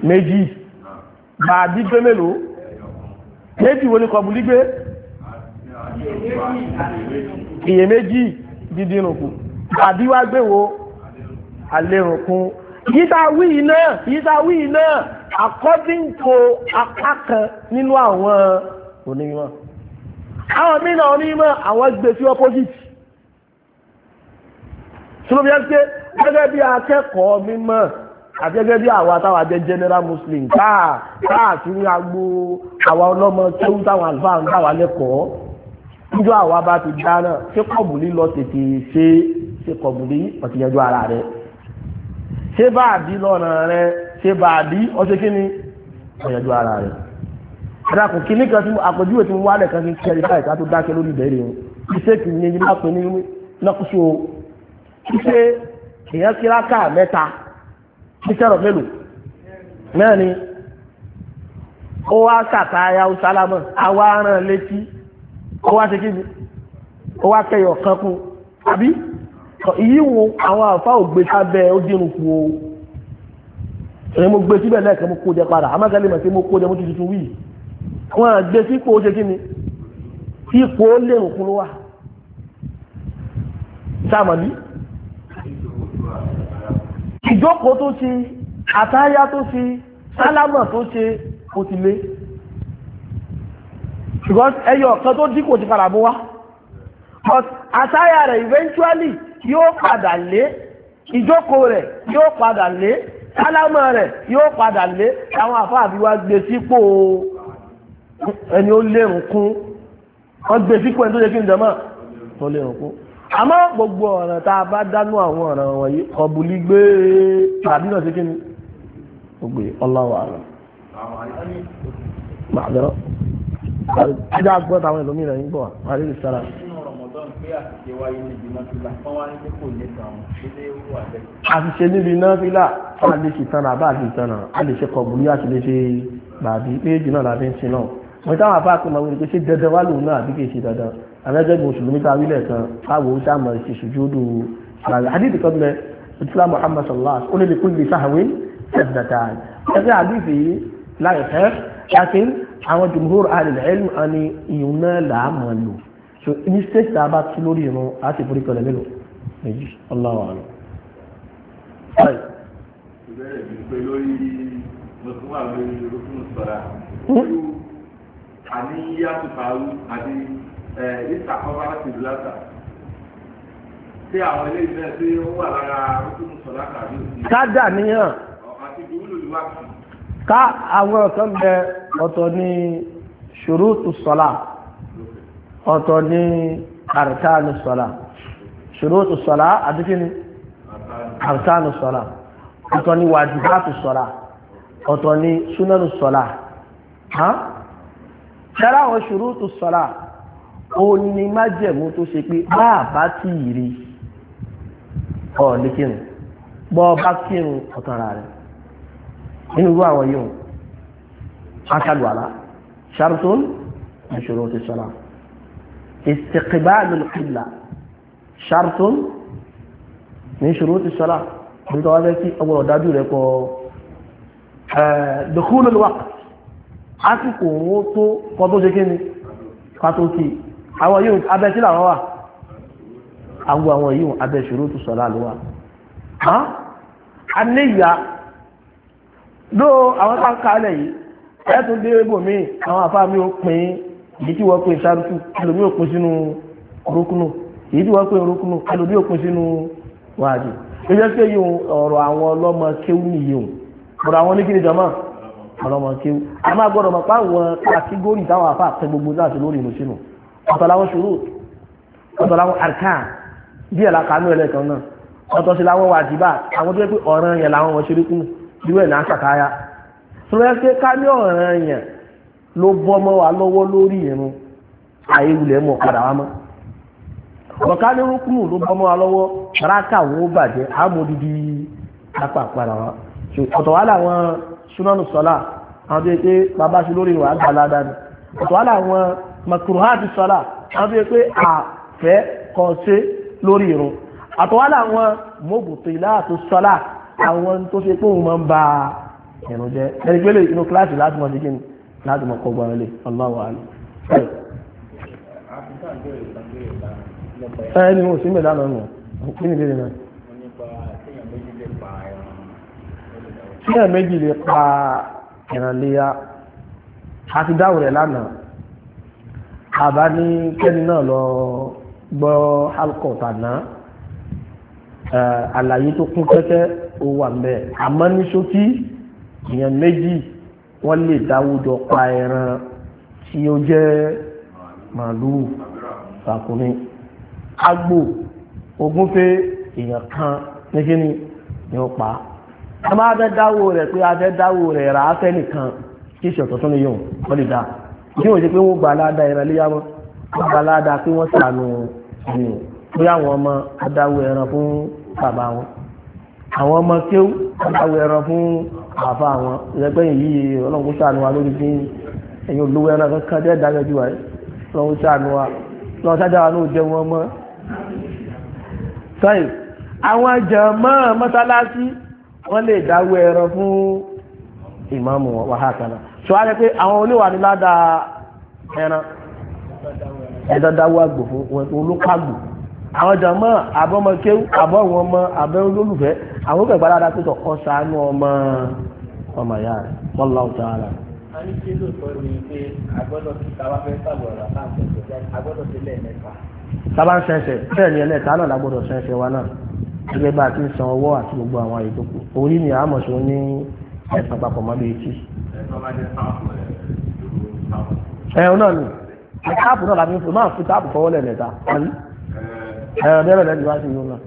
méjì bàdí gbé mélòó méjì wo ni kọ̀bùlí gbé iye méjì dídínrùnkù àbí wá gbé wo àlérùn kún yíta wí iná yíta wí iná according to apá kan nínú àwọn onímọ̀ àwọn mìíràn onímọ̀ àwọn gbé sí opposite ṣùgbọ́n yẹn pé gẹ́gẹ́ bí akẹ́kọ̀ọ́ mímọ̀ àti gẹ́gẹ́ bí àwa táwa jẹ́ general muslim káà káàkiri agbo àwa ọlọ́mọ tẹ́wú táwọn àlùfáà ń dáwà lẹ́kọ̀ọ́ níjọ́ àwa bá ti dáná ṣé kọ́ọ̀bù lílọ tètè ṣe é ṣe kọ̀bùlí ọ̀tí yanjú ara rẹ̀ ṣé bá àbí lọ́nà rẹ̀ ṣé bá àbí ọ̀ṣẹ́ kí ni ọ̀yanjú ara rẹ̀ ẹ̀dàkùn kí ní kan tí àpèjúwe tí mo wá lẹ̀ kan kí n kẹrì báyìí ká tó dákẹ́ lórí ìbẹ̀rẹ̀ wọn iṣẹ́ kì í yẹn bá ní lọ́kùsù iṣẹ́ èèyàn kíráká mẹ́ta iṣẹ́ rọ̀ mélòó mẹ́rin ó wá kàkà ayáwó sálámà àwa rán létí ó wá ṣe kí ni ó wá kẹyọ̀ kan àbí èyí wo àwọn àfa ògbé sábẹ́ ó dínú kú o èyí mo gbé síbẹ̀ lẹ́ẹ̀kan mo kó jẹ padà amákẹ́lẹ́ mọ̀ sí mo kó jẹ mo ti tuntun wí wọn à gbé sípò ó ṣe kí ni ipò ó lè rùn kún ló wà sàmọ̀lí ìjókòó tó ṣe àtáyá tó ṣe sálámà tó ṣe kò sì lé ṣùgbọ́n ẹyọ kan tó dín kò sí padà bó wá but àtáyá rẹ̀ eventually yóò padà lé ìjókòó rẹ̀ yóò padà lé sálámà rẹ̀ yóò padà lé àwọn àfáàbí wa gbé sípò ẹni ó lérùn kún wọ́n gbé sípò ẹni tó lè kí n jẹmọ́ tó lérùn kún àmọ́ gbogbo ọ̀ràn tá a bá dánú àwọn ọ̀ràn wọ̀nyí ọ̀bùlí gbé tàbí náà sí kí ni gbogbo ọláwà rẹ̀ màdúrà ajá gbọ́ táwọn ìlú mìíràn yín bọ̀ wà á rí ìsára pé àṣìṣe wáyé níbi náfìlà wọ́n wá ní kò ní kan nílé owó àbẹ́. àṣìṣe níbi náfìlà a lè ṣe tán àbá àti ìtàn náà a lè ṣe a sì lè ṣe bàbí méjì náà láti ń sin náà wọ́n táwọn afá kan máa wí pé ṣé dandan wá lòun náà àbí kì í ṣe dandan àmẹ́jẹ́ mùsùlùmí ta wílẹ̀ kan káwọ́ ó dáàmọ̀ ṣe ṣùjúdù àlàyé àdìdì kan bẹ ìtura Muhammad sallallahu alaihi wa sallam ó lè lè kúlè sáhàwé ẹ̀dàdàn ẹgbẹ́ àwọn jùmùhúr àlè ẹ̀lú àni ìyún náà làá mọ̀ lò so mistake tá a bá tú lórí ìrun a sì forí kọlẹ̀ mélòó méjì Allahu a'lam. ìbéèrè mi pé lórí mùsùlùmí àwọn olùdókòwò sọ̀rọ̀ pẹ̀lú àníyàtò pàrọ̀ àti ìsàkọ́bá láti ìlú látà tí àwọn ilé iṣẹ́ tí ó wà lára olùdókòwò sọ̀rọ̀ àkàbí ká dà níyàn. ká àwọn ọ̀kan bẹ ọ̀tọ̀ ní ṣurutu sọ̀lá ọ̀tọ̀ ní àrùtánù sọ́lá ṣùrútù sọ́lá àdúgbò ní àrùtánù sọ́lá ọ̀tọ̀ ní wàjúbátù sọ́lá ọ̀tọ̀ ní súnánù sọ́lá ṣẹ́rá àwọn ṣùrútù sọ́lá ó ní májẹ̀mú tó ṣe pé báàbá tí ì rí ọ̀ ní kírun bọ́ bá kírun ọ̀tọ̀ra rẹ̀ nínú irú àwọn yóò aṣáàlú àlá ṣàrùtún ìṣòro ti sọ́lá. استقبال القبلة شرط من شروط الصلاة قلت هذا أول دادو لكو دخول الوقت àsìkò òun tó kọ tó ṣe kíni kàtòkì àwọn yóò abẹ́ sí làwọn wà àwọn àwọn yóò abẹ́ ṣòro tó sọ̀rọ̀ àlúwà a ní ìyá ló àwọn tá ń kalẹ̀ yìí ẹ̀ tó dé ibò míì àwọn àfáà mi ò pín èyí tí wọ́n pè sáàrùkù ẹlòmí òpin sínú orúkúnù èyí tí wọ́n pè orúkúnù ẹlòmí òpin sínú wáàdì ó pé yóò ọ̀rọ̀ àwọn ọlọ́mọ kéwú nìyí o ọ̀rọ̀ àwọn oníkiri jọmọ ọlọ́mọ kéwú a máa gbọ́dọ̀ mọ̀ páwọn kàtígórì táwọn àfa àtẹ gbogbo láti lórí ìlú sínú ọ̀tọ̀ làwọn ṣòro ọ̀tọ̀ làwọn arkan díẹ̀ làkàánú ẹlẹ́kan náà ọ̀tọ̀ sí làwọn wàjibà àwọn tó yẹ pé ọ̀ràn yẹn làwọn wọn ṣeré ló bọ́ mọ́ wa lọ́wọ́ lórí ìrun àìwulẹ̀ mọ̀ padà wá mọ́ ọ̀ká ní rúkúnù ló bọ́ mọ́ wa lọ́wọ́ rákà wo bàjẹ́ àmódìdí lápá padà wá ọ̀tọ̀ wá làwọn súnánù sọ́lá àwọn tó yẹ pé bàbá sí lórí ìwà àgbà ládàá ni ọ̀tọ̀ wá làwọn makuruhati sọ́lá àwọn tó yẹ pé àfẹ́ kan ṣe lórí ìrun àtọ̀wá làwọn mọ́bùtò ìlà àti sọ́lá àwọn tó ṣe pé òun máa ń ba ìrun jẹ́ ẹni pé inú kíláàsì láti mọ̀ sí kí láti mọ̀ kọ́ gbọ́n lé ọlọ́wọ́ àlè. ẹni mo sì ń bẹ̀ dáná nù kí ni ìbéèrè náà. tíyẹ̀ méjì lè pa ìrànlẹ́yà àti dáhùn rẹ̀ lánàá àbá ní kẹ́ni náà lọ gbọ́ alcohol tàná àlàyé tó kún kẹ́kẹ́ ó wà ń àmọ́ ní ṣókí èèyàn méjì wọ́n lè dáwùjọ pa ẹran tí ó jẹ́ màlúù ràkúnmí àgbò ògúnfe èèyàn kan ní kí ni ni ó pa a máa fẹ́ dáwò rẹ̀ pé a fẹ́ dáwò rẹ̀ rà á fẹ́ nìkan kí ìṣọ̀tọ̀ tún ní yòó wọ́n lè dá bí wọ́n ṣe pé wọ́n gba aláda ẹran léyà mọ́ wọ́n gba aláda pé wọ́n sànù ẹ̀yìn pé àwọn ọmọ adáwò ẹran fún bàbá wọn àwọn ọmọ kéwú adáwò ẹran fún àfa àwọn ìrẹ́gbẹ́yìn yìí ọlọ́run kó ṣàánú wa lórí bí ẹ̀yin olówó ẹran kankan jẹ́ ìdájọ́jú wa ọlọ́run kó ṣàánú wa lọ́wọ́ sájà wa ló jẹ wọn mọ́. sọ́yìn àwọn jàmá mọ́sálásí wọ́n lè dáwọ́ ẹran fún ìmáàmù wàhálà ṣọ́wárí pé àwọn oníwà ní ládàá ẹran ẹ̀dá dáwọ́ àgbò fún olókàgbò àwọn jàmá wọn mọ àbẹ́ olólùfẹ́ àwọn òkè gbalada tó tọkọ sànú ọmọ ọmọ ìyá rẹ̀ wọlọ ọjọ ara. a ní kí lóòótọ́ ni pé agbọ́dọ̀ ti sábà fẹ́ sàbọ̀ ọ̀rọ̀ àtàǹtẹ̀ agbọ́dọ̀ ti lẹ́ẹ̀mẹ́ta. sábà ń sẹ́sẹ̀ bẹ́ẹ̀ ni ẹlẹ́ta náà lágbọ́dọ̀ sẹ́sẹ̀ wa náà gẹ́gẹ́ bá a ti ń san ọwọ́ àti gbogbo àwọn àyè orí ni àmọ̀ tó ní ẹ̀sán papọ̀ mọ́ bíi tí. ẹ̀hún náà ni táàpù náà la fi ń fún fi táàpù fọwọ́ lẹ́ẹ̀mẹ́ta. ẹ̀hún bẹ́ẹ̀ bẹ́ẹ̀ lẹ́ẹ̀mẹ́ta sí yóò náà.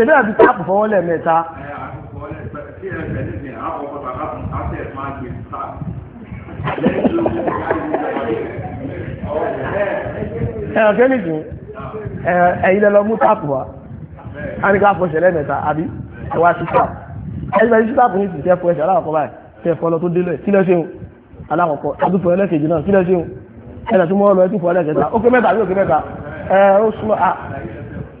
ṣẹ̀dá àti táàpù fọwọ́ lẹ́ẹ̀mẹ́ta. ẹ̀rọ kẹ́lìkì ẹ̀yin lẹ́lọ mú táàpù wa a ní ká fọṣẹ̀ lẹ́ẹ̀mẹ́ta àbí ẹwà sí táàpù ẹgbẹ́ sí táàpù ní ìsìnkẹ́ fọ ẹsẹ̀ aláwọ̀kọ́ báyìí tẹ̀ fọ́ lọ tó délẹ̀ kí lẹ́sẹ̀ o aláwọ̀kọ́ adúfọ ẹlẹ́kejì náà kí lẹ́sẹ̀ o ẹ̀dà tí mo lọ ẹtúfọ ẹlẹ́kẹta ó kẹ́ mẹ́ta àbí ó kẹ́ mẹ́ta ẹ̀ ó súnmọ́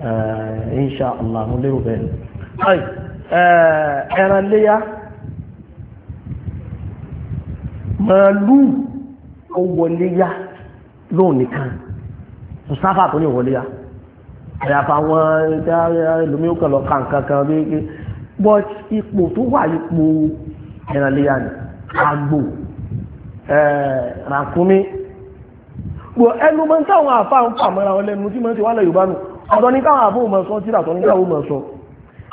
Eh, insha allah mo lérò bẹ́ẹ̀ ni eh, ẹran léyà màálù ó wọlé yá lóun nìkan mustapha tó ní wọlé yá àyàfà àwọn ẹlòmí ó kàn lọ kàn kankan bí but ipò tó wà ipò ẹran léyà ni àgbò eh, ràkúnmí gbọ ẹnu mọ táwọn àfa ń fà mọ́ra wọn lẹ́nu tí mo ti wá lọ yorùbá nù ọ̀dọ̀ ní káwọn àfọ́ mọ̀ sọ tíra tọ́ní káwọn mọ̀ sọ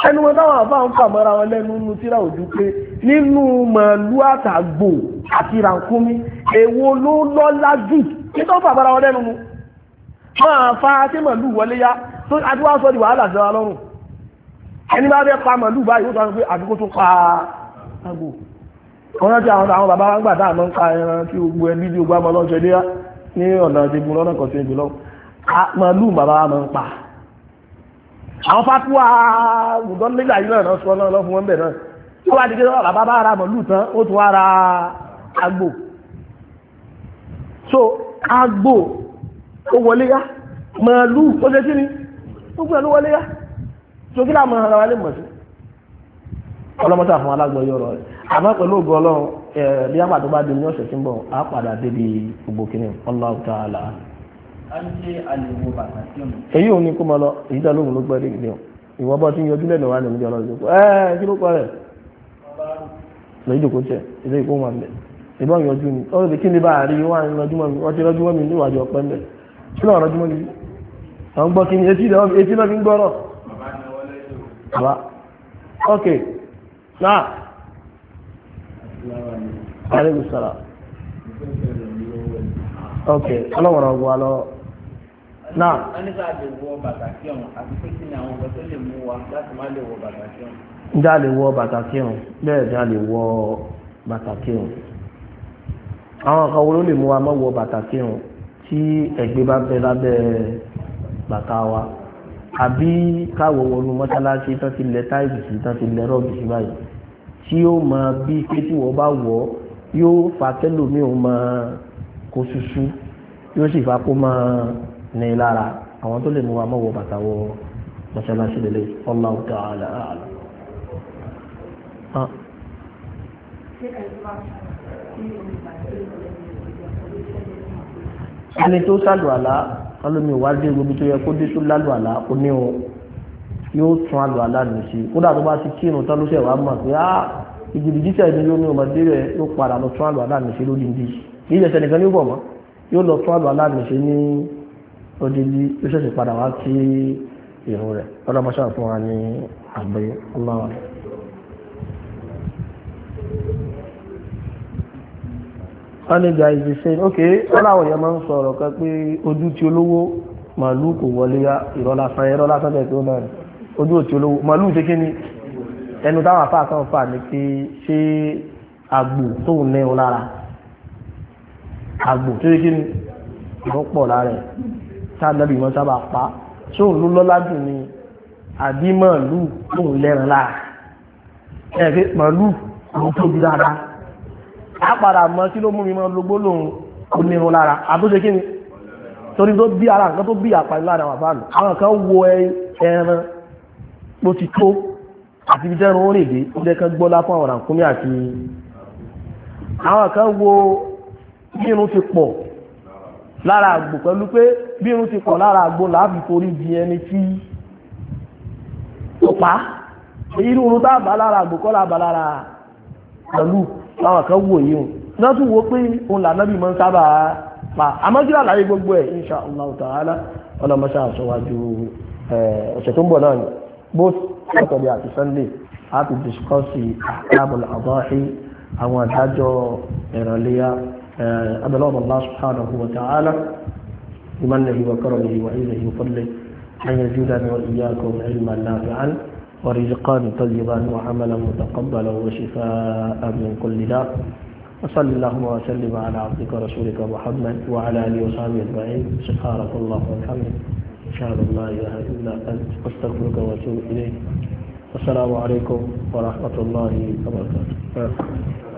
ẹnu wọn táwọn àfọ́ ń fà mọ́ra wọn lẹ́nu nínú tíra ojú pé nínú màálù àtàgbò àti rànkúmí èwo ló lọ́lá jù kí tó fà wọn lẹ́nu mu máa fa ṣé màálù wọlé yá tó adúwá sọ di wàhálà sí wa lọ́rùn ẹni bá fẹ́ pa màálù báyìí ó sọ pé àdúgbò tó pa àgbò ọ̀nà tí àwọn àwọn bàbá wa ń gbà dáàmọ́ ń pa ẹran tí gbogbo ẹbí tí gbogbo àmọ́ lọ́sẹ̀ dé ní ọ̀nà ìṣègùn lọ́nà màálù bàbá wa máa ń pa àwọn fatuwa gbogbo nígbà yìí náà sọ náà lọ́fún wọn bẹ̀ náà tó bá dìde náà bàbá bá ra màálù tán ó tún wá ra àgbò so àgbò ó wọlé yá màálù ó ṣe kí ni ó gbọ́n ló wọlé yá so kí láàmú ara wa lè mọ̀ sí ọlọ́mọta fún alágbọ̀yọ̀ rọ̀ rẹ̀ àmọ́ pẹ̀lú ògùn ọlọ́run bí apàtó bá di ní ọ̀sẹ̀ tí ń bọ̀ á padà débi gbogbo kìnnìún Allahu ta'ala èyí ò ní kó máa lọ èyí dá lóhùn ló gbọ́ ẹ̀rí o ìwọ bá ti ń yọjú lẹ́nu wa ní ìjọ lọ́dún tó ẹ́ kí ló parẹ́ lọ́yìn ìjòkó tẹ̀ ilé ìkó wà mẹ́ ìbọn yọjú ni ó lè kí ni bá àárí wà ní lọ́júmọ́ mi wọ́n ti lọ́júmọ́ mi níwájú ọpẹ́ mẹ́ kí lọ́ọ̀ lọ́júmọ́ mi àwọn gbọ́ kí ni etí lọ́ fi ń gbọ́rọ̀ bàbá ok náà alẹ́ kùsàrà ok ọlọ́wọ́n ọgbọ́ alọ́ na wọ́n ní sáà lè wọ bàtà sí ọ̀hún àti pé kí ni àwọn ọ̀gá tó lè mú wa láti má lè wọ bàtà sí ọ̀hún. já lè wọ bàtà sí ọ̀hún bẹ́ẹ̀ já lè wọ bàtà sí àwọn kan wo ló lè mú wa má wọ bàtà sí ọ̀hún tí ẹ̀gbẹ́ bá bẹ lábẹ́ bàtà wa àbí káwọ̀ wọnú mọ́ṣáláṣí tán ti lẹ táìsì sí tán ti lẹ rọ́ọ̀bì sí báyìí tí ó máa bí pé tí wọ́n bá wọ̀ yóò fa tẹ́lòmíì ó máa kó ṣuṣu yóò sì fa kó máa ní lára àwọn tó lè mú wa mọ́wọ́ bàtà wọ mọ́ṣáláṣí lélẹ̀ Allahu ta'ala a'lam. ẹni tó sálù àlá ọlọ́mi ìwádìí gbogbo tó yẹ kó dé tó lálù àlá ó ní o yóò tún àlù àlá nù sí kódà tó bá ti kírun tán ló ṣe wàá mọ̀ pé áà ìjìbìjìtẹ̀ ni yóò ní ọmọdé rẹ̀ yóò padà lọ tún àlù àlá nù sí lódìndí kì í nìkan ní bọ̀ mọ́ yóò lọ tún àlù àlá nù sí ní ó di bí ó ṣẹ̀ṣẹ̀ padà wá sí ìrù rẹ̀ ọlọ́mọṣà fún wa ní àgbẹ̀yẹ ọlọ́wà. wọ́n ní ìjà ìdí ok wọ́n láwọn èèyàn máa ń sọ ọ̀rọ̀ kan pé ojú tí olówó màálù kò wọlé ya ìrọ̀ lásán ẹ̀rọ lásán bẹ̀ tó náà ojú tí olówó màálù ṣe kí ni ẹnu táwọn afá kan fà ní pé ṣé àgbò tóun ní o lára àgbò tó ṣe kí ni ìrọ́pọ̀ lára ẹ̀ tánàbí wọn sábà pa ṣó òun ló lọ́lá jù ni àbí màálù òun lẹ́ran láà ẹ̀fẹ́ màálù òun tóbi dáadáa á padà mọ kí ló mú mi mọ lógbó lòun kò ní irun lára àtúnṣe kí ni torí tó bí ara nǹkan tó bí àpàlẹ́ lára wà fáàlù àwọn kan wo ẹran bó ti tó àti ibi tẹ́rùn orin èdè ó jẹ́ kan gbọ́lá fún àwọn ràkúnmí àti àwọn kan wo bí irun ti pọ̀ lára àgbò pẹ̀lú pé bí irun ti pọ̀ lára àgbò láàbì torí di ẹni tí ó pa irú irun tá bá lára àgbò kọ́ lábà lára pẹ̀lú láwọn kan wò yìí náà tún wo pé òun lànàbì mọ́ ń sábà pa àmọ́ kí làlàyé gbogbo ẹ̀ insha Allah ta'ala ọlọ́mọṣá àṣọwájú ọ̀sẹ̀ tó ń bọ̀ náà ni both Saturday àti Sunday a ti discuss àkàbọ̀ àbọ̀hí àwọn àdájọ́ ìrànlẹ́yà آه، أبلغ الله سبحانه وتعالى بمنه وكرمه وعزه وفضله أن يزيدنا وإياكم علما نافعا ورزقا طيبا وعملا متقبلا وشفاء من كل داء وصل اللهم وسلم على عبدك ورسولك محمد وعلى آله وصحبه أجمعين سبحانك اللهم وبحمدك أشهد أن لا إله إلا أنت أستغفرك وأتوب إليك السلام عليكم ورحمة الله وبركاته